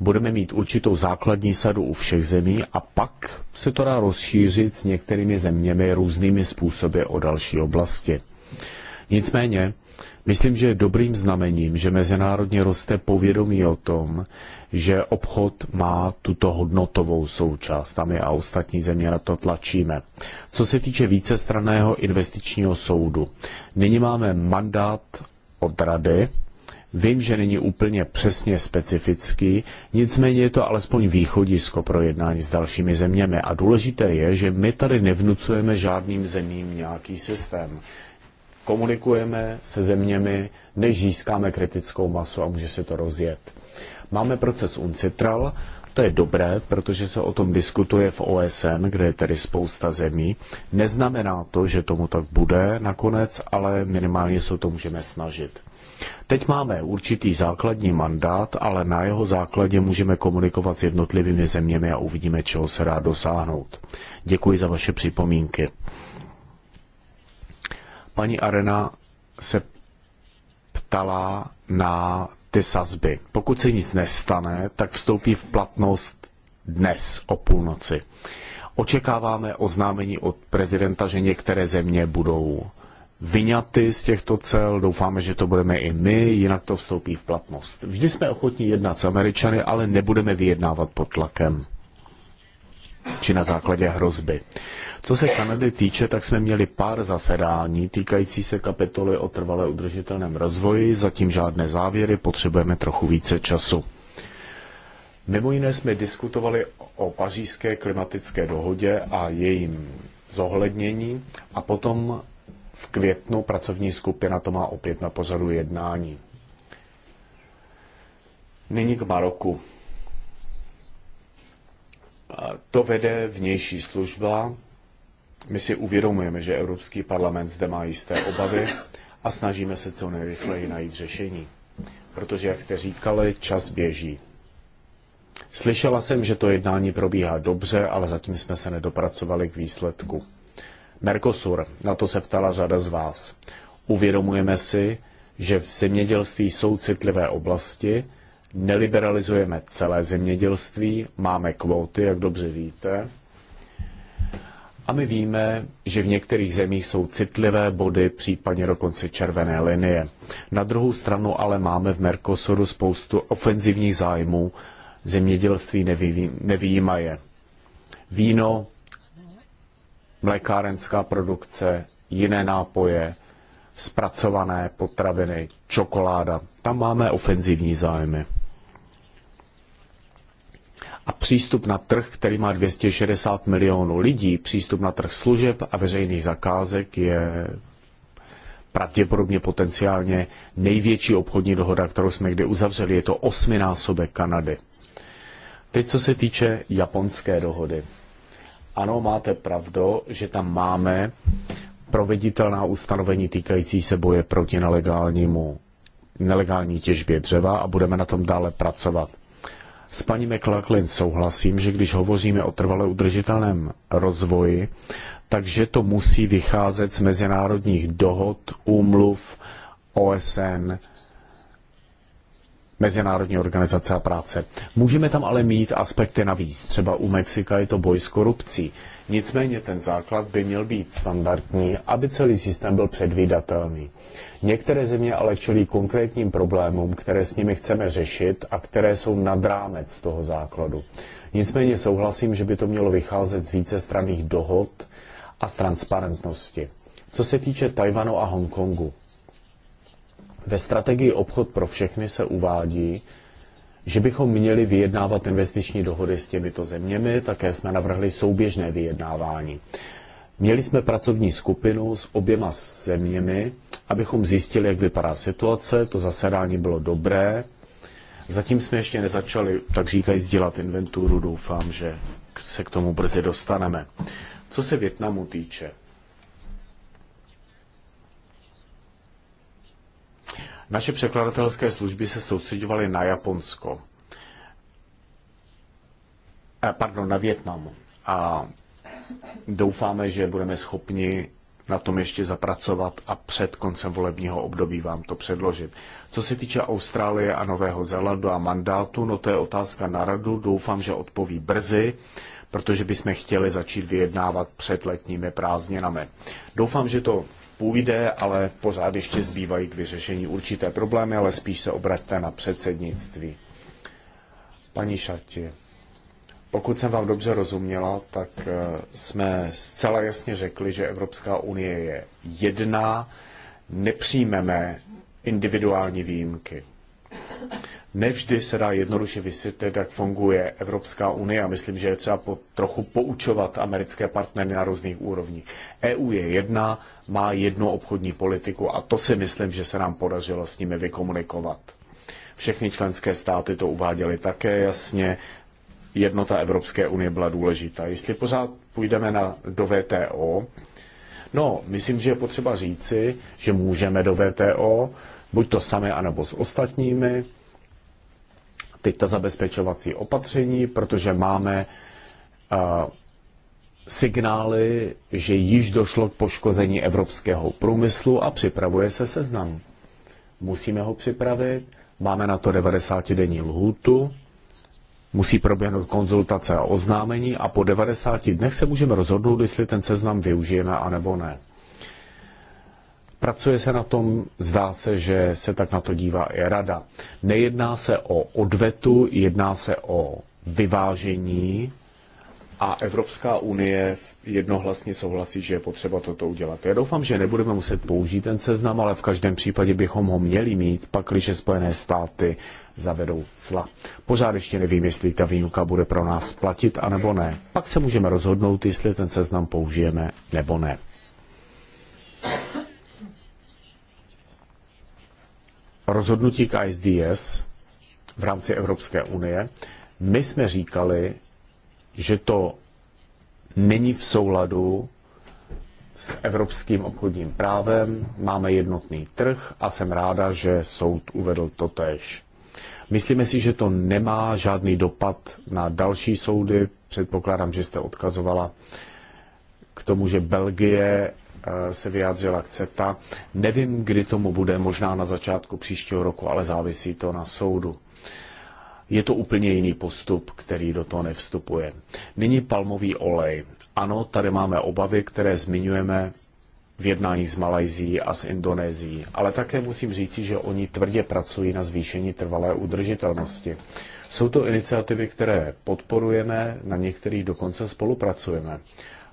Budeme mít určitou základní sadu u všech zemí a pak se to dá rozšířit s některými zeměmi různými způsoby o další oblasti. Nicméně, myslím, že je dobrým znamením, že mezinárodně roste povědomí o tom, že obchod má tuto hodnotovou součást. Tam je a ostatní země na to tlačíme. Co se týče vícestranného investičního soudu, nyní máme mandát od rady, Vím, že není úplně přesně specifický, nicméně je to alespoň východisko pro jednání s dalšími zeměmi. A důležité je, že my tady nevnucujeme žádným zemím nějaký systém. Komunikujeme se zeměmi, než získáme kritickou masu a může se to rozjet. Máme proces UNCITRAL, to je dobré, protože se o tom diskutuje v OSN, kde je tedy spousta zemí. Neznamená to, že tomu tak bude nakonec, ale minimálně se o to můžeme snažit. Teď máme určitý základní mandát, ale na jeho základě můžeme komunikovat s jednotlivými zeměmi a uvidíme, čeho se dá dosáhnout. Děkuji za vaše připomínky. Paní Arena se ptala na ty sazby. Pokud se nic nestane, tak vstoupí v platnost dnes o půlnoci. Očekáváme oznámení od prezidenta, že některé země budou vyňaty z těchto cel. Doufáme, že to budeme i my, jinak to vstoupí v platnost. Vždy jsme ochotní jednat s Američany, ale nebudeme vyjednávat pod tlakem či na základě hrozby. Co se Kanady týče, tak jsme měli pár zasedání týkající se kapitoly o trvalé udržitelném rozvoji, zatím žádné závěry, potřebujeme trochu více času. Mimo jiné jsme diskutovali o pařížské klimatické dohodě a jejím zohlednění a potom v květnu pracovní skupina to má opět na pořadu jednání. Nyní k Maroku. To vede vnější služba. My si uvědomujeme, že Evropský parlament zde má jisté obavy a snažíme se co nejrychleji najít řešení. Protože, jak jste říkali, čas běží. Slyšela jsem, že to jednání probíhá dobře, ale zatím jsme se nedopracovali k výsledku. Mercosur, na to se ptala řada z vás. Uvědomujeme si, že v zemědělství jsou citlivé oblasti, Neliberalizujeme celé zemědělství, máme kvóty, jak dobře víte. A my víme, že v některých zemích jsou citlivé body, případně dokonce červené linie. Na druhou stranu ale máme v Mercosuru spoustu ofenzivních zájmů, zemědělství nevý, nevýjímaje. Víno, mlékárenská produkce, jiné nápoje, zpracované potraviny, čokoláda. Tam máme ofenzivní zájmy a přístup na trh, který má 260 milionů lidí, přístup na trh služeb a veřejných zakázek je pravděpodobně potenciálně největší obchodní dohoda, kterou jsme kdy uzavřeli. Je to osminásobek Kanady. Teď, co se týče japonské dohody. Ano, máte pravdu, že tam máme proveditelná ustanovení týkající se boje proti nelegálnímu, nelegální těžbě dřeva a budeme na tom dále pracovat. S paní McLaughlin souhlasím, že když hovoříme o trvale udržitelném rozvoji, takže to musí vycházet z mezinárodních dohod, úmluv, OSN, Mezinárodní organizace a práce. Můžeme tam ale mít aspekty navíc. Třeba u Mexika je to boj s korupcí. Nicméně ten základ by měl být standardní, aby celý systém byl předvídatelný. Některé země ale čelí konkrétním problémům, které s nimi chceme řešit a které jsou nad rámec toho základu. Nicméně souhlasím, že by to mělo vycházet z vícestranných dohod a z transparentnosti. Co se týče Tajvanu a Hongkongu, ve strategii obchod pro všechny se uvádí, že bychom měli vyjednávat investiční dohody s těmito zeměmi, také jsme navrhli souběžné vyjednávání. Měli jsme pracovní skupinu s oběma zeměmi, abychom zjistili, jak vypadá situace. To zasedání bylo dobré. Zatím jsme ještě nezačali, tak říkají, dělat inventuru. Doufám, že se k tomu brzy dostaneme. Co se Větnamu týče, Naše překladatelské služby se soustředovaly na Japonsko, eh, pardon, na Větnam. A doufáme, že budeme schopni na tom ještě zapracovat a před koncem volebního období vám to předložit. Co se týče Austrálie a Nového Zélandu a mandátu, no to je otázka na radu, doufám, že odpoví brzy, protože bychom chtěli začít vyjednávat před letními prázdninami. Doufám, že to půjde, ale pořád ještě zbývají k vyřešení určité problémy, ale spíš se obraťte na předsednictví. Paní Šati, pokud jsem vám dobře rozuměla, tak eh, jsme zcela jasně řekli, že Evropská unie je jedna, nepřijmeme individuální výjimky nevždy se dá jednoduše vysvětlit, jak funguje Evropská unie a myslím, že je třeba po, trochu poučovat americké partnery na různých úrovních. EU je jedna, má jednu obchodní politiku a to si myslím, že se nám podařilo s nimi vykomunikovat. Všechny členské státy to uváděly také jasně, jednota Evropské unie byla důležitá. Jestli pořád půjdeme na, do VTO, no, myslím, že je potřeba říci, že můžeme do VTO, buď to samé, anebo s ostatními, teď ta zabezpečovací opatření, protože máme eh, signály, že již došlo k poškození evropského průmyslu a připravuje se seznam. Musíme ho připravit, máme na to 90-denní lhůtu, musí proběhnout konzultace a oznámení a po 90 dnech se můžeme rozhodnout, jestli ten seznam využijeme anebo ne. Pracuje se na tom, zdá se, že se tak na to dívá i rada. Nejedná se o odvetu, jedná se o vyvážení a Evropská unie jednohlasně souhlasí, že je potřeba toto udělat. Já doufám, že nebudeme muset použít ten seznam, ale v každém případě bychom ho měli mít, pakliže Spojené státy zavedou cla. Pořád ještě nevím, jestli ta výjimka bude pro nás platit, anebo ne. Pak se můžeme rozhodnout, jestli ten seznam použijeme, nebo ne. rozhodnutí k ISDS v rámci Evropské unie, my jsme říkali, že to není v souladu s evropským obchodním právem, máme jednotný trh a jsem ráda, že soud uvedl tež. Myslíme si, že to nemá žádný dopad na další soudy. Předpokládám, že jste odkazovala k tomu, že Belgie Eh, se vyjádřila k CETA. Nevím, kdy tomu bude, možná na začátku příštího roku, ale závisí to na soudu. Je to úplně jiný postup, který do toho nevstupuje. Nyní palmový olej. Ano, tady máme obavy, které zmiňujeme v jednání s Malajzí a s Indonésií, ale také musím říci, že oni tvrdě pracují na zvýšení trvalé udržitelnosti. Jsou to iniciativy, které podporujeme, na některých dokonce spolupracujeme.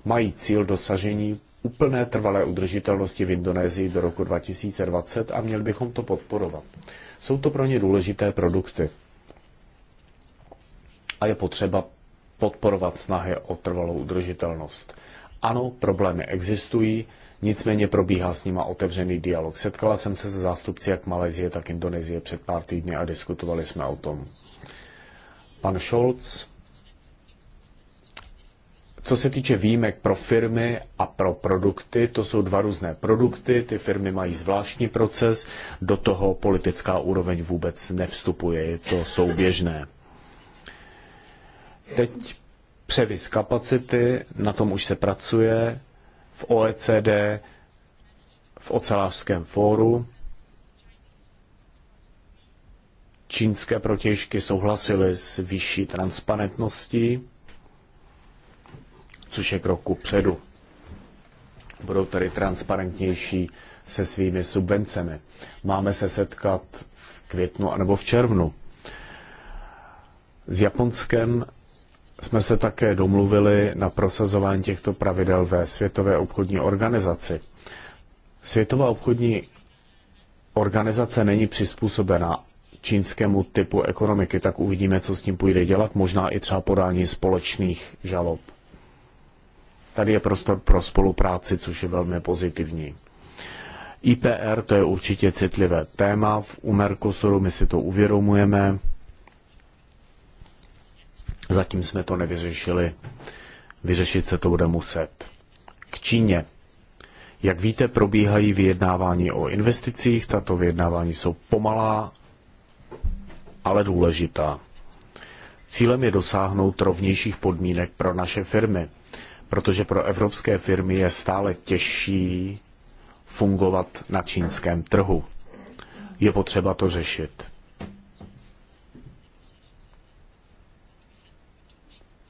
Mají cíl dosažení úplné trvalé udržitelnosti v Indonésii do roku 2020 a měli bychom to podporovat. Jsou to pro ně důležité produkty a je potřeba podporovat snahy o trvalou udržitelnost. Ano, problémy existují, nicméně probíhá s nima otevřený dialog. Setkala jsem se se zástupci jak Malézie, tak Indonésie před pár týdny a diskutovali jsme o tom. Pan Scholz co se týče výjimek pro firmy a pro produkty, to jsou dva různé produkty, ty firmy mají zvláštní proces, do toho politická úroveň vůbec nevstupuje, je to souběžné. Teď převis kapacity, na tom už se pracuje, v OECD, v ocelářském fóru. Čínské protěžky souhlasily s vyšší transparentností což je krok ku předu. Budou tady transparentnější se svými subvencemi. Máme se setkat v květnu anebo v červnu. S Japonskem jsme se také domluvili na prosazování těchto pravidel ve Světové obchodní organizaci. Světová obchodní organizace není přizpůsobena čínskému typu ekonomiky, tak uvidíme, co s ním půjde dělat, možná i třeba podání společných žalob. Tady je prostor pro spolupráci, což je velmi pozitivní. IPR to je určitě citlivé téma. V Mercosuru, my si to uvědomujeme. Zatím jsme to nevyřešili. Vyřešit se to bude muset. K Číně. Jak víte, probíhají vyjednávání o investicích. Tato vyjednávání jsou pomalá, ale důležitá. Cílem je dosáhnout rovnějších podmínek pro naše firmy protože pro evropské firmy je stále těžší fungovat na čínském trhu. Je potřeba to řešit.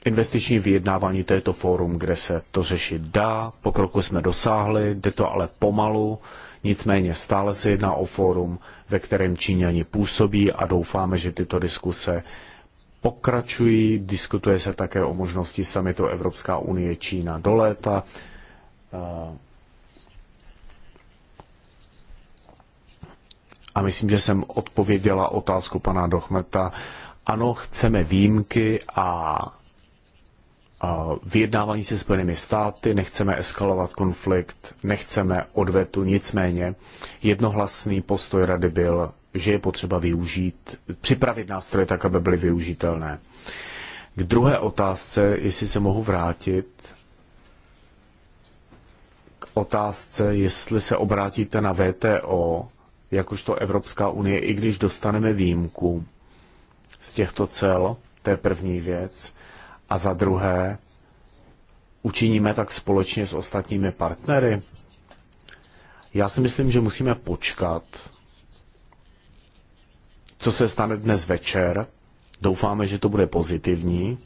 Investiční vyjednávání, to je to fórum, kde se to řešit dá. Pokroku jsme dosáhli, jde to ale pomalu. Nicméně stále se jedná o fórum, ve kterém Číňani působí a doufáme, že tyto diskuse pokračují. Diskutuje se také o možnosti samitu Evropská unie Čína do léta. A myslím, že jsem odpověděla otázku pana Dochmeta. Ano, chceme výjimky a vyjednávání se Spojenými státy, nechceme eskalovat konflikt, nechceme odvetu, nicméně jednohlasný postoj rady byl že je potřeba využít, připravit nástroje tak, aby byly využitelné. K druhé otázce, jestli se mohu vrátit k otázce, jestli se obrátíte na VTO, jakožto Evropská unie, i když dostaneme výjimku z těchto cel, to je první věc. A za druhé, učiníme tak společně s ostatními partnery? Já si myslím, že musíme počkat co se stane dnes večer. Doufáme, že to bude pozitivní.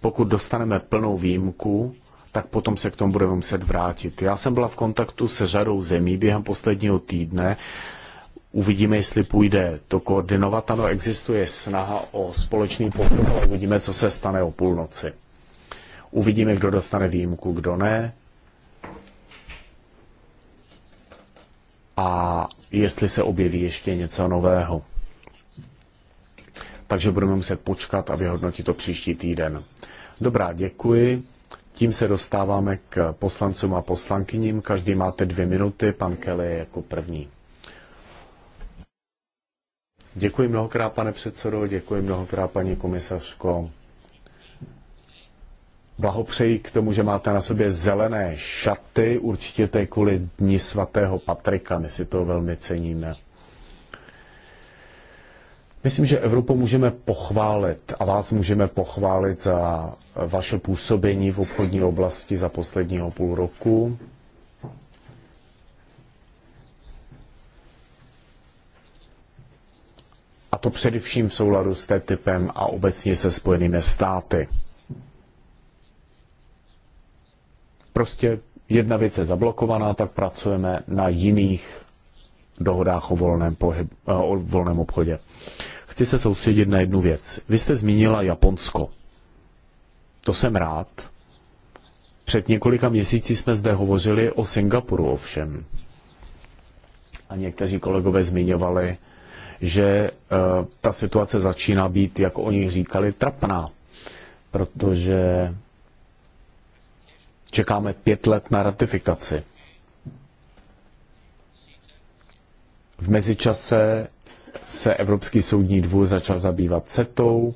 Pokud dostaneme plnou výjimku, tak potom se k tomu budeme muset vrátit. Já jsem byla v kontaktu se řadou zemí během posledního týdne. Uvidíme, jestli půjde to koordinovat. Ano, existuje snaha o společný postup, ale uvidíme, co se stane o půlnoci. Uvidíme, kdo dostane výjimku, kdo ne. a jestli se objeví ještě něco nového. Takže budeme muset počkat a vyhodnotit to příští týden. Dobrá, děkuji. Tím se dostáváme k poslancům a poslankyním. Každý máte dvě minuty, pan Kelly je jako první. Děkuji mnohokrát, pane předsedo, děkuji mnohokrát, paní komisařko blahopřeji k tomu, že máte na sobě zelené šaty. Určitě to je kvůli Dní svatého Patrika. My si to velmi ceníme. Myslím, že Evropu můžeme pochválit a vás můžeme pochválit za vaše působení v obchodní oblasti za posledního půl roku. A to především v souladu s TTIPem a obecně se Spojenými státy. Prostě jedna věc je zablokovaná, tak pracujeme na jiných dohodách o volném, pohyb, eh, o volném obchodě. Chci se soustředit na jednu věc. Vy jste zmínila Japonsko. To jsem rád. Před několika měsíci jsme zde hovořili o Singapuru ovšem. A někteří kolegové zmiňovali, že eh, ta situace začíná být, jak oni říkali, trapná. Protože Čekáme pět let na ratifikaci. V mezičase se Evropský soudní dvůr začal zabývat CETou.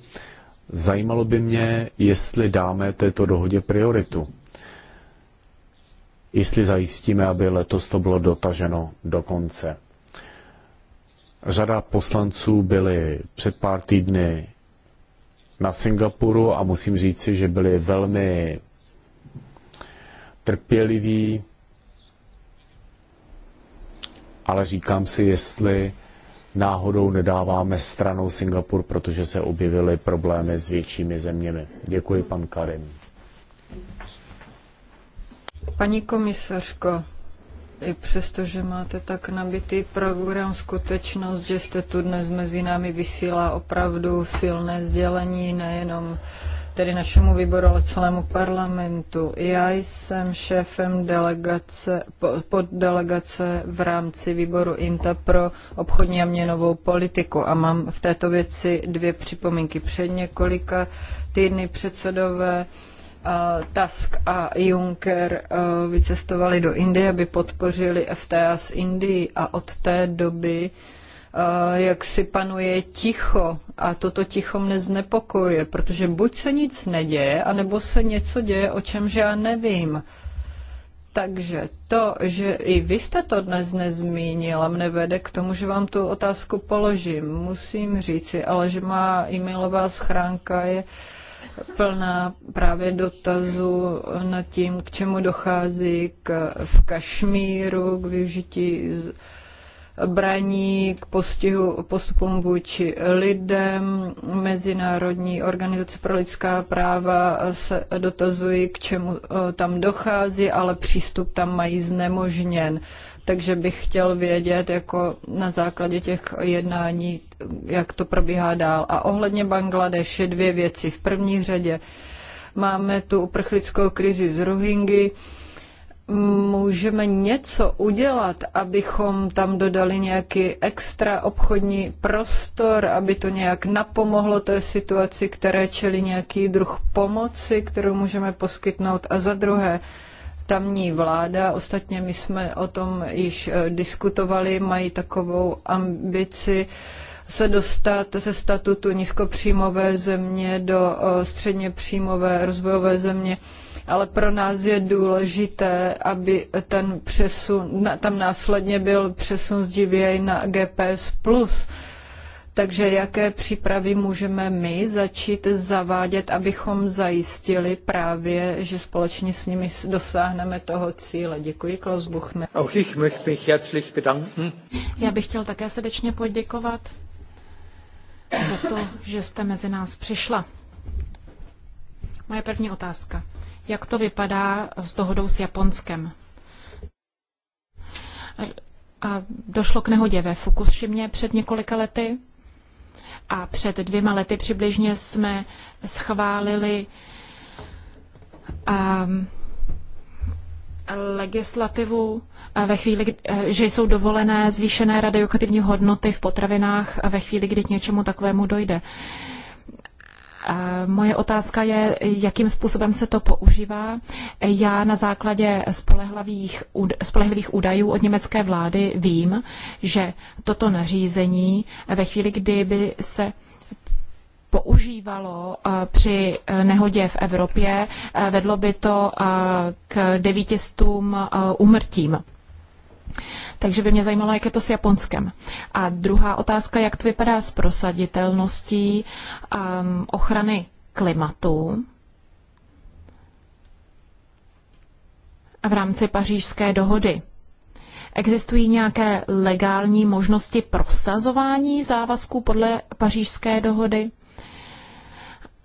Zajímalo by mě, jestli dáme této dohodě prioritu. Jestli zajistíme, aby letos to bylo dotaženo do konce. Řada poslanců byly před pár týdny na Singapuru a musím říci, že byli velmi trpělivý, ale říkám si, jestli náhodou nedáváme stranou Singapur, protože se objevily problémy s většími zeměmi. Děkuji, pan Karim. Paní komisařko, i přesto, že máte tak nabitý program, skutečnost, že jste tu dnes mezi námi vysílá opravdu silné sdělení, nejenom uh, tedy našemu výboru, ale celému parlamentu. Já jsem šéfem delegace, poddelegace v rámci výboru INTA pro obchodní a měnovou politiku a mám v této věci dvě připomínky. Před několika týdny předsedové eh, Tusk a Juncker eh, vycestovali do Indie, aby podpořili FTA z Indii a od té doby uh, Eh, jak si panuje ticho a toto ticho mne znepokojuje, protože buď se nic neděje, anebo se něco děje, o čemž já nevím. Takže to, že i vy jste to dnes nezmínila, mne vede k tomu, že vám tu otázku položím. Musím říci, ale že má e-mailová schránka je plná právě dotazu nad tím, k čemu dochází k, v Kašmíru, k využití z, brání k postihu, postupům vůči lidem. Mezinárodní organizace pro lidská práva se dotazují, k čemu eh, tam dochází, ale přístup tam mají znemožněn. Takže bych chtěl vědět, jako na základě těch jednání, jak to probíhá dál. A ohledně Bangladeše dvě věci. V první řadě máme tu uprchlickou krizi z Rohingy můžeme něco udělat, abychom tam dodali nějaký extra obchodní prostor, aby to nějak napomohlo té situaci, které čeli nějaký druh pomoci, kterou můžeme poskytnout. A za druhé, tamní vláda, ostatně my jsme o tom již eh, diskutovali, mají takovou ambici, se dostat ze statutu nízkopříjmové země do eh, středně příjmové rozvojové země ale pro nás je důležité, aby ten přesun, tam následně byl přesun z GBA na GPS+. Takže jaké přípravy můžeme my začít zavádět, abychom zajistili právě, že společně s nimi dosáhneme toho cíle? Děkuji, Klaus Buchner. Auch ich möchte mich herzlich bedanken. Já bych chtěl také srdečně poděkovat za to, že jste mezi nás přišla. Moje první otázka jak to vypadá s dohodou s Japonskem. A došlo k nehodě ve Fukushimě před několika lety a před dvěma lety přibližně jsme schválili um, legislativu eh, ve chvíli, eh, že jsou dovolené zvýšené radioaktivní hodnoty v potravinách a ve chvíli, kdy k něčemu takovému dojde. Moje otázka je, jakým způsobem se to používá. Já na základě spolehlavých, spolehlivých údajů od německé vlády vím, že toto nařízení ve chvíli, kdy by se používalo eh, při eh, nehodě v Evropě, eh, vedlo by to k devítistům umrtím. Takže by mě zajímalo, jak je to s Japonskem. A druhá otázka, jak to vypadá s prosaditelností um, ochrany klimatu v rámci pařížské dohody. Existují nějaké legální možnosti prosazování závazků podle pařížské dohody?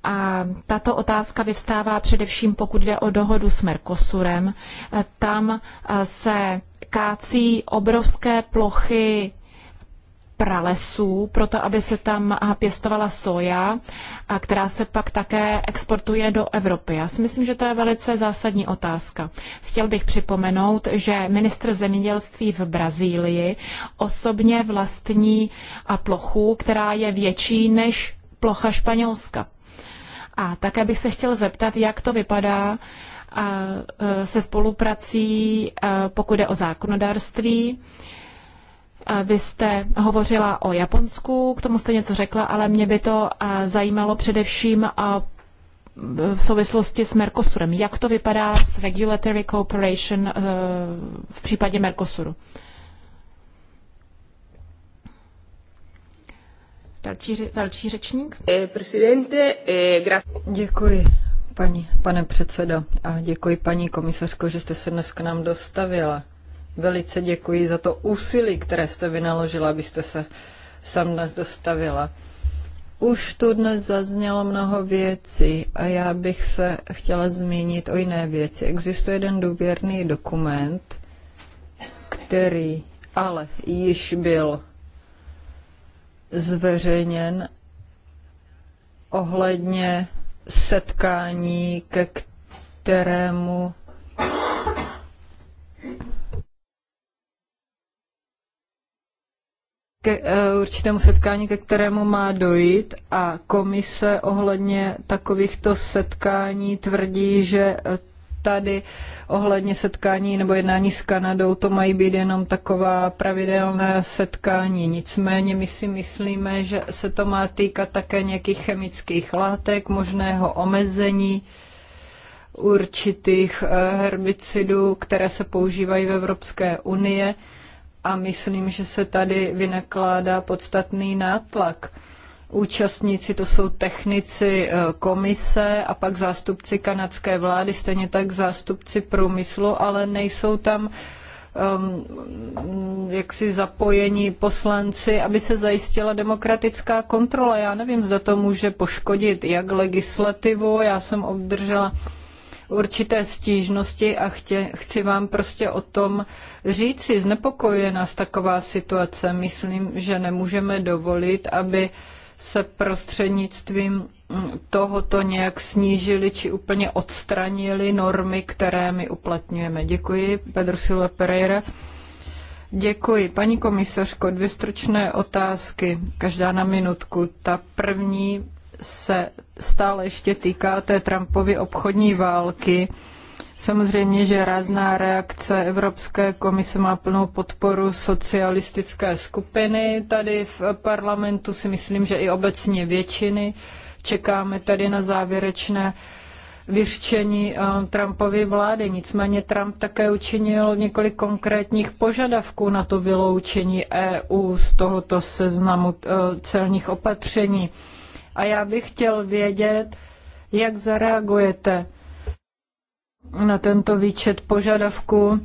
A tato otázka vyvstává především, pokud jde o dohodu s Mercosurem. E, tam e, se kácí obrovské plochy pralesů, proto aby se tam e, pěstovala soja, a která se pak také exportuje do Evropy. Já si myslím, že to je velice zásadní otázka. Chtěl bych připomenout, že ministr zemědělství v Brazílii osobně vlastní plochu, která je větší než plocha Španělska. A také bych se chtěl zeptat, jak to vypadá e, se spoluprací, e, pokud jde o zákonodárství. E, vy jste hovořila o Japonsku, k tomu jste něco řekla, ale mě by to zajímalo především v souvislosti s Mercosurem. Jak to vypadá s regulatory cooperation v případě Mercosuru? Další, další řečník. Eh, eh, děkuji, paní, pane předsedo, a děkuji, paní komisařko, že jste se dnes k nám dostavila. Velice děkuji za to úsilí, které jste vynaložila, abyste se sem dnes dostavila. Už tu dnes zaznělo mnoho věcí a já bych se chtěla zmínit o jiné věci. Existuje jeden důvěrný dokument, který ale již byl zveřejněn ohledně setkání, ke kterému ke eh, určitému setkání, ke kterému má dojít a komise ohledně takovýchto setkání tvrdí, že tady ohledně setkání nebo jednání s Kanadou, to mají být jenom taková pravidelná setkání. Nicméně my si myslíme, že se to má týkat také nějakých chemických látek, možného omezení určitých eh, herbicidů, které se používají v Evropské unii a myslím, že se tady vynakládá podstatný nátlak účastníci, to jsou technici eh, komise a pak zástupci kanadské vlády, stejně tak zástupci průmyslu, ale nejsou tam um, jaksi zapojení poslanci, aby se zajistila demokratická kontrola. Já nevím, zda to může poškodit jak legislativu, já jsem obdržela určité stížnosti a chtě, chci vám prostě o tom říci. Znepokojuje nás taková situace. Myslím, že nemůžeme dovolit, aby uh, se prostřednictvím tohoto nějak snížili či úplně odstranili normy, které my uplatňujeme. Děkuji, Pedro Silva Pereira. Děkuji. Paní komisařko, dvě stručné otázky, každá na minutku. Ta první se stále ještě týká té Trumpovy obchodní války Samozřejmě, že rázná reakce Evropské komise má plnou podporu socialistické skupiny tady v parlamentu, si myslím, že i obecně většiny. Čekáme tady na závěrečné vyřčení eh, Trumpovy vlády. Nicméně Trump také učinil několik konkrétních požadavků na to vyloučení EU z tohoto seznamu eh, celních opatření. A já bych chtěl vědět, jak zareagujete na tento výčet požadavků,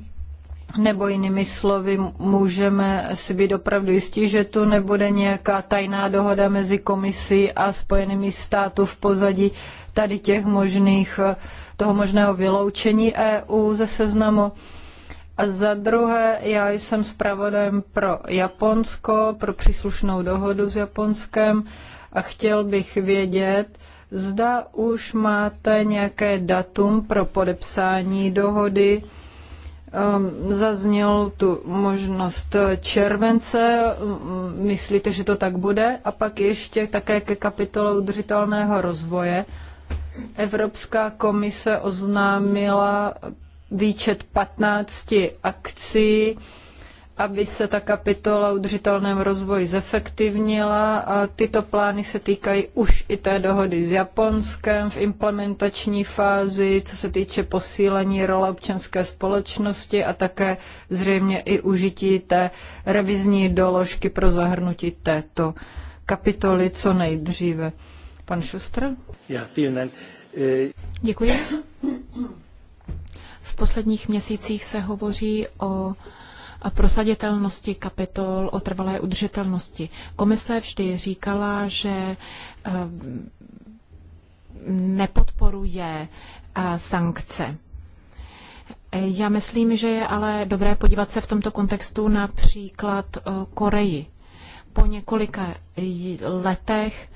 nebo jinými slovy, můžeme si být opravdu jistí, že tu nebude nějaká tajná dohoda mezi komisí a spojenými státy v pozadí tady těch možných, toho možného vyloučení EU ze seznamu. A za druhé, já jsem zpravodajem pro Japonsko, pro příslušnou dohodu s Japonskem a chtěl bych vědět, Zda už máte nějaké datum pro podepsání dohody, ehm, zazněl tu možnost července. Myslíte, že to tak bude? A pak ještě také ke kapitole udržitelného rozvoje. Evropská komise oznámila výčet 15 akcí, aby se ta kapitola o udržitelném rozvoji zefektivnila. A tyto plány se týkají už i té dohody s Japonskem v implementační fázi, co se týče posílení role občanské společnosti a také zřejmě i užití té revizní doložky pro zahrnutí této kapitoly co nejdříve. Pan Šustr? Já, eh, Děkuji. V posledních měsících se hovoří o prosaditelnosti kapitol o trvalé udržitelnosti. Komise vždy říkala, že eh, nepodporuje eh, sankce. Já myslím, že je ale dobré podívat se v tomto kontextu na příklad eh, Koreji. Po několika letech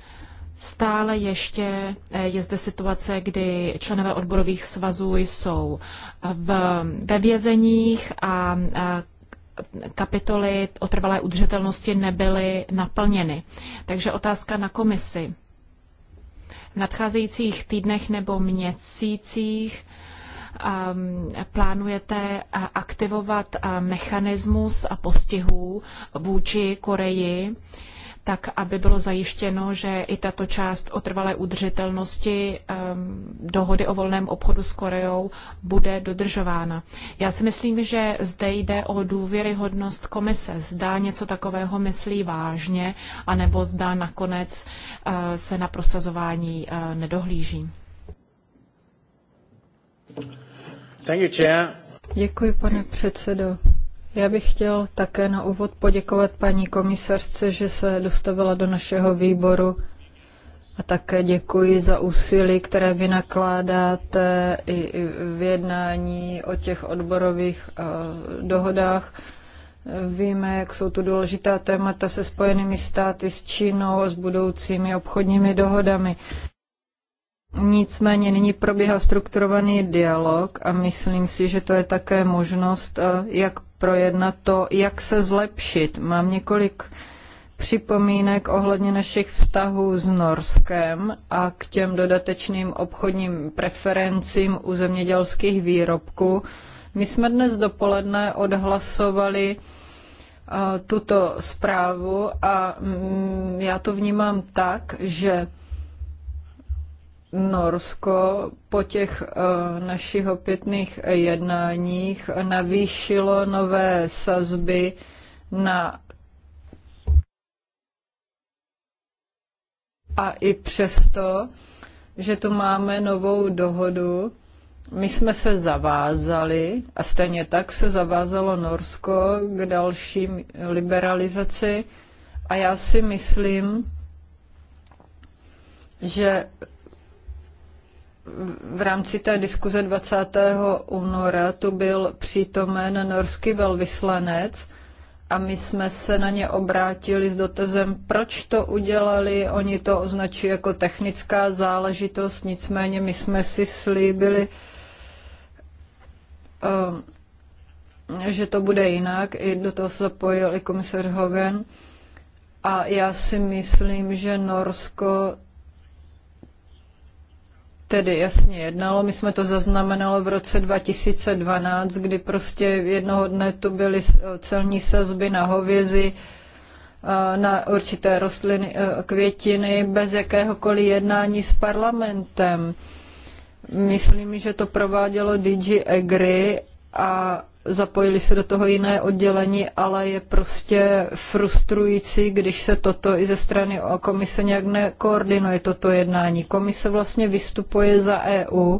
Stále ještě je zde situace, kdy členové odborových svazů jsou v, ve vězeních a kapitoly o trvalé udržitelnosti nebyly naplněny. Takže otázka na komisi. V nadcházejících týdnech nebo měsících um, plánujete aktivovat mechanismus a postihů vůči Koreji, tak aby bylo zajištěno, že i tato část o trvalé udržitelnosti ehm, dohody o volném obchodu s Koreou bude dodržována. Já si myslím, že zde jde o důvěryhodnost komise. Zdá něco takového myslí vážně, anebo zdá nakonec eh, se na prosazování eh, nedohlíží. Thank you, Děkuji, pane předsedo. Já bych chtěl také na úvod poděkovat paní komisařce, že se dostavila do našeho výboru a také děkuji za úsilí, které vy nakládáte i v jednání o těch odborových eh, dohodách. Víme, jak jsou tu důležitá témata se spojenými státy, s Čínou a s budoucími obchodními dohodami. Nicméně nyní probíhá strukturovaný dialog a myslím si, že to je také možnost, eh, jak projednat to, jak se zlepšit. Mám několik připomínek ohledně našich vztahů s Norskem a k těm dodatečným obchodním preferencím u zemědělských výrobků. My jsme dnes dopoledne odhlasovali eh, tuto zprávu a mm, já to vnímám tak, že Norsko po těch eh, našich opětných jednáních navýšilo nové sazby na a i přesto, že tu máme novou dohodu, my jsme se zavázali a stejně tak se zavázalo Norsko k další liberalizaci a já si myslím, že v rámci té diskuze 20. února tu byl přítomen norský velvyslanec a my jsme se na ně obrátili s dotazem, proč to udělali. Oni to označují jako technická záležitost, nicméně my jsme si slíbili, eh, že to bude jinak. I do toho se zapojil i komisař Hogan. A já si myslím, že Norsko tedy jasně jednalo. My jsme to zaznamenali v roce 2012, kdy prostě jednoho dne tu byly celní sazby na hovězi, na určité rostliny, květiny bez jakéhokoliv jednání s parlamentem. Myslím, že to provádělo DG Agri a zapojili se do toho jiné oddělení, ale je prostě frustrující, když se toto i ze strany komise nějak nekoordinuje toto jednání. Komise vlastně vystupuje za EU,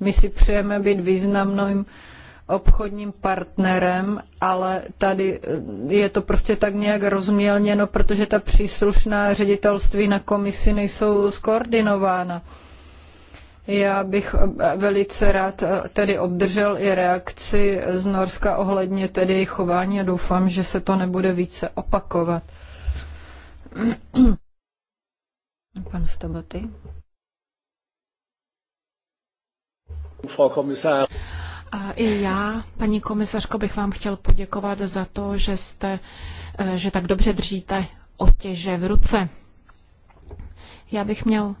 my si přejeme být významným obchodním partnerem, ale tady eh, je to prostě tak nějak rozmělněno, protože ta příslušná ředitelství na komisi nejsou skoordinována. Já bych eh, velice rád eh, tedy obdržel i reakci z Norska ohledně tedy jejich chování a doufám, že se to nebude více opakovat. Pan Staboty. A I já, paní komisařko, bych vám chtěl poděkovat za to, že jste, eh, že tak dobře držíte otěže v ruce. Já bych měl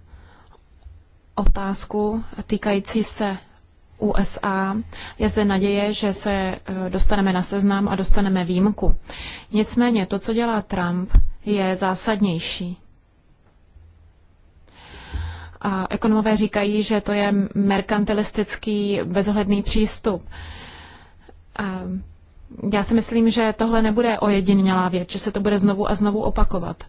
otázku týkající se USA. Je zde naděje, že se e, dostaneme na seznam a dostaneme výjimku. Nicméně to, co dělá Trump, je zásadnější. A ekonomové říkají, že to je merkantilistický bezohledný přístup. A já si myslím, že tohle nebude ojedinělá věc, že se to bude znovu a znovu opakovat.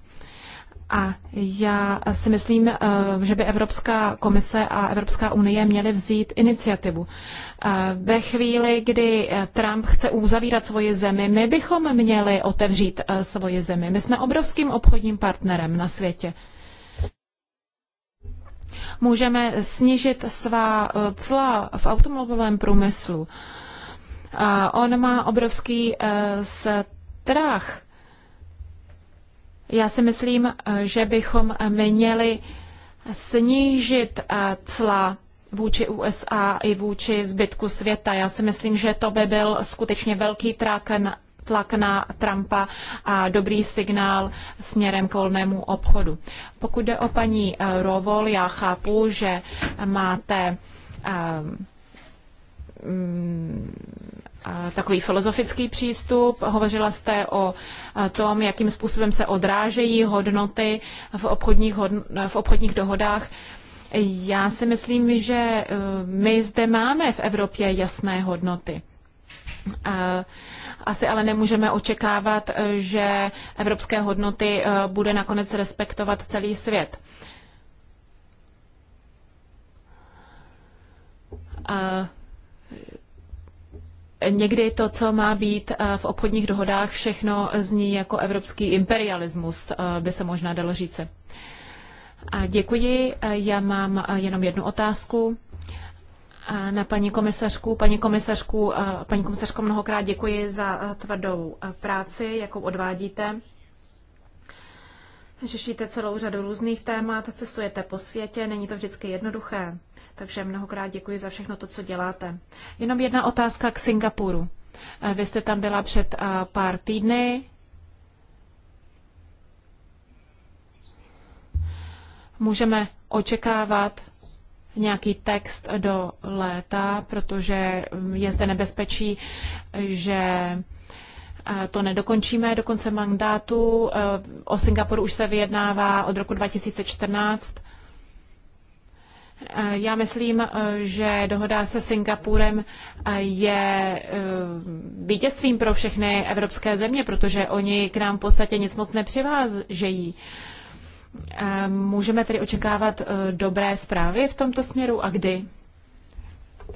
A já si myslím, eh, že by Evropská komise a Evropská unie měly vzít iniciativu. Eh, ve chvíli, kdy eh, Trump chce uzavírat svoji zemi, my bychom měli otevřít svoji zemi. My jsme obrovským obchodním partnerem na světě. Můžeme snížit svá cla v automobilovém průmyslu. On má obrovský strach já si myslím, eh, že bychom eh, měli snížit eh, cla vůči USA i vůči zbytku světa. Já si myslím, že to by byl skutečně velký trak na, tlak na Trumpa a dobrý signál směrem k volnému obchodu. Pokud jde o paní Rovol, já chápu, že máte um, takový filozofický přístup. Hovořila jste o tom, jakým způsobem se odrážejí hodnoty v obchodních, hodn- v obchodních dohodách. Já si myslím, že e, my zde máme v Evropě jasné hodnoty. Asi ale nemůžeme očekávat, e, že evropské hodnoty e, bude nakonec respektovat celý svět. Uh, Někdy to, co má být eh, v obchodních dohodách, všechno zní jako evropský imperialismus, eh, by se možná dalo říci. A děkuji. Eh, Já mám jenom jednu otázku na paní komisařku. Paní komisařku, paní komisařko, mnohokrát děkuji za tvrdou práci, jakou odvádíte. Řešíte celou řadu různých témat, cestujete po světě, není to vždycky jednoduché. Takže mnohokrát děkuji za všechno to, co děláte. Jenom jedna otázka k Singapuru. Eh, vy jste tam byla před eh, pár týdny. Můžeme očekávat nějaký text do léta, protože hm, je zde nebezpečí, že eh, to nedokončíme do konce mandátu. O Singapuru už se vyjednává od roku 2014. Eh, já myslím, eh, že dohoda se Singapurem eh, je vítězstvím pro všechny evropské země, protože oni k nám v podstatě nic moc nepřivážejí. Můžeme tedy očekávat dobré zprávy v tomto směru a kdy?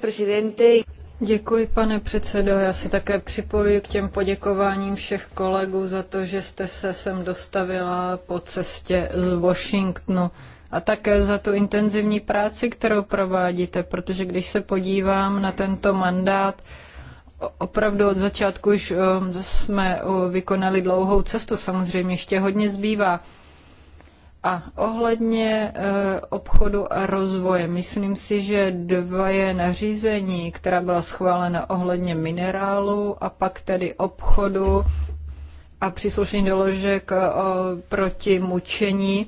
Prezidente. Děkuji, pane předsedo. Já se také připojuji k těm poděkováním všech kolegů za to, že jste se sem dostavila po cestě z Washingtonu a také za tu intenzivní práci, kterou provádíte, protože když se podívám na tento mandát, opravdu od začátku už um, jsme vykonali dlouhou cestu, samozřejmě ještě hodně zbývá. A ohledně eh, obchodu a rozvoje, myslím si, že je nařízení, která byla schválena ohledně minerálu a pak tedy obchodu a příslušný doložek eh, proti mučení,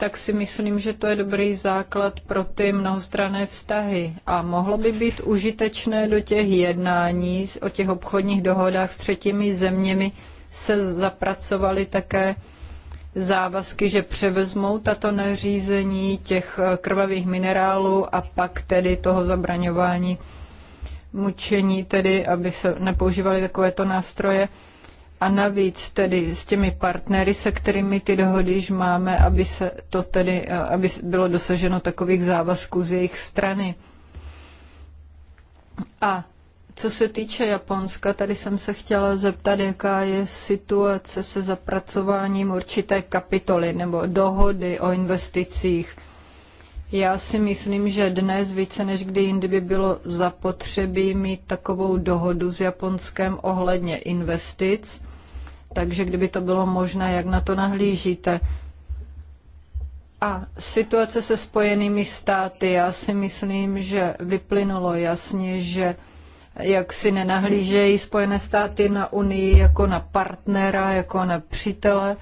tak si myslím, že to je dobrý základ pro ty mnohostranné vztahy. A mohlo by být užitečné do těch jednání o těch obchodních dohodách s třetími zeměmi se zapracovaly také závazky, že převezmou tato nařízení těch eh, krvavých minerálů a pak tedy toho zabraňování mučení, tedy aby se nepoužívaly takovéto nástroje a navíc tedy s těmi partnery, se kterými ty dohody již máme, aby se to tedy, eh, aby bylo dosaženo takových závazků z jejich strany. A co se týče Japonska, tady jsem se chtěla zeptat, jaká je situace se zapracováním určité kapitoly nebo dohody o investicích. Já si myslím, že dnes více než kdy jindy by bylo zapotřebí mít takovou dohodu s Japonskem ohledně investic takže kdyby to bylo možné, jak na to nahlížíte? A situace se spojenými státy, já si myslím, že vyplynulo jasně, že jak si nenahlížejí Spojené státy na Unii jako na partnera, jako na přítele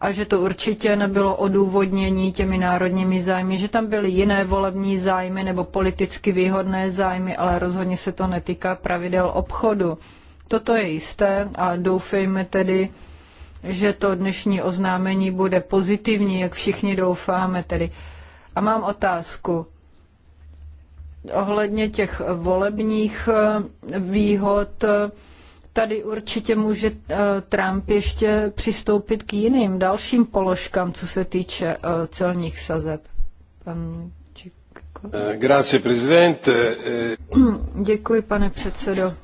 a že to určitě nebylo odůvodnění těmi národními zájmy, že tam byly jiné volební zájmy nebo politicky výhodné zájmy, ale rozhodně se to netýká pravidel obchodu. Toto je jisté a doufejme tedy, že to dnešní oznámení bude pozitivní, jak všichni doufáme tedy. A mám otázku ohledně těch volebních eh, výhod. Eh, tady určitě může eh, Trump ještě přistoupit k jiným dalším položkám, co se týče celních sazeb. Pan Čikko. Grazie, prezident. Děkuji, pane předsedo.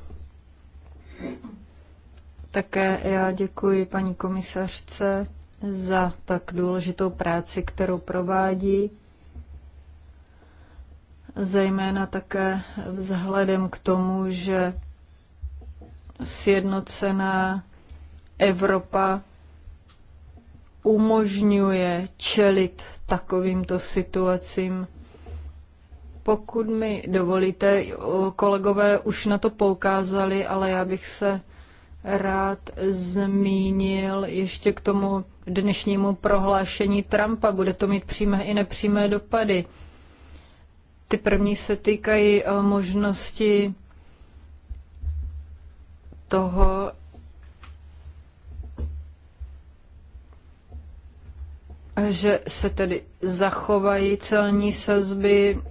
Také já děkuji paní komisařce za tak důležitou práci, kterou provádí, zejména také vzhledem k tomu, že sjednocená Evropa umožňuje čelit takovýmto situacím. Pokud mi dovolíte, kolegové už na to poukázali, ale já bych se rád zmínil ještě k tomu dnešnímu prohlášení Trumpa. Bude to mít přímé i nepřímé dopady. Ty první se týkají eh, možnosti toho, že se tedy zachovají celní sazby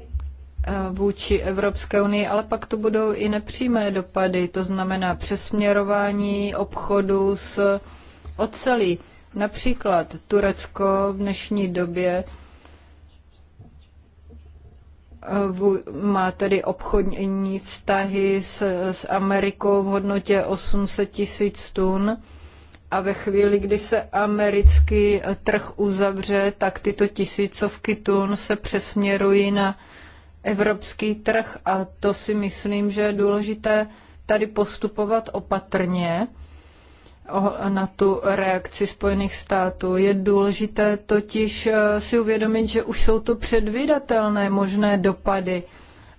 Eh, vůči Evropské unii, ale pak to budou i nepřímé dopady, to znamená přesměrování obchodu s ocelí. Například Turecko v dnešní době eh, má tedy obchodní vztahy s, s Amerikou v hodnotě 800 tisíc tun a ve chvíli, kdy se americký trh uzavře, tak tyto tisícovky tun se přesměrují na evropský trh a to si myslím, že je důležité tady postupovat opatrně na tu reakci Spojených států. Je důležité totiž eh, si uvědomit, že už jsou tu předvídatelné možné dopady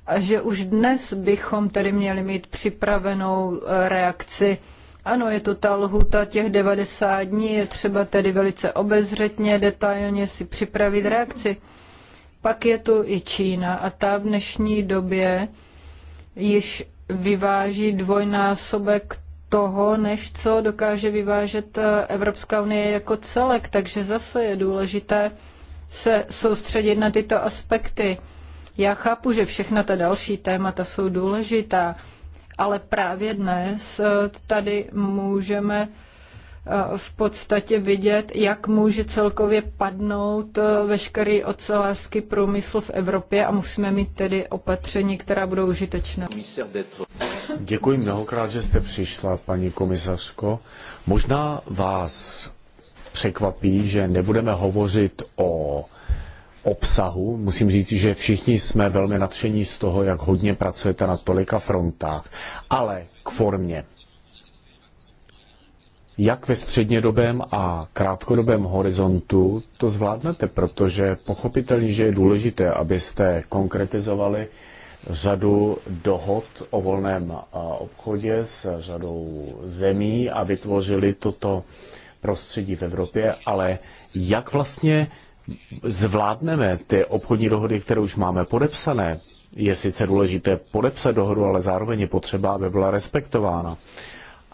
a že už dnes bychom tedy měli mít připravenou eh, reakci. Ano, je to ta lhuta těch 90 dní, je třeba tedy velice obezřetně, detailně si připravit reakci. Pak je tu i Čína a ta v dnešní době již vyváží dvojnásobek toho, než co dokáže vyvážet eh, Evropská unie jako celek. Takže zase je důležité se soustředit na tyto aspekty. Já chápu, že všechna ta další témata jsou důležitá, ale právě dnes eh, tady můžeme Eh, v podstatě vidět, jak může celkově padnout eh, veškerý ocelářský průmysl v Evropě a musíme mít tedy opatření, která budou užitečná. Děkuji mnohokrát, že jste přišla, paní komisařko. Možná vás překvapí, že nebudeme hovořit o obsahu. Musím říct, že všichni jsme velmi nadšení z toho, jak hodně pracujete na tolika frontách, ale k formě jak ve střednědobém a krátkodobém horizontu to zvládnete, protože pochopitelně, že je důležité, abyste konkretizovali řadu dohod o volném obchodě s řadou zemí a vytvořili toto prostředí v Evropě, ale jak vlastně zvládneme ty obchodní dohody, které už máme podepsané? Je sice důležité podepsat dohodu, ale zároveň je potřeba, aby byla respektována.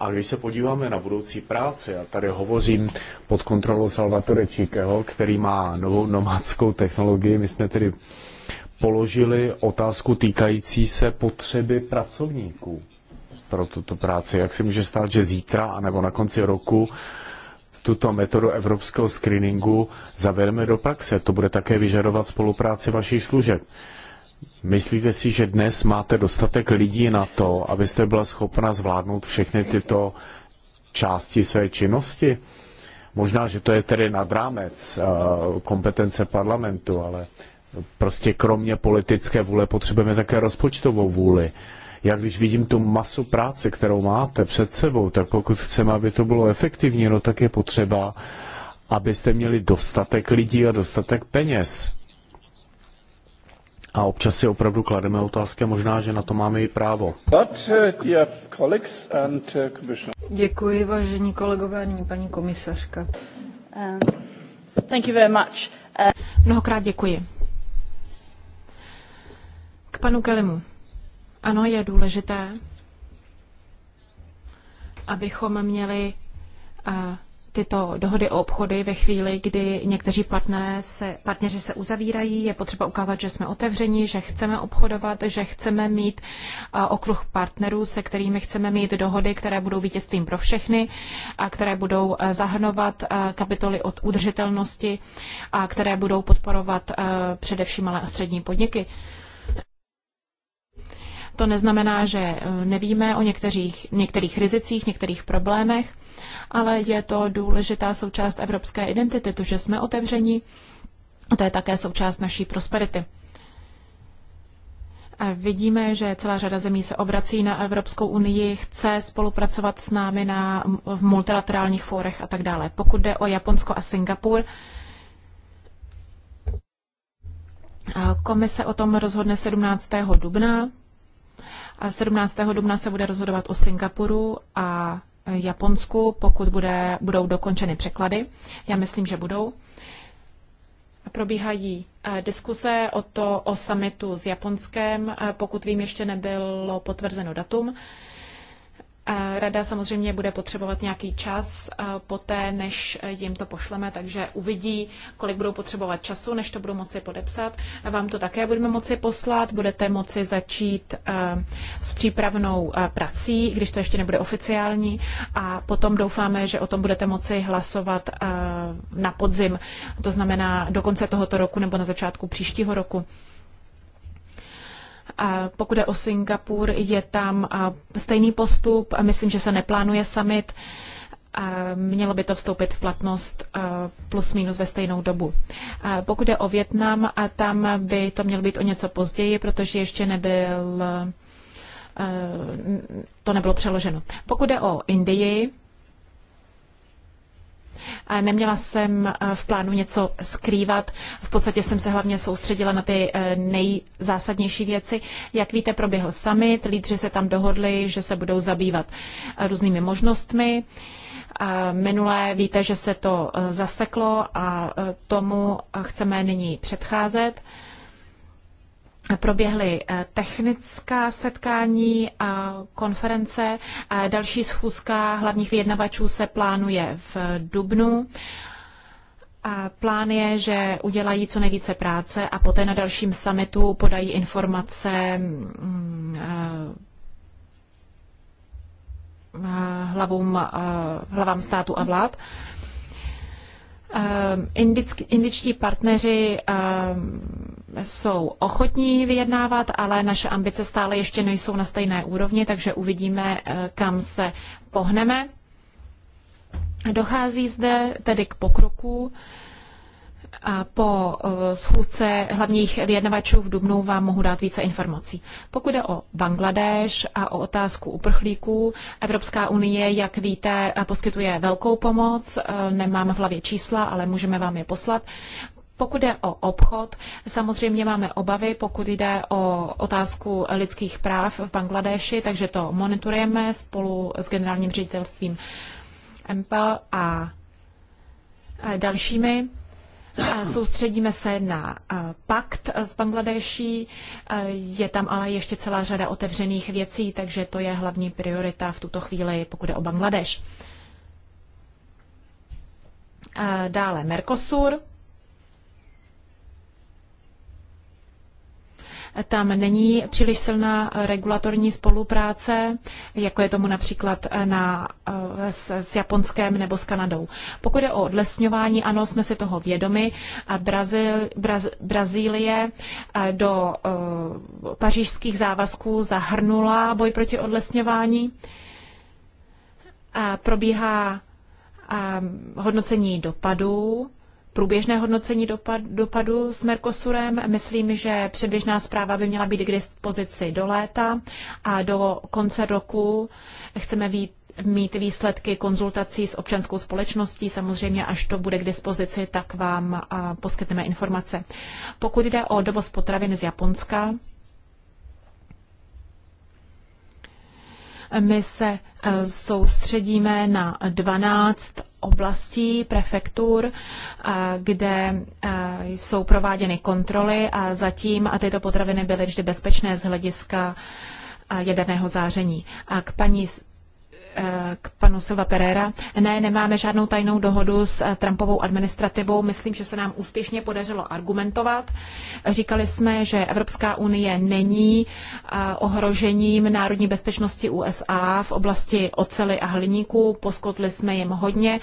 A když se podíváme na budoucí práci, a tady hovořím pod kontrolou Salvatore Číkeho, který má novou nomádskou technologii, my jsme tedy položili otázku týkající se potřeby pracovníků pro tuto práci. Jak se může stát, že zítra nebo na konci roku tuto metodu evropského screeningu zavedeme do praxe? To bude také vyžadovat spolupráci vašich služeb. Myslíte si, že dnes máte dostatek lidí na to, abyste byla schopna zvládnout všechny tyto části své činnosti? Možná, že to je tedy nad rámec eh, kompetence parlamentu, ale prostě kromě politické vůle potřebujeme také rozpočtovou vůli. Já když vidím tu masu práce, kterou máte před sebou, tak pokud chceme, aby to bylo efektivní, no tak je potřeba, abyste měli dostatek lidí a dostatek peněz. A občas si opravdu klademe otázky, možná, že na to máme i právo. Uh, uh, děkuji, vážení kolegové, nyní paní komisařka. Uh, thank you very much. Mnohokrát děkuji. K panu Kelimu. Ano, je důležité, abychom měli tyto dohody o obchody ve chvíli, kdy někteří partneré se, partneři se uzavírají. Je potřeba ukázat, že jsme otevření, že chceme obchodovat, že chceme mít okruh partnerů, se kterými chceme mít dohody, které budou vítězstvím pro všechny a které budou zahrnovat kapitoly od udržitelnosti a které budou podporovat především malé a střední podniky. To neznamená, že e, nevíme o některých, některých rizicích, některých problémech, ale je to důležitá součást evropské identity, to, že jsme otevření, a to je také součást naší prosperity. A vidíme, že celá řada zemí se obrací na Evropskou unii, chce spolupracovat s námi na, v multilaterálních fórech a tak dále. Pokud jde o Japonsko a Singapur, komise o tom rozhodne 17. dubna. 17. dubna se bude rozhodovat o Singapuru a Japonsku, pokud bude, budou dokončeny překlady. Já myslím, že budou. Probíhají eh, diskuse o to o samitu s Japonskem, eh, pokud vím, ještě nebylo potvrzeno datum. Rada samozřejmě bude potřebovat nějaký čas e, poté, než jim to pošleme, takže uvidí, kolik budou potřebovat času, než to budou moci podepsat. Vám to také budeme moci poslat, budete moci začít e, s přípravnou e, prací, když to ještě nebude oficiální a potom doufáme, že o tom budete moci hlasovat na podzim, to znamená do konce tohoto roku nebo na začátku příštího roku. Pokud je o Singapur, je tam stejný postup. Myslím, že se neplánuje summit. Mělo by to vstoupit v platnost plus minus ve stejnou dobu. Pokud je o Větnam, tam by to mělo být o něco později, protože ještě nebyl to nebylo přeloženo. Pokud je o Indii, Neměla jsem eh, v plánu něco skrývat. V podstatě jsem se hlavně soustředila na ty eh, nejzásadnější věci. Jak víte, proběhl summit, lídři se tam dohodli, že se budou zabývat eh, různými možnostmi. Minulé víte, že se to zaseklo a tomu chceme nyní předcházet proběhly eh, technická setkání, a konference, další schůzka hlavních vyjednavačů se plánuje v dubnu. A plán je, že udělají co nejvíce práce a poté na dalším summitu podají informace mm, eh, hlavům, eh, hlavám státu a vlád. indičtí partneři jsou ochotní vyjednávat, ale naše ambice stále ještě nejsou na stejné úrovni, takže uvidíme, eh, kam se pohneme. Dochází zde tedy k pokroku. A po eh, schůzce hlavních vyjednavačů v Dubnu vám mohu dát více informací. Pokud jde o Bangladeš a o otázku uprchlíků, Evropská unie, jak víte, poskytuje velkou pomoc. Eh, nemám v hlavě čísla, ale můžeme vám je poslat. Pokud jde o obchod, samozřejmě máme obavy, pokud jde o otázku lidských práv v Bangladeši, takže to monitorujeme spolu s generálním ředitelstvím MPL a dalšími. Soustředíme se na pakt s Bangladeší, je tam ale ještě celá řada otevřených věcí, takže to je hlavní priorita v tuto chvíli, pokud je o Bangladeš. Dále Mercosur. Tam není příliš silná regulatorní spolupráce, jako je tomu například na, eh, s, s Japonskem nebo s Kanadou. Pokud je o odlesňování, ano, jsme si toho vědomi. Brazil, Braz, Brazílie eh, do uh, pařížských závazků zahrnula boj proti odlesňování. A probíhá hodnocení dopadů průběžné hodnocení dopad, dopadu s Mercosurem. Myslím, že předběžná zpráva by měla být k dispozici do léta a do konce roku chceme vít, mít výsledky konzultací s občanskou společností. Samozřejmě, až to bude k dispozici, tak vám poskytneme informace. Pokud jde o dovoz potravin z Japonska, My se eh, soustředíme na 12 oblastí prefektur, eh, kde eh, jsou prováděny kontroly a zatím a tyto potraviny byly vždy bezpečné z hlediska jaderného záření. A k paní Eh, k panu Silva Pereira. Ne, nemáme žádnou tajnou dohodu s eh, Trumpovou administrativou. Myslím, že se nám úspěšně podařilo argumentovat. Říkali jsme, že Evropská unie není eh, ohrožením národní bezpečnosti USA v oblasti ocely a hliníku. Poskotli jsme jim hodně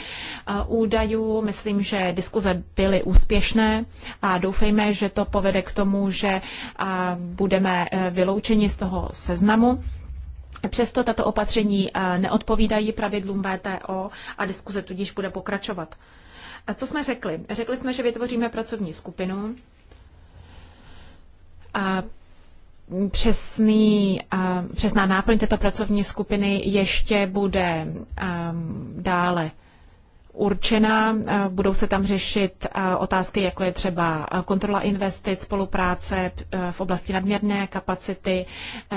údajů. Myslím, že diskuze byly úspěšné a doufejme, že to povede k tomu, že budeme vyloučeni z toho seznamu. Přesto tato opatření eh, neodpovídají pravidlům VTO a diskuze tudíž bude pokračovat. A co jsme řekli? Řekli jsme, že vytvoříme pracovní skupinu a přesný, přesná náplň této pracovní skupiny ještě bude ehm, dále určena. Budou se tam řešit otázky, jako je třeba kontrola investic, spolupráce e, v oblasti nadměrné kapacity,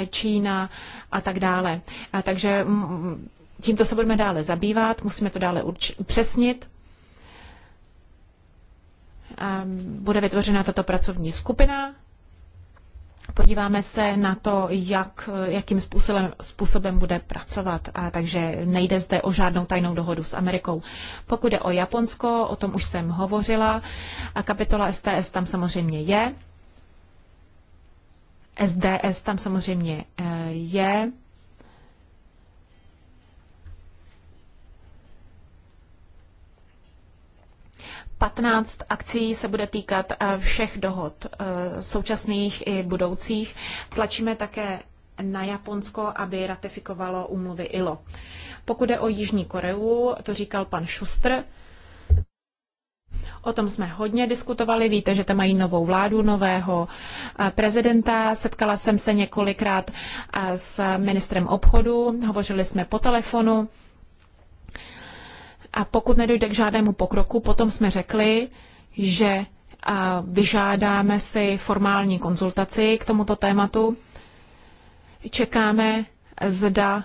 e, Čína, a tak dále. A takže mm, tímto se budeme dále zabývat, musíme to dále upřesnit. A bude vytvořena tato pracovní skupina. Podíváme se na to, jak, jakým způsobem, způsobem bude pracovat. A takže nejde zde o žádnou tajnou dohodu s Amerikou. Pokud jde o Japonsko, o tom už jsem hovořila. A kapitola STS tam samozřejmě je. SDS tam samozřejmě eh, je. Patnáct akcí se bude týkat eh, všech dohod, eh, současných i budoucích. Tlačíme také na Japonsko, aby ratifikovalo úmluvy ILO. Pokud je o Jižní Koreu, to říkal pan Šustr, O tom jsme hodně diskutovali. Víte, že tam mají novou vládu, nového eh, prezidenta. Setkala jsem se několikrát eh, s ministrem obchodu, hovořili jsme po telefonu. A pokud nedojde k žádnému pokroku, potom jsme řekli, že eh, vyžádáme si formální konzultaci k tomuto tématu. Čekáme, zda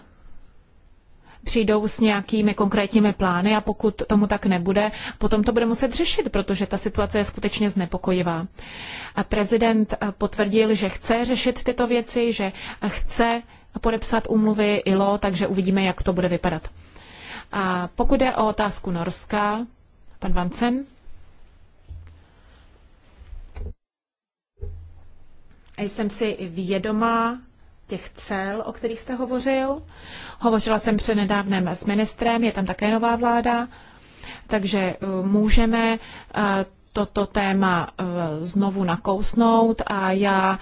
přijdou s nějakými konkrétními plány a pokud tomu tak nebude, potom to bude muset řešit, protože ta situace je skutečně znepokojivá. A prezident eh, potvrdil, že chce řešit tyto věci, že chce podepsat úmluvy ILO, takže uvidíme, jak to bude vypadat. A pokud jde o otázku Norska, pan Vancen. Jsem si vědomá těch cel, o kterých jste hovořil. Hovořila jsem přednedávnem s ministrem, je tam také nová vláda, takže eh, můžeme eh, toto téma eh, znovu nakousnout a já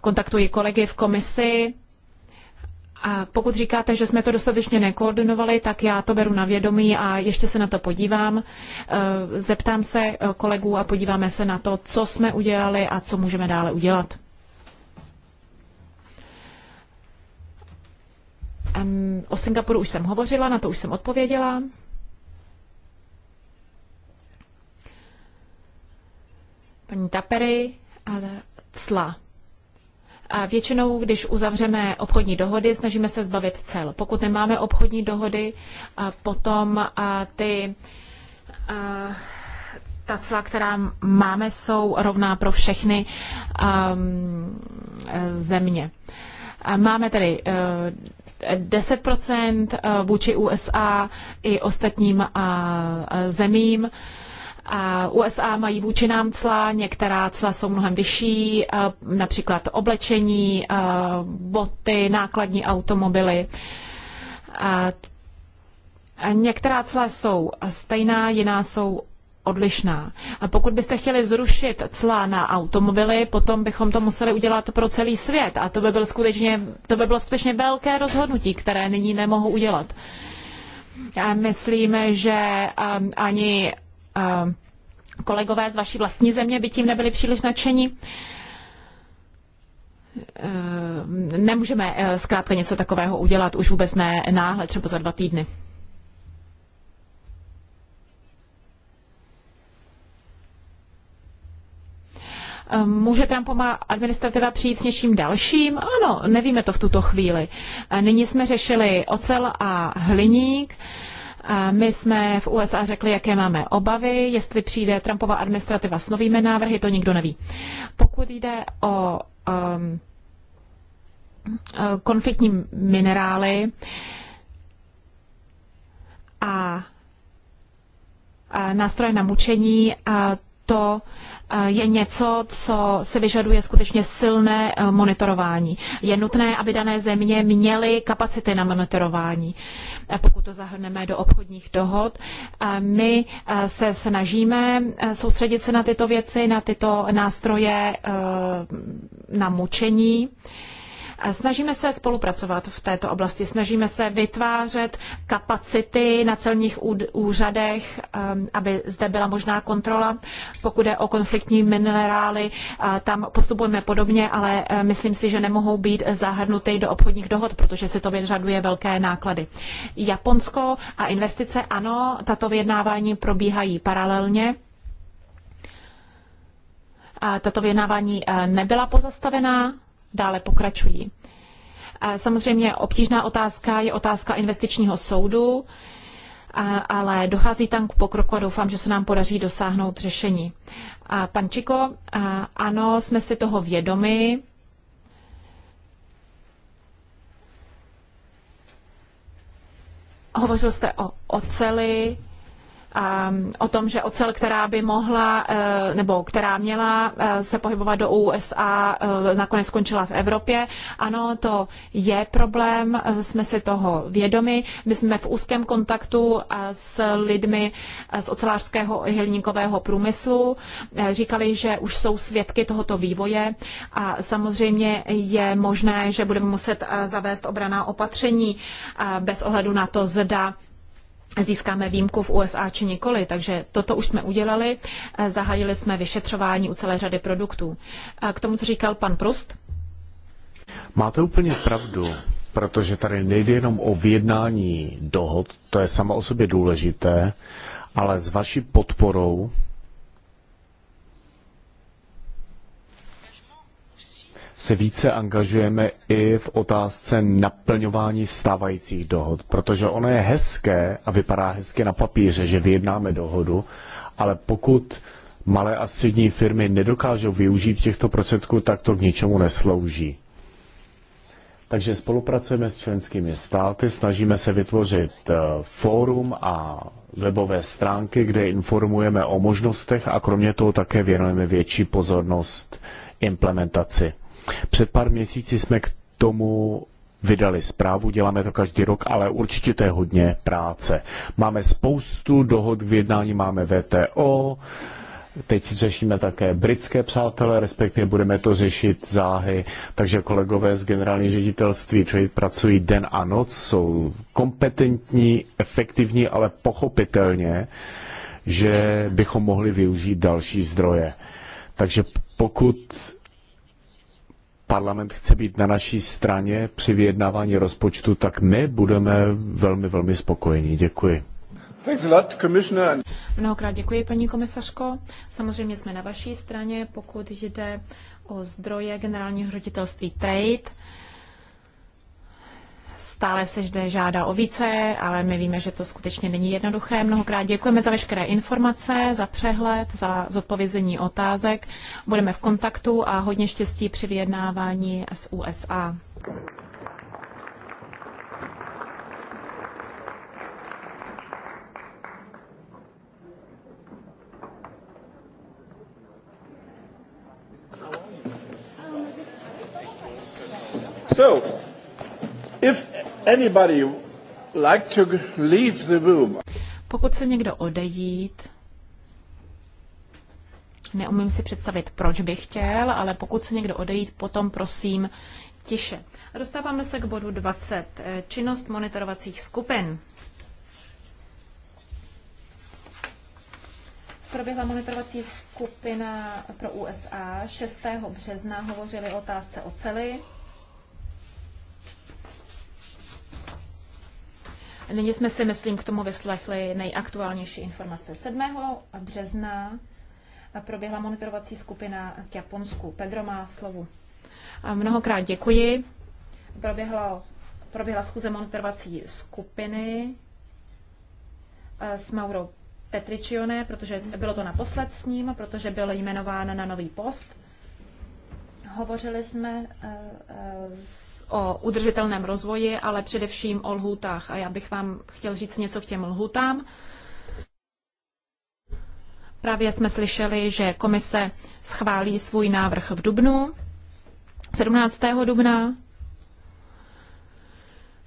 kontaktuji kolegy v komisi a pokud říkáte, že jsme to dostatečně nekoordinovali, tak já to beru na vědomí a ještě se na to podívám. E, zeptám se e, kolegů a podíváme se na to, co jsme udělali a co můžeme dále udělat. O Singapuru už jsem hovořila, na to už jsem odpověděla. Paní Tapery, ale cla. A většinou, když uzavřeme obchodní dohody, snažíme se zbavit cel. Pokud nemáme obchodní dohody, a potom a ty a, ta cla, která máme, jsou rovná pro všechny a, um, země. A máme tedy uh, uh, a, 10% vůči USA i ostatním uh, zemím. USA mají vůči nám cla, některá cla jsou mnohem vyšší, eh, například oblečení, eh, boty, nákladní automobily. Některá cla jsou stejná, jiná jsou odlišná. A pokud byste chtěli zrušit cla na automobily, potom bychom to museli udělat pro celý svět a to by, byl skutečně, to by bylo skutečně velké rozhodnutí, které nyní nemohu udělat. Já myslím, že eh, ani kolegové z vaší vlastní země by tím nebyli příliš nadšení? Ehm, nemůžeme eh, zkrátka něco takového udělat, už vůbec ne náhle, třeba za dva týdny. Ehm, může Trumpova administrativa přijít s něčím dalším? Ano, nevíme to v tuto chvíli. Ehm, nyní jsme řešili ocel a hliník. My jsme v USA řekli, jaké máme obavy, jestli přijde Trumpova administrativa s novými návrhy, to nikdo neví. Pokud jde o um, eh, konfliktní minerály a, a nástroje na mučení, a to Eh, je něco, co se vyžaduje skutečně silné eh, monitorování. Je nutné, aby dané země měly kapacity na monitorování. Eh, pokud to zahrneme do obchodních dohod, my se snažíme soustředit se na tyto věci, na tyto nástroje na mučení. Snažíme se spolupracovat v této oblasti, snažíme se vytvářet kapacity na celních úřadech, um, aby zde byla možná kontrola. Pokud je o konfliktní minerály, tam postupujeme podobně, ale eh, myslím si, že nemohou být zahrnuty do obchodních dohod, protože se to vyřaduje velké náklady. Japonsko a investice, ano, tato vyjednávání probíhají paralelně. A tato vyjednávání eh, nebyla pozastavená dále pokračují. Samozřejmě obtížná otázka je otázka investičního soudu, ale dochází tam k pokroku a doufám, že se nám podaří dosáhnout řešení. A pan Čiko, ano, jsme si toho vědomi. Hovořil jste o oceli, Ehm, o tom, že ocel, která by mohla, eh, nebo která měla eh, se pohybovat do USA, eh, nakonec skončila v Evropě. Ano, to je problém, jsme si toho vědomi. My jsme v úzkém kontaktu s lidmi z ocelářského hilníkového průmyslu. Říkali, že už jsou svědky tohoto vývoje a samozřejmě je možné, že budeme muset zavést obraná opatření bez ohledu na to, zda získáme výjimku v USA či nikoli. Takže toto už jsme udělali, eh, zahájili jsme vyšetřování u celé řady produktů. A eh, k tomu, co říkal pan Prust? Máte úplně pravdu, protože tady nejde jenom o vyjednání dohod, to je samo o sobě důležité, ale s vaší podporou se více angažujeme i v otázce naplňování stávajících dohod, protože ono je hezké a vypadá hezky na papíře, že vyjednáme dohodu, ale pokud malé a střední firmy nedokážou využít těchto prostředků, tak to k ničemu neslouží. Takže spolupracujeme s členskými státy, snažíme se vytvořit eh, fórum a webové stránky, kde informujeme o možnostech a kromě toho také věnujeme větší pozornost implementaci. Před pár měsíci jsme k tomu vydali zprávu, děláme to každý rok, ale určitě to je hodně práce. Máme spoustu dohod v jednání, máme VTO, teď řešíme také britské přátelé, respektive budeme to řešit záhy, takže kolegové z generální ředitelství trade pracují den a noc, jsou kompetentní, efektivní, ale pochopitelně, že bychom mohli využít další zdroje. Takže pokud parlament chce být na naší straně při vyjednávání rozpočtu, tak my budeme velmi, velmi spokojení. Děkuji. Mnohokrát děkuji, paní komisařko. Samozřejmě jsme na vaší straně, pokud jde o zdroje generálního ředitelství Trade Stále se zde žádá o více, ale my víme, že to skutečně není jednoduché. Mnohokrát děkujeme za veškeré informace, za přehled, za zodpovězení otázek. Budeme v kontaktu a hodně štěstí při vyjednávání s USA. So, If anybody like to leave the room. Pokud se někdo odejít, neumím si představit, proč bych chtěl, ale pokud se někdo odejít, potom prosím tiše. A dostáváme se k bodu 20. Eh, činnost monitorovacích skupin. proběhla monitorovací skupina pro USA 6. března, hovořili o otázce oceli. Nyní jsme si, myslím, k tomu vyslechli nejaktuálnější informace. 7. března proběhla monitorovací skupina k Japonsku. Pedro má slovo. A mnohokrát děkuji. Proběhla, proběhla schůze monitorovací skupiny eh, s Mauro Petricione, protože bylo to naposled s ním, protože byl jmenován na nový post. Hovořili jsme eh, eh, o udržitelném rozvoji, ale především o lhůtách. A já bych vám chtěl říct něco k těm lhůtám. Právě jsme slyšeli, že komise schválí svůj návrh v dubnu, 17. dubna.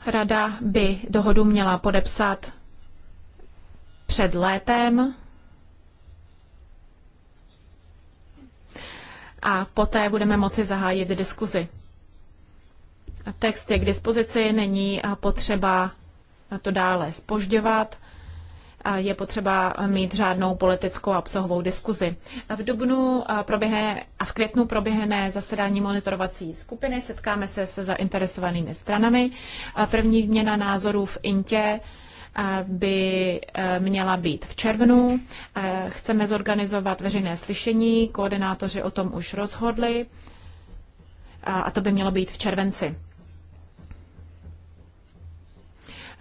Rada by dohodu měla podepsat před létem a poté budeme moci zahájit diskuzi. Text je k dispozici, není potřeba to dále spožďovat. Je potřeba mít řádnou politickou a obsahovou diskuzi. V dubnu proběhne a v květnu proběhne zasedání monitorovací skupiny. Setkáme se se zainteresovanými stranami. První měna názorů v Intě by e, měla být v červnu. E, chceme zorganizovat veřejné slyšení, koordinátoři o tom už rozhodli a to by mělo být v červenci.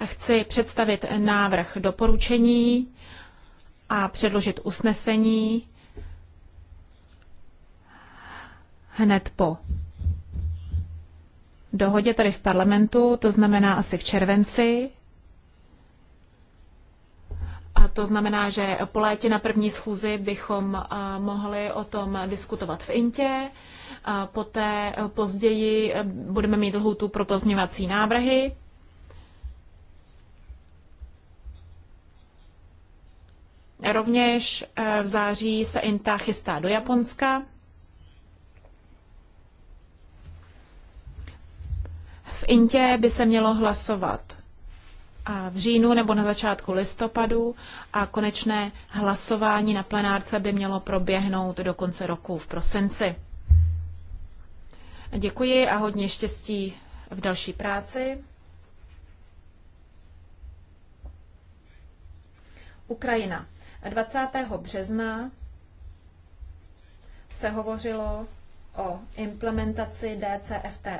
Chci představit návrh doporučení a předložit usnesení hned po dohodě tady v parlamentu, to znamená asi v červenci. A to znamená, že po létě na první schůzi bychom mohli o tom diskutovat v Intě. A poté e, později e, budeme mít lhůtu pro pozměňovací návrhy. Rovněž e, v září se Inta chystá do Japonska. V Intě by se mělo hlasovat v říjnu nebo na začátku listopadu a konečné hlasování na plenárce by mělo proběhnout do konce roku v prosinci. Děkuji a hodně štěstí v další práci. Ukrajina. 20. března se hovořilo o implementaci DCFTA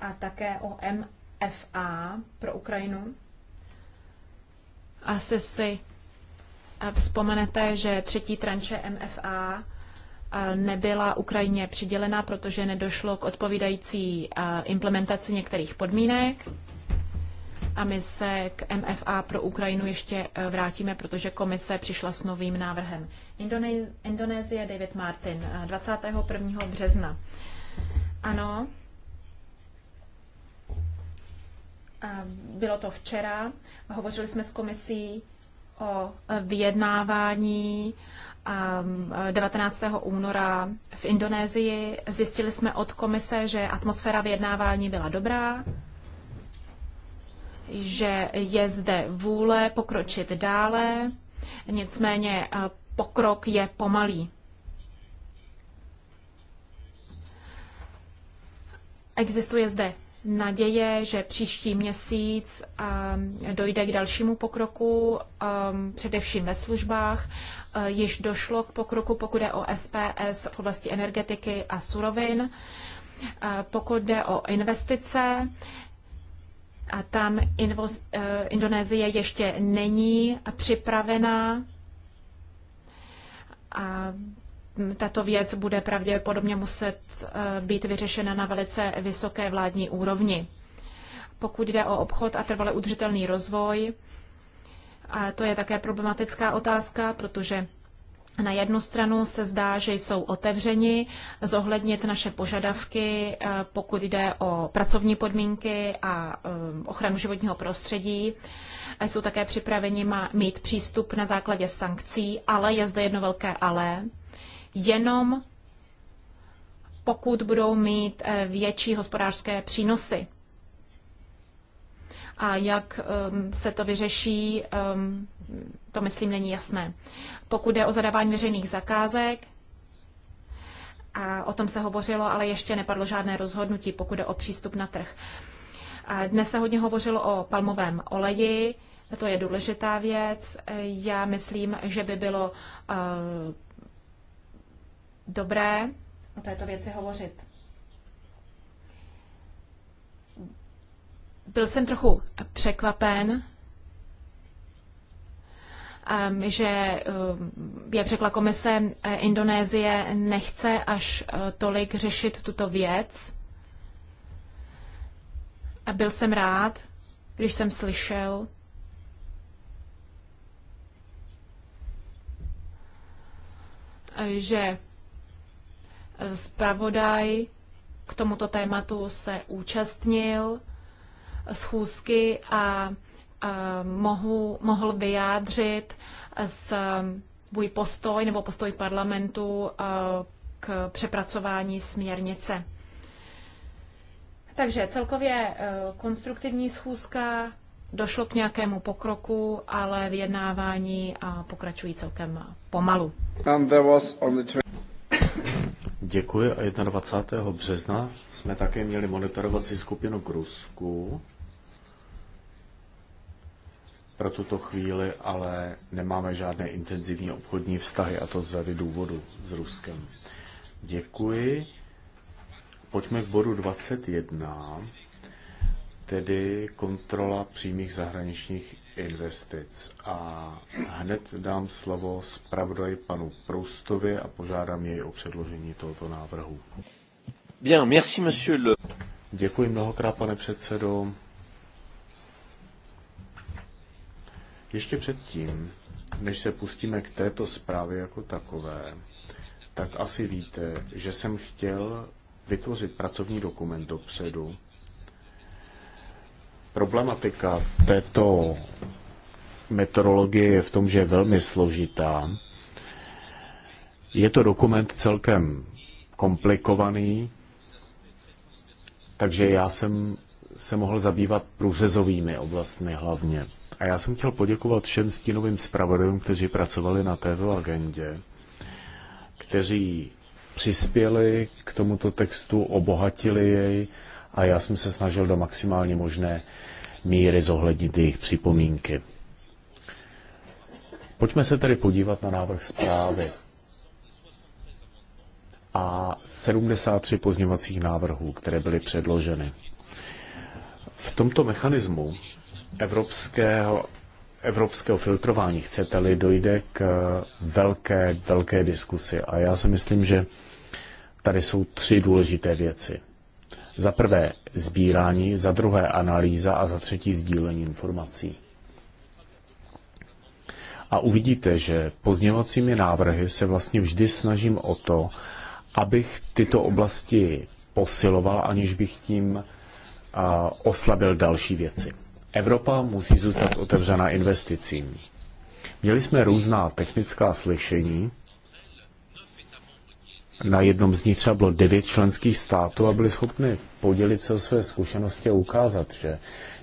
a také o M FA pro Ukrajinu. Asi si eh, vzpomenete, že třetí tranče MFA eh, nebyla Ukrajině přidělena, protože nedošlo k odpovídající eh, implementaci některých podmínek. A my se k MFA pro Ukrajinu ještě vrátíme, protože komise přišla s novým návrhem. Indonésie, David Martin, 21. března. Ano, Bylo to včera. Hovořili jsme s komisí o vyjednávání 19. Um, února v Indonésii. Zjistili jsme od komise, že atmosféra vyjednávání byla dobrá, že je zde vůle pokročit dále, nicméně uh, pokrok je pomalý. Existuje zde naděje, že příští měsíc um, dojde k dalšímu pokroku, um, především ve službách. Uh, již došlo k pokroku, pokud je o SPS v oblasti energetiky a surovin. Uh, pokud jde o investice, a tam invoz, uh, Indonésie ještě není připravená. A tato věc bude pravděpodobně muset eh, být vyřešena na velice vysoké vládní úrovni. Pokud jde o obchod a trvale udržitelný rozvoj, a to je také problematická otázka, protože na jednu stranu se zdá, že jsou otevřeni zohlednit naše požadavky, eh, pokud jde o pracovní podmínky a eh, ochranu životního prostředí. Jsou také připraveni mít přístup na základě sankcí, ale je zde jedno velké ale jenom pokud budou mít eh, větší hospodářské přínosy. A jak ehm, se to vyřeší, ehm, to myslím není jasné. Pokud jde o zadávání veřejných zakázek, a o tom se hovořilo, ale ještě nepadlo žádné rozhodnutí, pokud jde o přístup na trh. A dnes se hodně hovořilo o palmovém oleji, to je důležitá věc. Já myslím, že by bylo ehm, dobré o této věci hovořit. Byl jsem trochu překvapen, um, že, um, jak řekla komise, Indonésie nechce až uh, tolik řešit tuto věc. A byl jsem rád, když jsem slyšel, že Spravodaj k tomuto tématu se účastnil schůzky a mohu, mohl vyjádřit svůj postoj nebo postoj parlamentu k přepracování směrnice. Takže celkově e, konstruktivní schůzka, došlo k nějakému pokroku, ale vyjednávání pokračují celkem pomalu. Děkuji a 21. března jsme také měli monitorovací skupinu k Rusku. Pro tuto chvíli ale nemáme žádné intenzivní obchodní vztahy a to z řady důvodu s Ruskem. Děkuji. Pojďme k bodu 21, tedy kontrola přímých zahraničních investic. A hned dám slovo zpravodaji panu Proustovi a požádám jej o předložení tohoto návrhu. Bien, merci, monsieur le... Děkuji mnohokrát, pane předsedo. Ještě předtím, než se pustíme k této zprávě jako takové, tak asi víte, že jsem chtěl vytvořit pracovní dokument dopředu, Problematika této meteorologie je v tom, že je velmi složitá. Je to dokument celkem komplikovaný, takže já jsem se mohl zabývat průřezovými oblastmi hlavně. A já jsem chtěl poděkovat všem stínovým zpravodajům, kteří pracovali na této agendě, kteří přispěli k tomuto textu, obohatili jej a já jsem se snažil do maximálně možné míry zohlednit jejich připomínky. Pojďme se tedy podívat na návrh zprávy a 73 pozněvacích návrhů, které byly předloženy. V tomto mechanismu evropského, evropského filtrování, chcete-li, dojde k velké, velké diskusi. A já si myslím, že tady jsou tři důležité věci. Za prvé sbírání, za druhé analýza a za třetí sdílení informací. A uvidíte, že pozněvacími návrhy se vlastně vždy snažím o to, abych tyto oblasti posiloval, aniž bych tím oslabil další věci. Evropa musí zůstat otevřená investicím. Měli jsme různá technická slyšení, na jednom z nich třeba bylo devět členských států a byli schopni podělit se o své zkušenosti a ukázat, že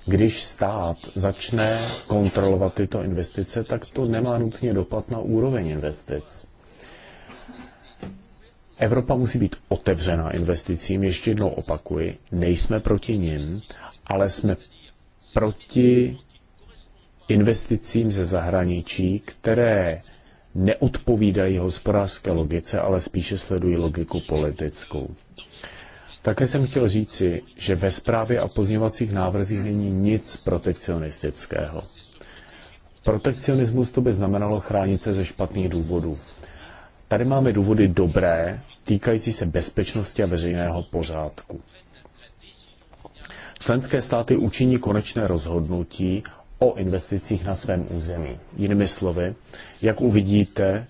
když stát začne kontrolovat tyto investice, tak to nemá nutně dopad na úroveň investic. Evropa musí být otevřená investicím, ještě jednou opakuji, nejsme proti nim, ale jsme proti investicím ze zahraničí, které neodpovídají hospodářské logice, ale spíše sledují logiku politickou. Také jsem chtěl říci, že ve zprávě a pozněvacích návrzích není nic protekcionistického. Protekcionismus to by znamenalo chránit se ze špatných důvodů. Tady máme důvody dobré, týkající se bezpečnosti a veřejného pořádku. Členské státy učiní konečné rozhodnutí o investicích na svém území. Jinými slovy, jak uvidíte,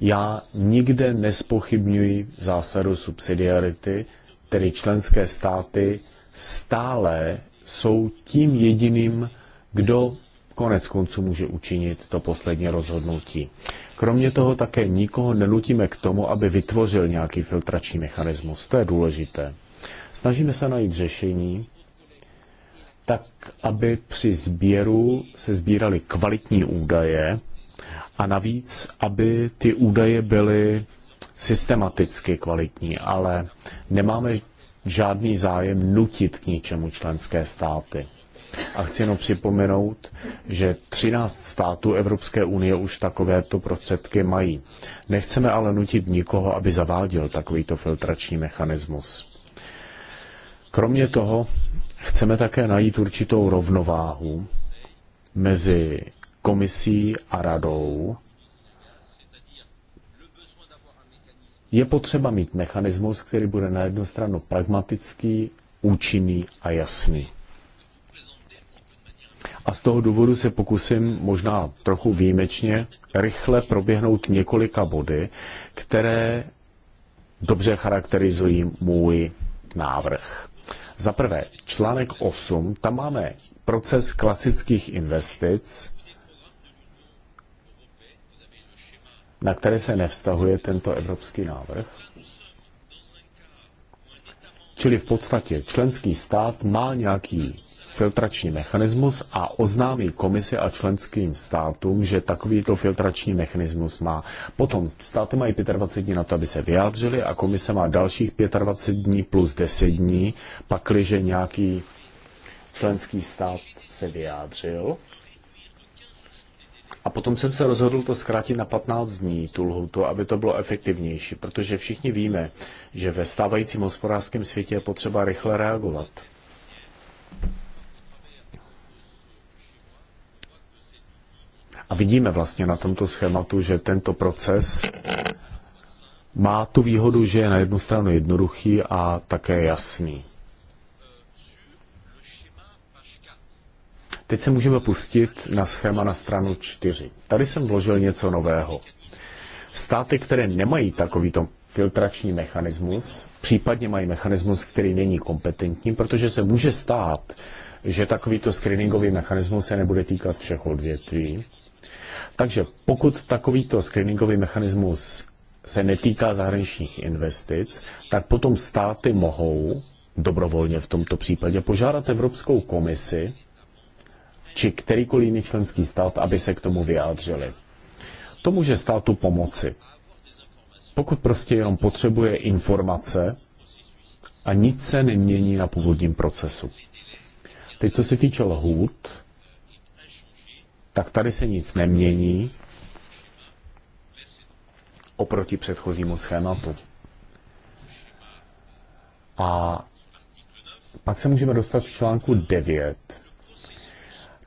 já nikde nespochybňuji zásadu subsidiarity, tedy členské státy stále jsou tím jediným, kdo konec konců může učinit to poslední rozhodnutí. Kromě toho také nikoho nenutíme k tomu, aby vytvořil nějaký filtrační mechanismus. To je důležité. Snažíme se najít řešení, aby při sběru se sbíraly kvalitní údaje a navíc, aby ty údaje byly systematicky kvalitní, ale nemáme žádný zájem nutit k ničemu členské státy. A chci jenom připomenout, že 13 států Evropské unie už takovéto prostředky mají. Nechceme ale nutit nikoho, aby zaváděl takovýto filtrační mechanismus. Kromě toho Chceme také najít určitou rovnováhu mezi komisí a radou. Je potřeba mít mechanismus, který bude na jednu stranu pragmatický, účinný a jasný. A z toho důvodu se pokusím možná trochu výjimečně rychle proběhnout několika body, které dobře charakterizují můj návrh. Za prvé, článek 8, tam máme proces klasických investic, na které se nevztahuje tento evropský návrh. Čili v podstatě členský stát má nějaký filtrační mechanismus a oznámí komisi a členským státům, že takovýto filtrační mechanismus má. Potom státy mají 25 dní na to, aby se vyjádřili a komise má dalších 25 dní plus 10 dní, pakliže nějaký členský stát se vyjádřil. A potom jsem se rozhodl to zkrátit na 15 dní, tu lhutu, aby to bylo efektivnější, protože všichni víme, že ve stávajícím hospodářském světě je potřeba rychle reagovat. A vidíme vlastně na tomto schématu, že tento proces má tu výhodu, že je na jednu stranu jednoduchý a také jasný. Teď se můžeme pustit na schéma na stranu 4. Tady jsem vložil něco nového. Státy, které nemají takovýto filtrační mechanismus, případně mají mechanismus, který není kompetentní, protože se může stát, že takovýto screeningový mechanismus se nebude týkat všech odvětví, takže pokud takovýto screeningový mechanismus se netýká zahraničních investic, tak potom státy mohou dobrovolně v tomto případě požádat Evropskou komisi či kterýkoliv jiný členský stát, aby se k tomu vyjádřili. To může státu pomoci. Pokud prostě jenom potřebuje informace a nic se nemění na původním procesu. Teď, co se týče lhůt, tak tady se nic nemění oproti předchozímu schématu. A pak se můžeme dostat k článku 9.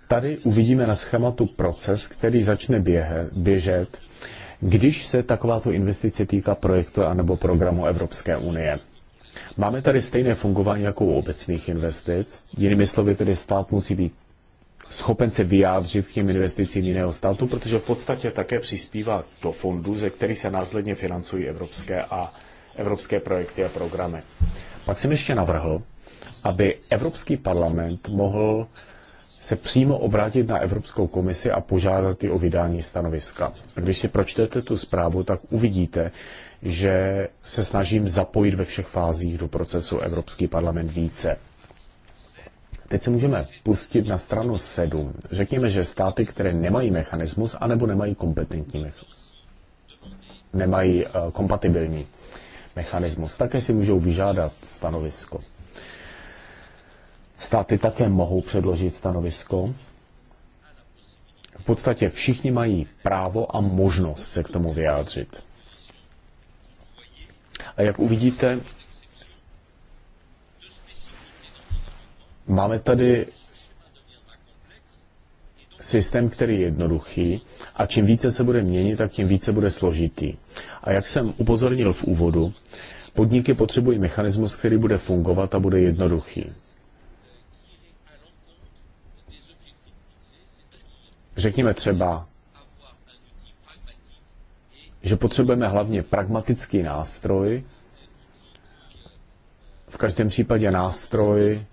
Tady uvidíme na schématu proces, který začne běhe, běžet, když se takováto investice týká projektu anebo programu Evropské unie. Máme tady stejné fungování jako u obecných investic, jinými slovy tedy stát musí být schopen se vyjádřit k těm investicím jiného státu, protože v podstatě také přispívá do fondu, ze který se následně financují evropské a evropské projekty a programy. Pak jsem ještě navrhl, aby Evropský parlament mohl se přímo obrátit na Evropskou komisi a požádat ji o vydání stanoviska. A když si pročtete tu zprávu, tak uvidíte, že se snažím zapojit ve všech fázích do procesu Evropský parlament více. Teď se můžeme pustit na stranu 7. Řekněme, že státy, které nemají mechanismus, anebo nemají kompetentní mechanismus, nemají uh, kompatibilní mechanismus, také si můžou vyžádat stanovisko. Státy také mohou předložit stanovisko. V podstatě všichni mají právo a možnost se k tomu vyjádřit. A jak uvidíte, Máme tady systém, který je jednoduchý a čím více se bude měnit, tak tím více bude složitý. A jak jsem upozornil v úvodu, podniky potřebují mechanismus, který bude fungovat a bude jednoduchý. Řekněme třeba, že potřebujeme hlavně pragmatický nástroj, v každém případě nástroj,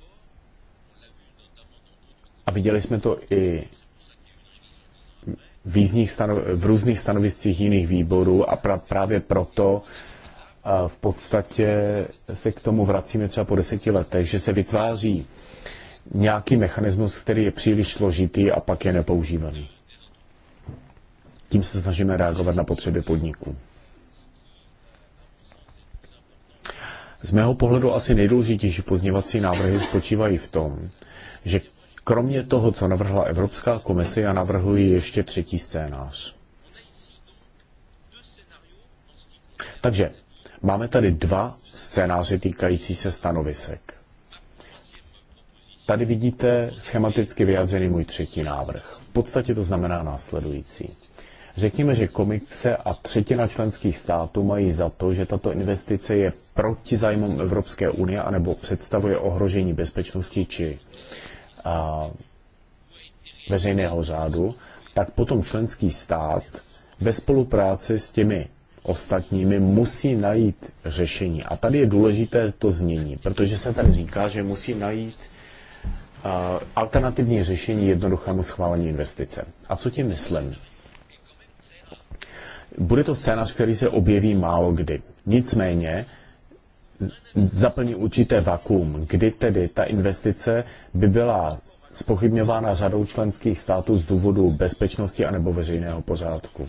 a viděli jsme to i v, stanov, v různých stanoviscích jiných výborů a pra, právě proto a v podstatě se k tomu vracíme třeba po deseti letech, že se vytváří nějaký mechanismus, který je příliš složitý a pak je nepoužívaný. Tím se snažíme reagovat na potřeby podniků. Z mého pohledu asi nejdůležitější pozněvací návrhy spočívají v tom, že Kromě toho, co navrhla Evropská komise, já navrhuji ještě třetí scénář. Takže máme tady dva scénáře týkající se stanovisek. Tady vidíte schematicky vyjádřený můj třetí návrh. V podstatě to znamená následující. Řekněme, že komikse a třetina členských států mají za to, že tato investice je proti zájmům Evropské unie anebo představuje ohrožení bezpečnosti či veřejného řádu, tak potom členský stát ve spolupráci s těmi ostatními musí najít řešení. A tady je důležité to znění, protože se tady říká, že musí najít alternativní řešení jednoduchému schválení investice. A co tím myslím? Bude to scénář, který se objeví málo kdy. Nicméně zaplní určité vakuum, kdy tedy ta investice by byla spochybňována řadou členských států z důvodu bezpečnosti anebo veřejného pořádku.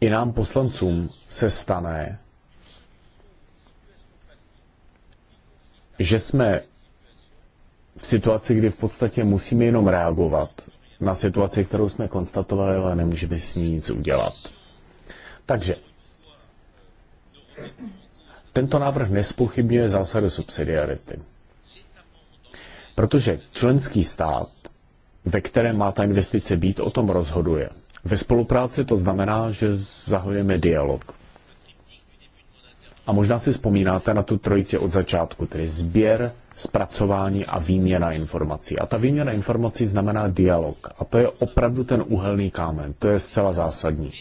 I nám poslancům se stane, že jsme v situaci, kdy v podstatě musíme jenom reagovat na situaci, kterou jsme konstatovali, ale nemůžeme s ní nic udělat. Takže tento návrh nespochybňuje zásadu subsidiarity, protože členský stát, ve kterém má ta investice být, o tom rozhoduje. Ve spolupráci to znamená, že zahajujeme dialog. A možná si vzpomínáte na tu trojici od začátku, tedy sběr, zpracování a výměna informací. A ta výměna informací znamená dialog. A to je opravdu ten úhelný kámen. To je zcela zásadní.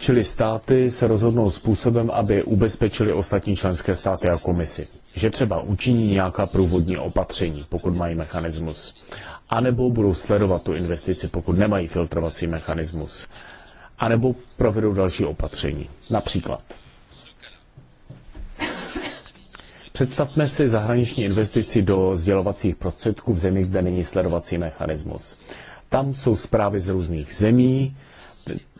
Čili státy se rozhodnou způsobem, aby ubezpečili ostatní členské státy a komisi, že třeba učiní nějaká průvodní opatření, pokud mají mechanismus, anebo budou sledovat tu investici, pokud nemají filtrovací mechanismus, anebo provedou další opatření. Například. Představme si zahraniční investici do sdělovacích prostředků v zemi, kde není sledovací mechanismus. Tam jsou zprávy z různých zemí,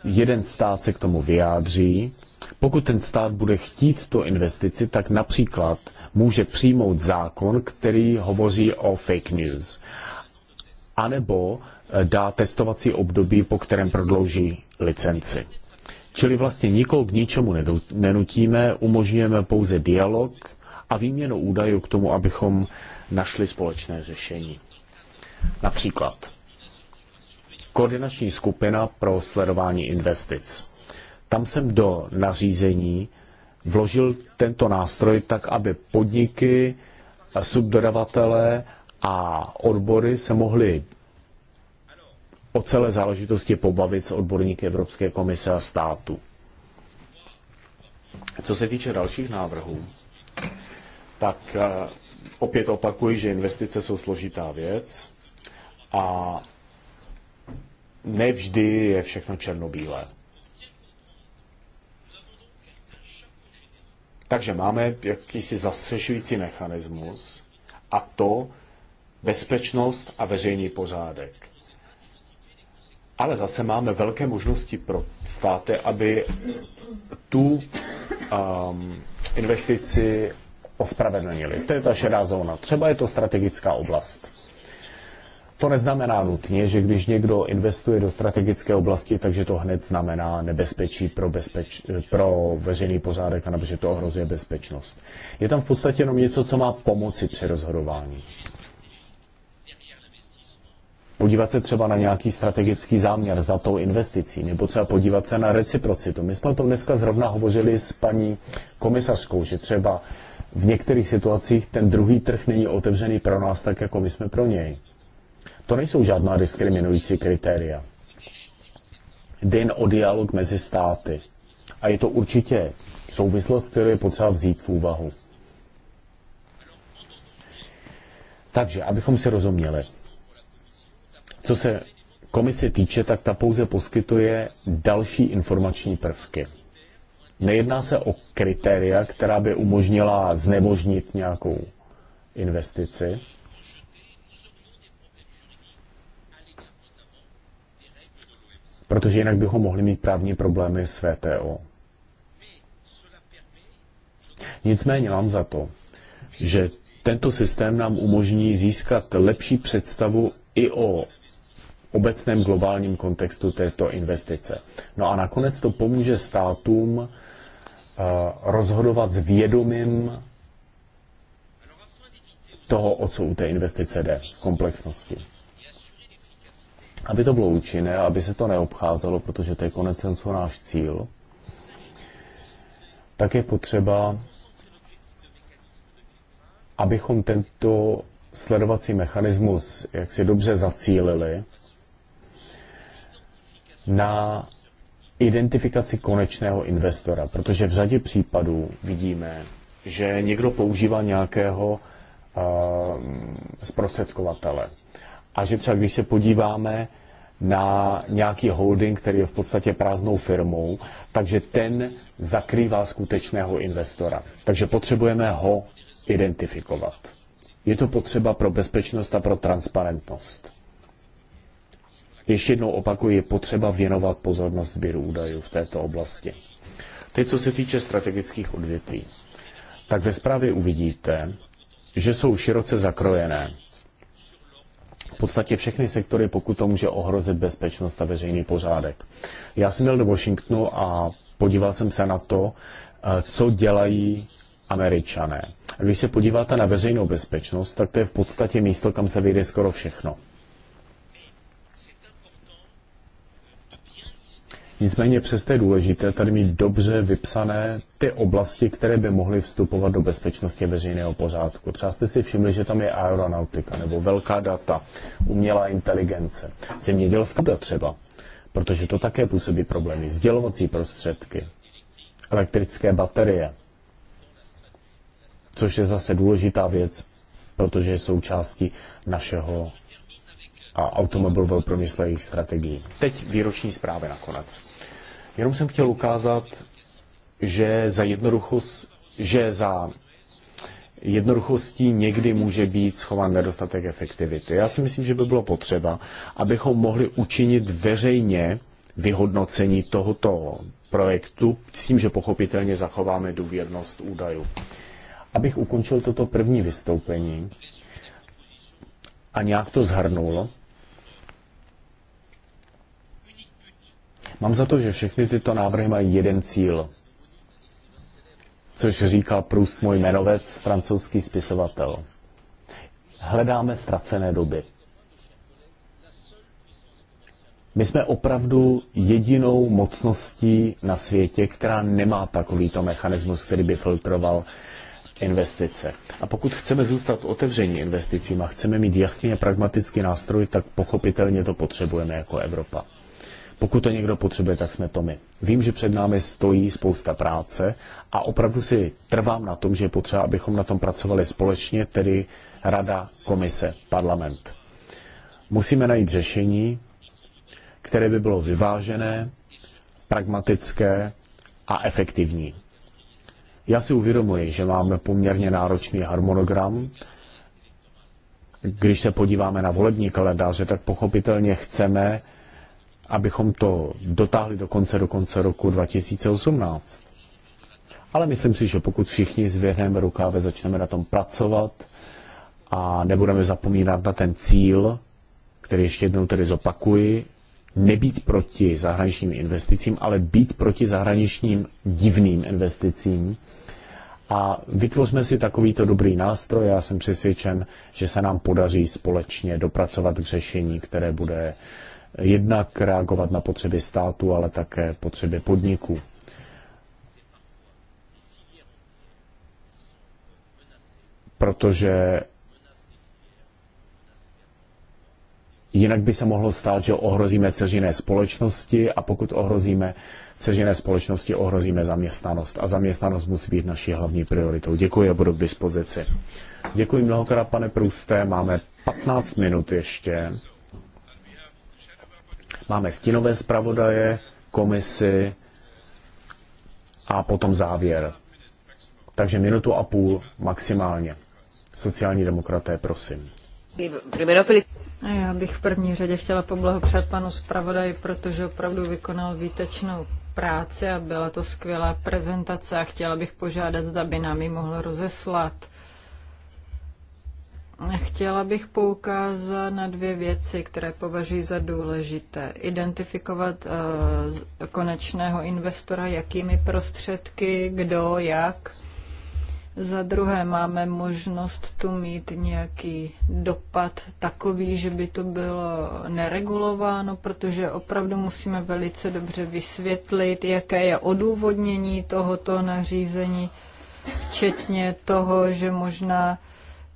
jeden stát se k tomu vyjádří. Pokud ten stát bude chtít tu investici, tak například může přijmout zákon, který hovoří o fake news. A nebo eh, dá testovací období, po kterém prodlouží licenci. Čili vlastně nikoho k ničemu nenutíme, umožňujeme pouze dialog a výměnu údajů k tomu, abychom našli společné řešení. Například koordinační skupina pro sledování investic. Tam jsem do nařízení vložil tento nástroj tak, aby podniky, subdodavatele a odbory se mohly o celé záležitosti pobavit s odborníky Evropské komise a státu. Co se týče dalších návrhů, tak eh, opět opakuji, že investice jsou složitá věc a nevždy je všechno černobílé. Takže máme jakýsi zastřešující mechanismus a to bezpečnost a veřejný pořádek. Ale zase máme velké možnosti pro státy, aby tu um, investici ospravedlnili. To je ta šedá zóna. Třeba je to strategická oblast. To neznamená nutně, že když někdo investuje do strategické oblasti, takže to hned znamená nebezpečí pro, bezpeč, pro veřejný pořádek, anebo že to ohrozuje bezpečnost. Je tam v podstatě jenom něco, co má pomoci při rozhodování. Podívat se třeba na nějaký strategický záměr za tou investicí, nebo třeba podívat se na reciprocitu. My jsme to dneska zrovna hovořili s paní komisařkou, že třeba v některých situacích ten druhý trh není otevřený pro nás tak, jako my jsme pro něj. To nejsou žádná diskriminující kritéria. Jde jen o dialog mezi státy. A je to určitě souvislost, kterou je potřeba vzít v úvahu. Takže, abychom si rozuměli, co se komise týče, tak ta pouze poskytuje další informační prvky. Nejedná se o kritéria, která by umožnila znemožnit nějakou investici, protože jinak bychom mohli mít právní problémy s VTO. Nicméně mám za to, že tento systém nám umožní získat lepší představu i o obecném globálním kontextu této investice. No a nakonec to pomůže státům eh, rozhodovat s vědomím toho, o co u té investice jde, komplexnosti aby to bylo účinné, aby se to neobcházelo, protože to je konec sensu náš cíl, tak je potřeba, abychom tento sledovací mechanismus jak si dobře zacílili na identifikaci konečného investora, protože v řadě případů vidíme, že někdo používá nějakého uh, zprostředkovatele a že třeba když se podíváme na nějaký holding, který je v podstatě prázdnou firmou, takže ten zakrývá skutečného investora. Takže potřebujeme ho identifikovat. Je to potřeba pro bezpečnost a pro transparentnost. Ještě jednou opakuji, je potřeba věnovat pozornost sběru údajů v této oblasti. Teď, co se týče strategických odvětví, tak ve zprávě uvidíte, že jsou široce zakrojené v podstatě všechny sektory, pokud to může ohrozit bezpečnost a veřejný pořádek. Já jsem měl do Washingtonu a podíval jsem se na to, eh, co dělají američané. A když se podíváte na veřejnou bezpečnost, tak to je v podstatě místo, kam se vyjde skoro všechno. Nicméně přesto je důležité tady mít dobře vypsané ty oblasti, které by mohly vstupovat do bezpečnosti veřejného pořádku. Třeba jste si všimli, že tam je aeronautika nebo velká data, umělá inteligence, zemědělská data třeba, protože to také působí problémy, sdělovací prostředky, elektrické baterie, což je zase důležitá věc, protože je součástí našeho a automobilového průmyslových strategií. Teď výroční zprávy nakonec. Jenom jsem chtěl ukázat, že za jednoduchost, že za jednoduchostí někdy může být schován nedostatek efektivity. Já si myslím, že by bylo potřeba, abychom mohli učinit veřejně vyhodnocení tohoto projektu s tím, že pochopitelně zachováme důvěrnost údajů. Abych ukončil toto první vystoupení a nějak to zhrnul, Mám za to, že všechny tyto návrhy mají jeden cíl, což říkal Proust můj jmenovec, francouzský spisovatel. Hledáme ztracené doby. My jsme opravdu jedinou mocností na světě, která nemá takovýto mechanismus, který by filtroval investice. A pokud chceme zůstat otevření investicím a chceme mít jasný a pragmatický nástroj, tak pochopitelně to potřebujeme jako Evropa. Pokud to někdo potřebuje, tak jsme to my. Vím, že před námi stojí spousta práce a opravdu si trvám na tom, že je potřeba, abychom na tom pracovali společně, tedy Rada, Komise, Parlament. Musíme najít řešení, které by bylo vyvážené, pragmatické a efektivní. Já si uvědomuji, že máme poměrně náročný harmonogram. Když se podíváme na volební kalendáře, tak pochopitelně chceme abychom to dotáhli do konce, do konce roku 2018. Ale myslím si, že pokud všichni zvěhneme rukáve, začneme na tom pracovat a nebudeme zapomínat na ten cíl, který ještě jednou tedy zopakuji, nebýt proti zahraničním investicím, ale být proti zahraničním divným investicím. A vytvořme si takovýto dobrý nástroj. Já jsem přesvědčen, že se nám podaří společně dopracovat k řešení, které bude uh, jednak reagovat na potřeby státu, ale také potřeby podniků. Protože Jinak by se mohlo stát, že ohrozíme ceřiné společnosti a pokud ohrozíme ceřiné společnosti, ohrozíme zaměstnanost. A zaměstnanost musí být naší hlavní prioritou. Děkuji a budu k dispozici. Děkuji mnohokrát, pane Průsté. Máme 15 minut ještě. Máme stinové zpravodaje, komisy a potom závěr. Takže minutu a půl maximálně. Sociální demokraté, prosím. Já bych v první řadě chtěla poblahopřát panu zpravodaji, protože opravdu vykonal výtečnou práci a byla to skvělá prezentace a chtěla bych požádat, zda by nám ji mohl rozeslat. Chtěla bych poukázat na dvě věci, které považuji za důležité. Identifikovat eh, konečného investora, jakými prostředky, kdo, jak. Za druhé máme možnost tu mít nějaký dopad takový, že by to bylo neregulováno, protože opravdu musíme velice dobře vysvětlit, jaké je odůvodnění tohoto nařízení, včetně toho, že možná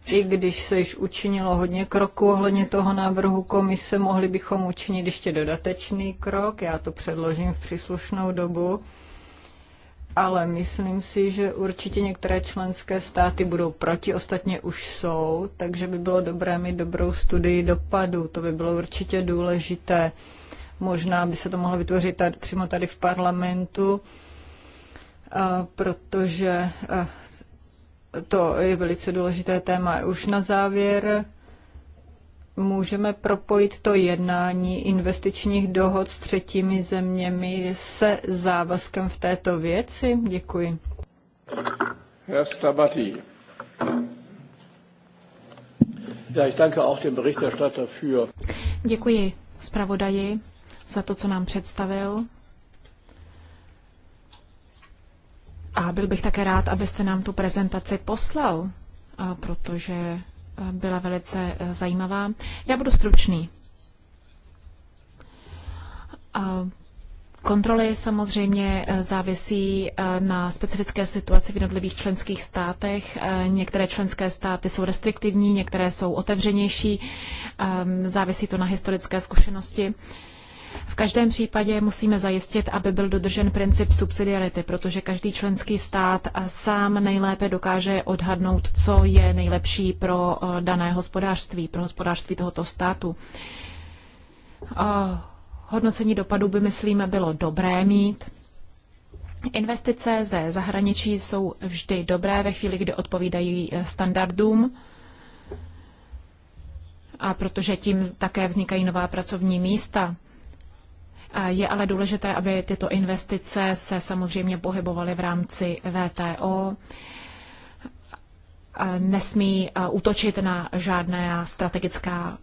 i když se již učinilo hodně kroků ohledně toho návrhu komise, mohli bychom učinit ještě dodatečný krok, já to předložím v příslušnou dobu, ale myslím si, že určitě některé členské státy budou proti, ostatně už jsou, takže by bylo dobré mít dobrou studii dopadu, to by bylo určitě důležité. Možná by se to mohlo vytvořit tady, přímo tady v parlamentu, protože to je velice důležité téma. Už na závěr můžeme propojit to jednání investičních dohod s třetími zeměmi se závazkem v této věci? Děkuji. dem Berichterstatter für... Děkuji zpravodaji za to, co nám představil. A byl bych také rád, abyste nám tu prezentaci poslal, protože byla velice e, zajímavá. Já budu stručný. Kontroly samozřejmě e, závisí e, na specifické situaci v jednotlivých členských státech. Některé členské státy jsou restriktivní, některé jsou otevřenější. Závisí to na historické zkušenosti. V každém případě musíme zajistit, aby byl dodržen princip subsidiarity, protože každý členský stát sám nejlépe dokáže odhadnout, co je nejlepší pro eh, dané hospodářství, pro hospodářství tohoto státu. Eh, hodnocení dopadu by, myslím, bylo dobré mít. Investice ze zahraničí jsou vždy dobré ve chvíli, kdy odpovídají eh, standardům a protože tím také vznikají nová pracovní místa. Je ale důležité, aby tyto investice se samozřejmě pohybovaly v rámci VTO. Nesmí útočit na žádné strategická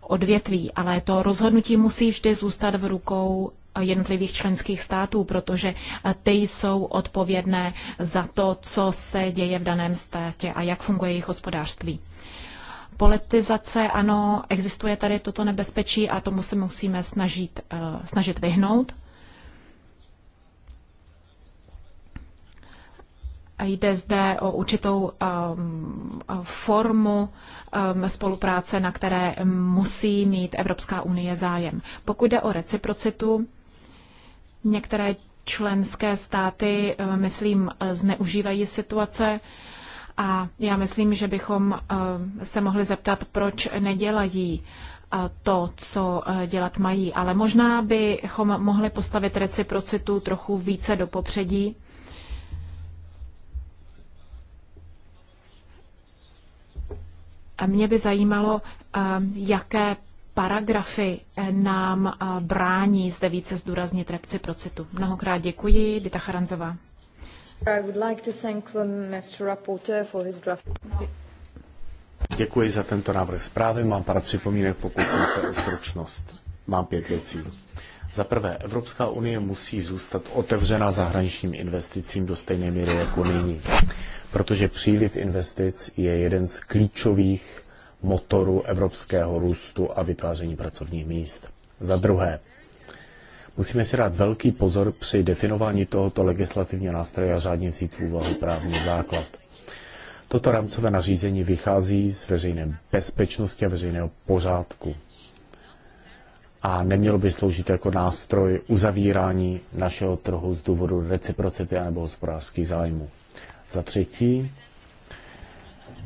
odvětví, ale to rozhodnutí musí vždy zůstat v rukou jednotlivých členských států, protože ty jsou odpovědné za to, co se děje v daném státě a jak funguje jejich hospodářství politizace, ano, existuje tady toto nebezpečí a tomu se musíme snažit, eh, snažit vyhnout. Jde zde o určitou um, formu um, spolupráce, na které musí mít Evropská unie zájem. Pokud jde o reciprocitu, některé členské státy, eh, myslím, zneužívají situace. Uh, a já myslím, že bychom eh, se mohli zeptat, proč nedělají eh, to, co eh, dělat mají. Ale možná bychom mohli postavit reciprocitu trochu více do popředí. A mě by zajímalo, jaké paragrafy nám brání zde více zdůraznit reciprocitu. Mnohokrát děkuji, Dita Charanzová. Děkuji za tento návrh zprávy. Mám pár připomínek, pokusím se o stručnost. Mám pět věcí. Za prvé, Evropská unie musí zůstat otevřená zahraničním investicím do stejné míry jako nyní, protože příliv investic je jeden z klíčových motorů evropského růstu a vytváření pracovních míst. Za druhé, Musíme si dát velký pozor při definování tohoto legislativního nástroje a řádně vzít v úvahu právní základ. Toto rámcové nařízení vychází z veřejné bezpečnosti a veřejného pořádku a nemělo by sloužit jako nástroj uzavírání našeho trhu z důvodu reciprocity nebo hospodářských zájmů. Za třetí,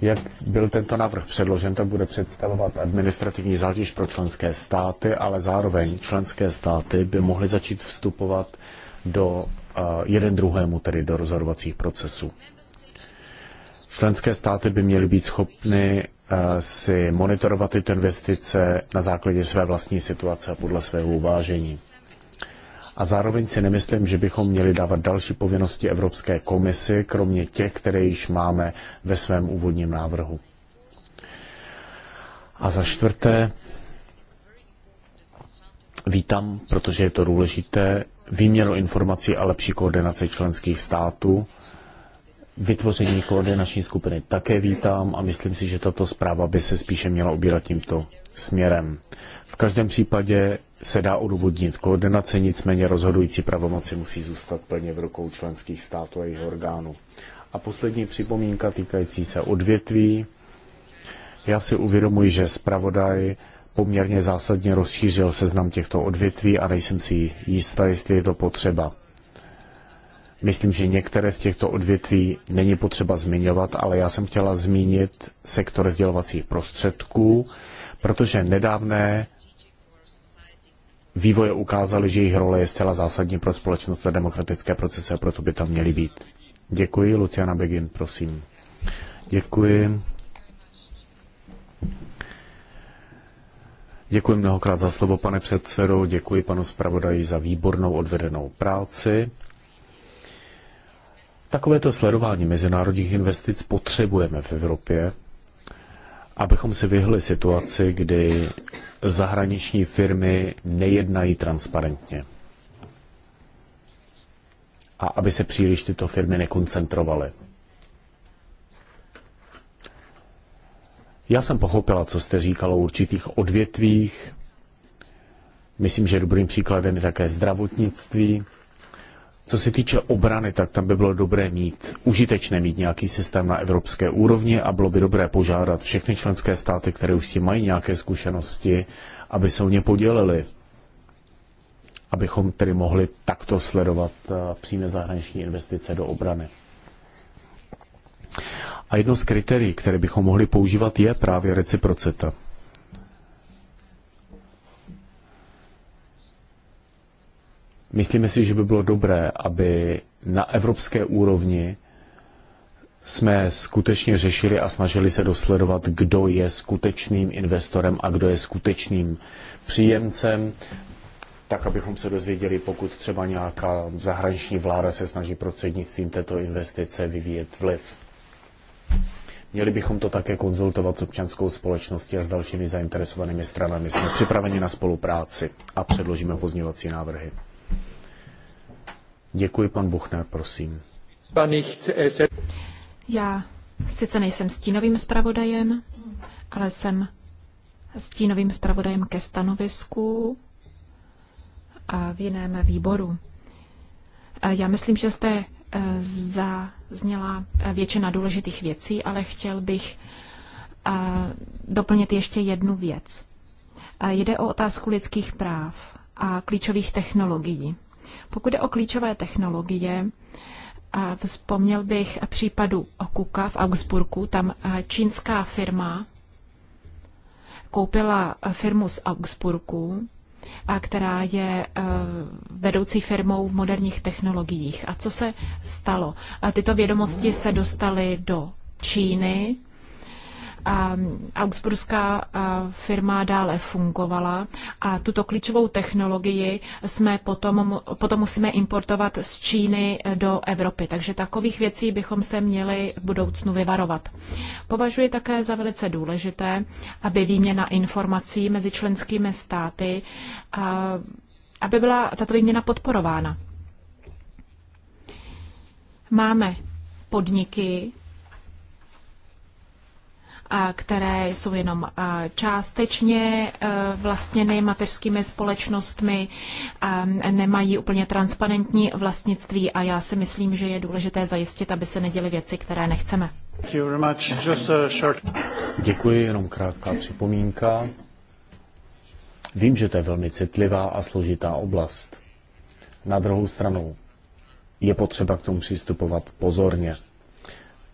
jak byl tento návrh předložen, to bude představovat administrativní zátěž pro členské státy, ale zároveň členské státy by mohly začít vstupovat do eh, jeden druhému, tedy do rozhodovacích procesů. Členské státy by měly být schopny eh, si monitorovat tyto investice na základě své vlastní situace a podle svého uvážení. A zároveň si nemyslím, že bychom měli dávat další povinnosti Evropské komisi, kromě těch, které již máme ve svém úvodním návrhu. A za čtvrté, vítám, protože je to důležité, výměnu informací a lepší koordinaci členských států. Vytvoření koordinační skupiny také vítám a myslím si, že tato zpráva by se spíše měla ubírat tímto směrem. V každém případě se dá odůvodnit koordinace, nicméně rozhodující pravomoci musí zůstat plně v rukou členských států a jejich orgánů. A poslední připomínka týkající se odvětví. Já si uvědomuji, že zpravodaj poměrně zásadně rozšířil seznam těchto odvětví a nejsem si jistá, jestli je to potřeba. Myslím, že některé z těchto odvětví není potřeba zmiňovat, ale já jsem chtěla zmínit sektor sdělovacích prostředků, protože nedávné vývoje ukázaly, že jejich role je zcela zásadní pro společnost a demokratické procesy a proto by tam měly být. Děkuji, Luciana Begin, prosím. Děkuji. Děkuji mnohokrát za slovo, pane předsedo. Děkuji panu zpravodaji za výbornou odvedenou práci. Takovéto sledování mezinárodních investic potřebujeme v Evropě abychom si vyhli situaci, kdy zahraniční firmy nejednají transparentně. A aby se příliš tyto firmy nekoncentrovaly. Já jsem pochopila, co jste říkal o určitých odvětvích. Myslím, že dobrým příkladem je také zdravotnictví. Co se týče obrany, tak tam by bylo dobré mít, užitečné mít nějaký systém na evropské úrovni a bylo by dobré požádat všechny členské státy, které už s tím mají nějaké zkušenosti, aby se o ně podělili. Abychom tedy mohli takto sledovat eh, přímé zahraniční investice do obrany. A jedno z kritérií, které bychom mohli používat, je právě reciprocita. Myslíme si, že by bylo dobré, aby na evropské úrovni jsme skutečně řešili a snažili se dosledovat, kdo je skutečným investorem a kdo je skutečným příjemcem, tak abychom se dozvěděli, pokud třeba nějaká zahraniční vláda se snaží prostřednictvím této investice vyvíjet vliv. Měli bychom to také konzultovat s občanskou společností a s dalšími zainteresovanými stranami. Jsme připraveni na spolupráci a předložíme pozměňovací návrhy. Děkuji, pan Buchner, prosím. Já sice nejsem stínovým zpravodajem, ale jsem stínovým zpravodajem ke stanovisku a v jiném výboru. Já myslím, že jste eh, zazněla eh, většina důležitých věcí, ale chtěl bych eh, doplnit ještě jednu věc. Jde o otázku lidských práv a klíčových technologií. Pokud je o klíčové technologie, vzpomněl bych případu Okuka v Augsburgu. Tam čínská firma koupila firmu z Augsburgu, a která je e, vedoucí firmou v moderních technologiích. A co se stalo? Tyto vědomosti se dostaly do Číny a augsburská firma dále fungovala a tuto klíčovou technologii jsme potom, potom musíme importovat z Číny do Evropy. Takže takových věcí bychom se měli v budoucnu vyvarovat. Považuji také za velice důležité, aby výměna informací mezi členskými státy, aby byla tato výměna podporována. Máme podniky, které jsou jenom částečně e, vlastněny mateřskými společnostmi, nemají úplně transparentní vlastnictví a já si myslím, že je důležité zajistit, aby se neděly věci, které nechceme. Děkuji, jenom krátká připomínka. Vím, že to je velmi citlivá a složitá oblast. Na druhou stranu je potřeba k tomu přistupovat pozorně.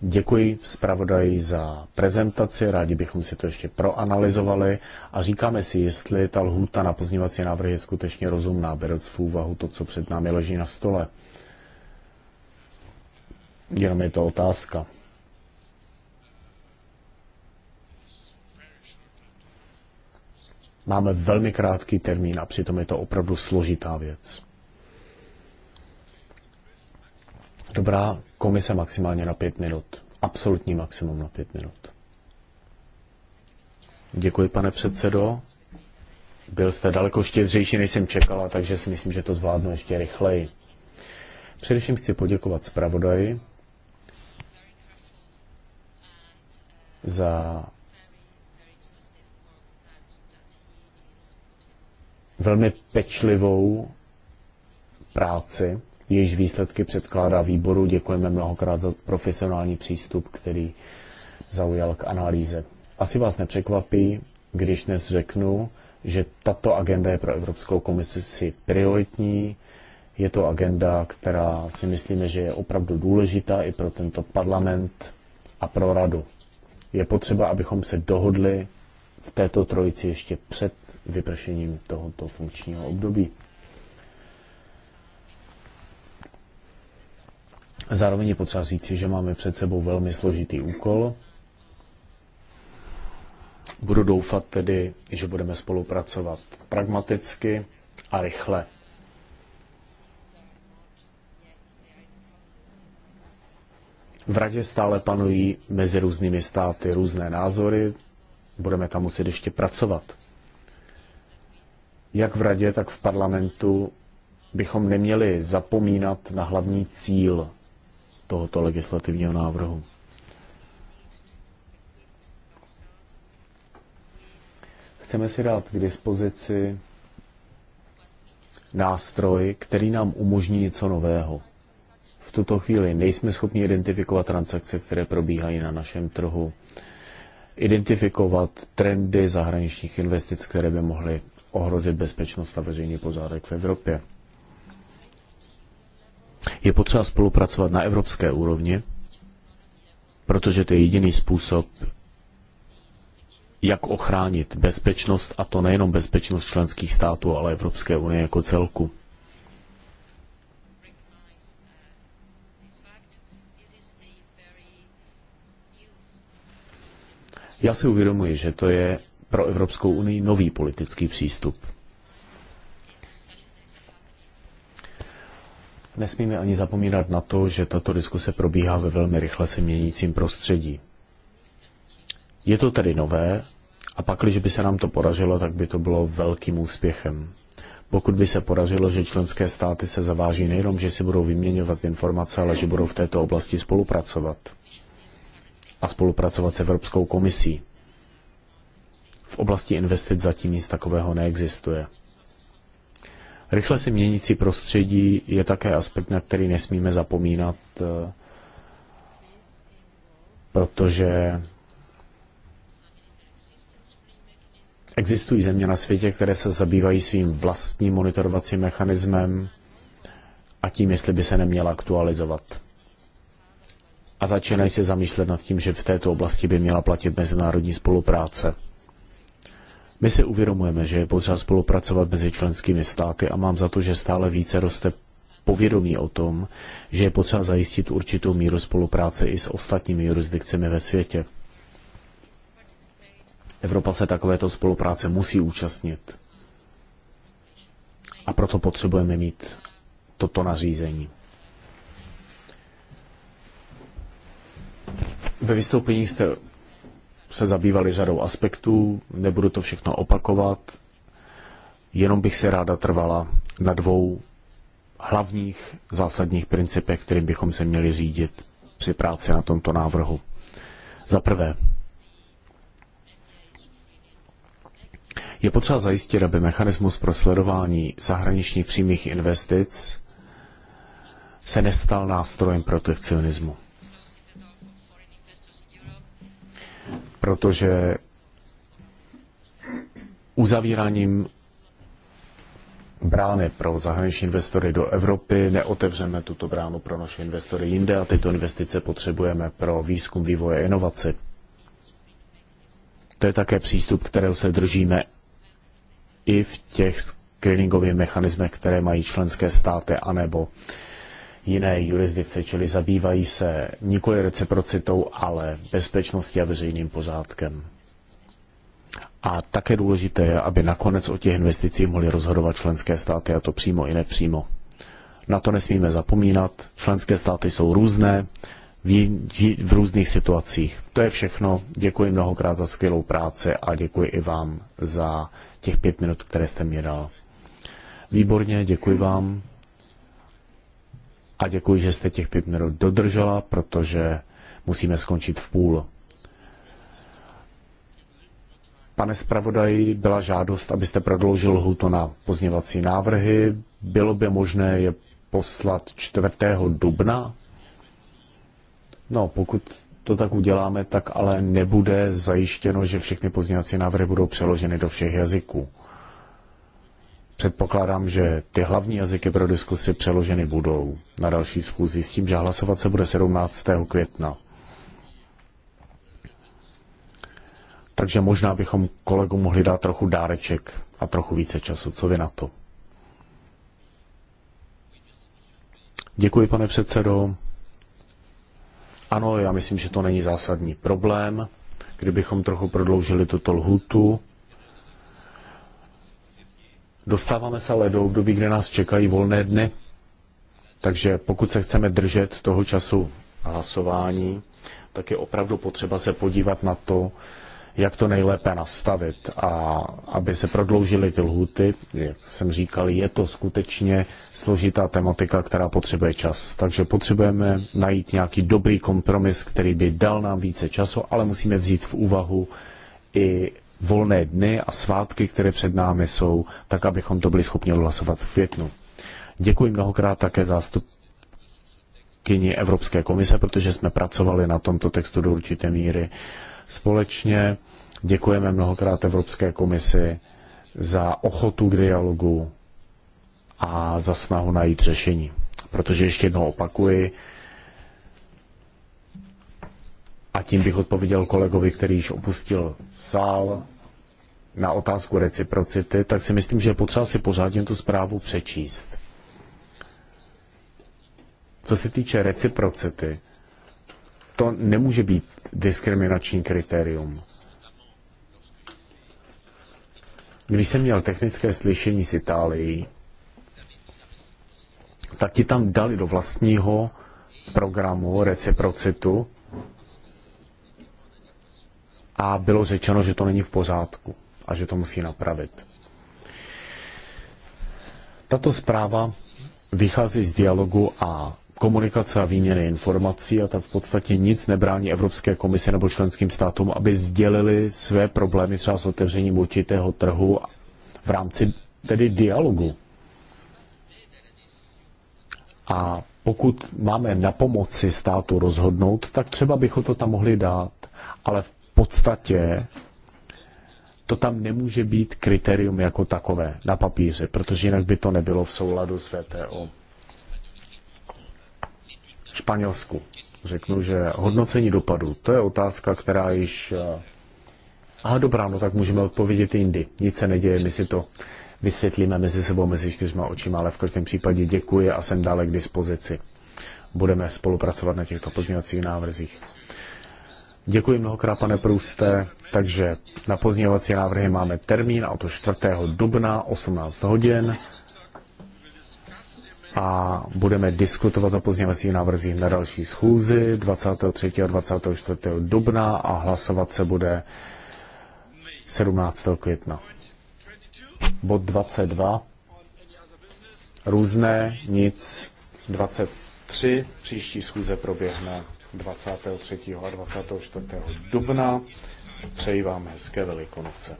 Děkuji zpravodaji za prezentaci, rádi bychom si to ještě proanalizovali a říkáme si, jestli ta lhůta na pozněvací návrhy je skutečně rozumná, berec v úvahu to, co před námi leží na stole. Jenom je to otázka. Máme velmi krátký termín a přitom je to opravdu složitá věc. Dobrá, komise maximálně na pět minut. Absolutní maximum na pět minut. Děkuji, pane předsedo. Byl jste daleko štědřejší, než jsem čekala, takže si myslím, že to zvládnu ještě rychleji. Především chci poděkovat zpravodaji za velmi pečlivou práci, jež výsledky předkládá výboru. Děkujeme mnohokrát za profesionální přístup, který zaujal k analýze. Asi vás nepřekvapí, když dnes řeknu, že tato agenda je pro Evropskou komisi si prioritní. Je to agenda, která si myslíme, že je opravdu důležitá i pro tento parlament a pro radu. Je potřeba, abychom se dohodli v této trojici ještě před vypršením tohoto funkčního období. Zároveň je potřeba říct, že máme před sebou velmi složitý úkol. Budu doufat tedy, že budeme spolupracovat pragmaticky a rychle. V radě stále panují mezi různými státy různé názory, budeme tam muset ještě pracovat. Jak v radě, tak v parlamentu bychom neměli zapomínat na hlavní cíl tohoto legislativního návrhu. Chceme si dát k dispozici nástroj, který nám umožní něco nového. V tuto chvíli nejsme schopni identifikovat transakce, které probíhají na našem trhu, identifikovat trendy zahraničních investic, které by mohly ohrozit bezpečnost a veřejný pořádek v Evropě. Je potřeba spolupracovat na evropské úrovni, protože to je jediný způsob, jak ochránit bezpečnost, a to nejenom bezpečnost členských států, ale Evropské unie jako celku. Já si uvědomuji, že to je pro Evropskou unii nový politický přístup. Nesmíme ani zapomínat na to, že tato diskuse probíhá ve velmi rychle se měnícím prostředí. Je to tedy nové a pak, když by se nám to podařilo, tak by to bylo velkým úspěchem. Pokud by se podařilo, že členské státy se zaváží nejenom, že si budou vyměňovat informace, ale že budou v této oblasti spolupracovat a spolupracovat s Evropskou komisí. V oblasti investic zatím nic takového neexistuje. Rychle se měnící prostředí je také aspekt, na který nesmíme zapomínat, eh, protože existují země na světě, které se zabývají svým vlastním monitorovacím mechanismem a tím, jestli by se neměla aktualizovat. A začínají se zamýšlet nad tím, že v této oblasti by měla platit mezinárodní spolupráce. My si uvědomujeme, že je potřeba spolupracovat mezi členskými státy a mám za to, že stále více roste povědomí o tom, že je potřeba zajistit určitou míru spolupráce i s ostatními jurisdikcemi ve světě. Evropa se takovéto spolupráce musí účastnit. A proto potřebujeme mít toto nařízení. Ve vystoupení jste se zabývali řadou aspektů, nebudu to všechno opakovat, jenom bych se ráda trvala na dvou hlavních zásadních principech, kterým bychom se měli řídit při práci na tomto návrhu. Za prvé, je potřeba zajistit, aby mechanismus pro sledování zahraničních přímých investic se nestal nástrojem protekcionismu. protože uzavíráním brány pro zahraniční investory do Evropy, neotevřeme tuto bránu pro naše investory jinde a tyto investice potřebujeme pro výzkum, vývoje a inovaci. To je také přístup, kterého se držíme i v těch screeningových mechanismech, které mají členské státy anebo jiné jurisdikce, čili zabývají se nikoli reciprocitou, ale bezpečností a veřejným pořádkem. A také důležité je, aby nakonec o těch investicích mohly rozhodovat členské státy, a to přímo i nepřímo. Na to nesmíme zapomínat. Členské státy jsou různé, v, v různých situacích. To je všechno. Děkuji mnohokrát za skvělou práci a děkuji i vám za těch pět minut, které jste mi dal. Výborně, děkuji vám a děkuji, že jste těch pět minut dodržela, protože musíme skončit v půl. Pane zpravodaji, byla žádost, abyste prodloužil lhutu na pozněvací návrhy. Bylo by možné je poslat 4. dubna? No, pokud to tak uděláme, tak ale nebude zajištěno, že všechny pozněvací návrhy budou přeloženy do všech jazyků. Předpokládám, že ty hlavní jazyky pro diskusy přeloženy budou na další schůzi s tím, že hlasovat se bude 17. května. Takže možná bychom kolegu mohli dát trochu dáreček a trochu více času. Co vy na to? Děkuji, pane předsedo. Ano, já myslím, že to není zásadní problém, kdybychom trochu prodloužili tuto lhutu. Dostáváme se ale do období, kde nás čekají volné dny, takže pokud se chceme držet toho času hlasování, tak je opravdu potřeba se podívat na to, jak to nejlépe nastavit a aby se prodloužily ty lhuty, jak jsem říkal, je to skutečně složitá tematika, která potřebuje čas. Takže potřebujeme najít nějaký dobrý kompromis, který by dal nám více času, ale musíme vzít v úvahu i volné dny a svátky, které před námi jsou, tak abychom to byli schopni hlasovat v květnu. Děkuji mnohokrát také zástupkyni Evropské komise, protože jsme pracovali na tomto textu do určité míry společně. Děkujeme mnohokrát Evropské komisi za ochotu k dialogu a za snahu najít řešení. Protože ještě jednou opakuji, a tím bych odpověděl kolegovi, který již opustil sál na otázku reciprocity, tak si myslím, že je potřeba si pořádně tu zprávu přečíst. Co se týče reciprocity, to nemůže být diskriminační kritérium. Když jsem měl technické slyšení s Itálií, tak ti tam dali do vlastního programu reciprocitu a bylo řečeno, že to není v pořádku a že to musí napravit. Tato zpráva vychází z dialogu a komunikace a výměny informací a tak v podstatě nic nebrání Evropské komise nebo členským státům, aby sdělili své problémy třeba s otevřením určitého trhu v rámci tedy dialogu. A pokud máme na pomoci státu rozhodnout, tak třeba bychom to tam mohli dát. Ale v podstatě to tam nemůže být kritérium jako takové na papíře, protože jinak by to nebylo v souladu s VTO. Španělsku. Řeknu, že hodnocení dopadu, to je otázka, která již... Eh, aha, dobrá, no tak můžeme odpovědět jindy. Nic se neděje, my si to vysvětlíme mezi sebou, mezi čtyřma očima, ale v každém případě děkuji a jsem dále k dispozici. Budeme spolupracovat na těchto pozměňovacích návrzích. Děkuji mnohokrát, pane Průste. Takže na pozněvací návrhy máme termín, a to 4. dubna, 18 hodin. A budeme diskutovat o pozdějovacích návrzích na další schůzi 23. a 24. dubna a hlasovat se bude 17. května. Bod 22. Různé, nic. 23. Příští schůze proběhne 23. a 24. dubna. Přeji vám hezké velikonoce.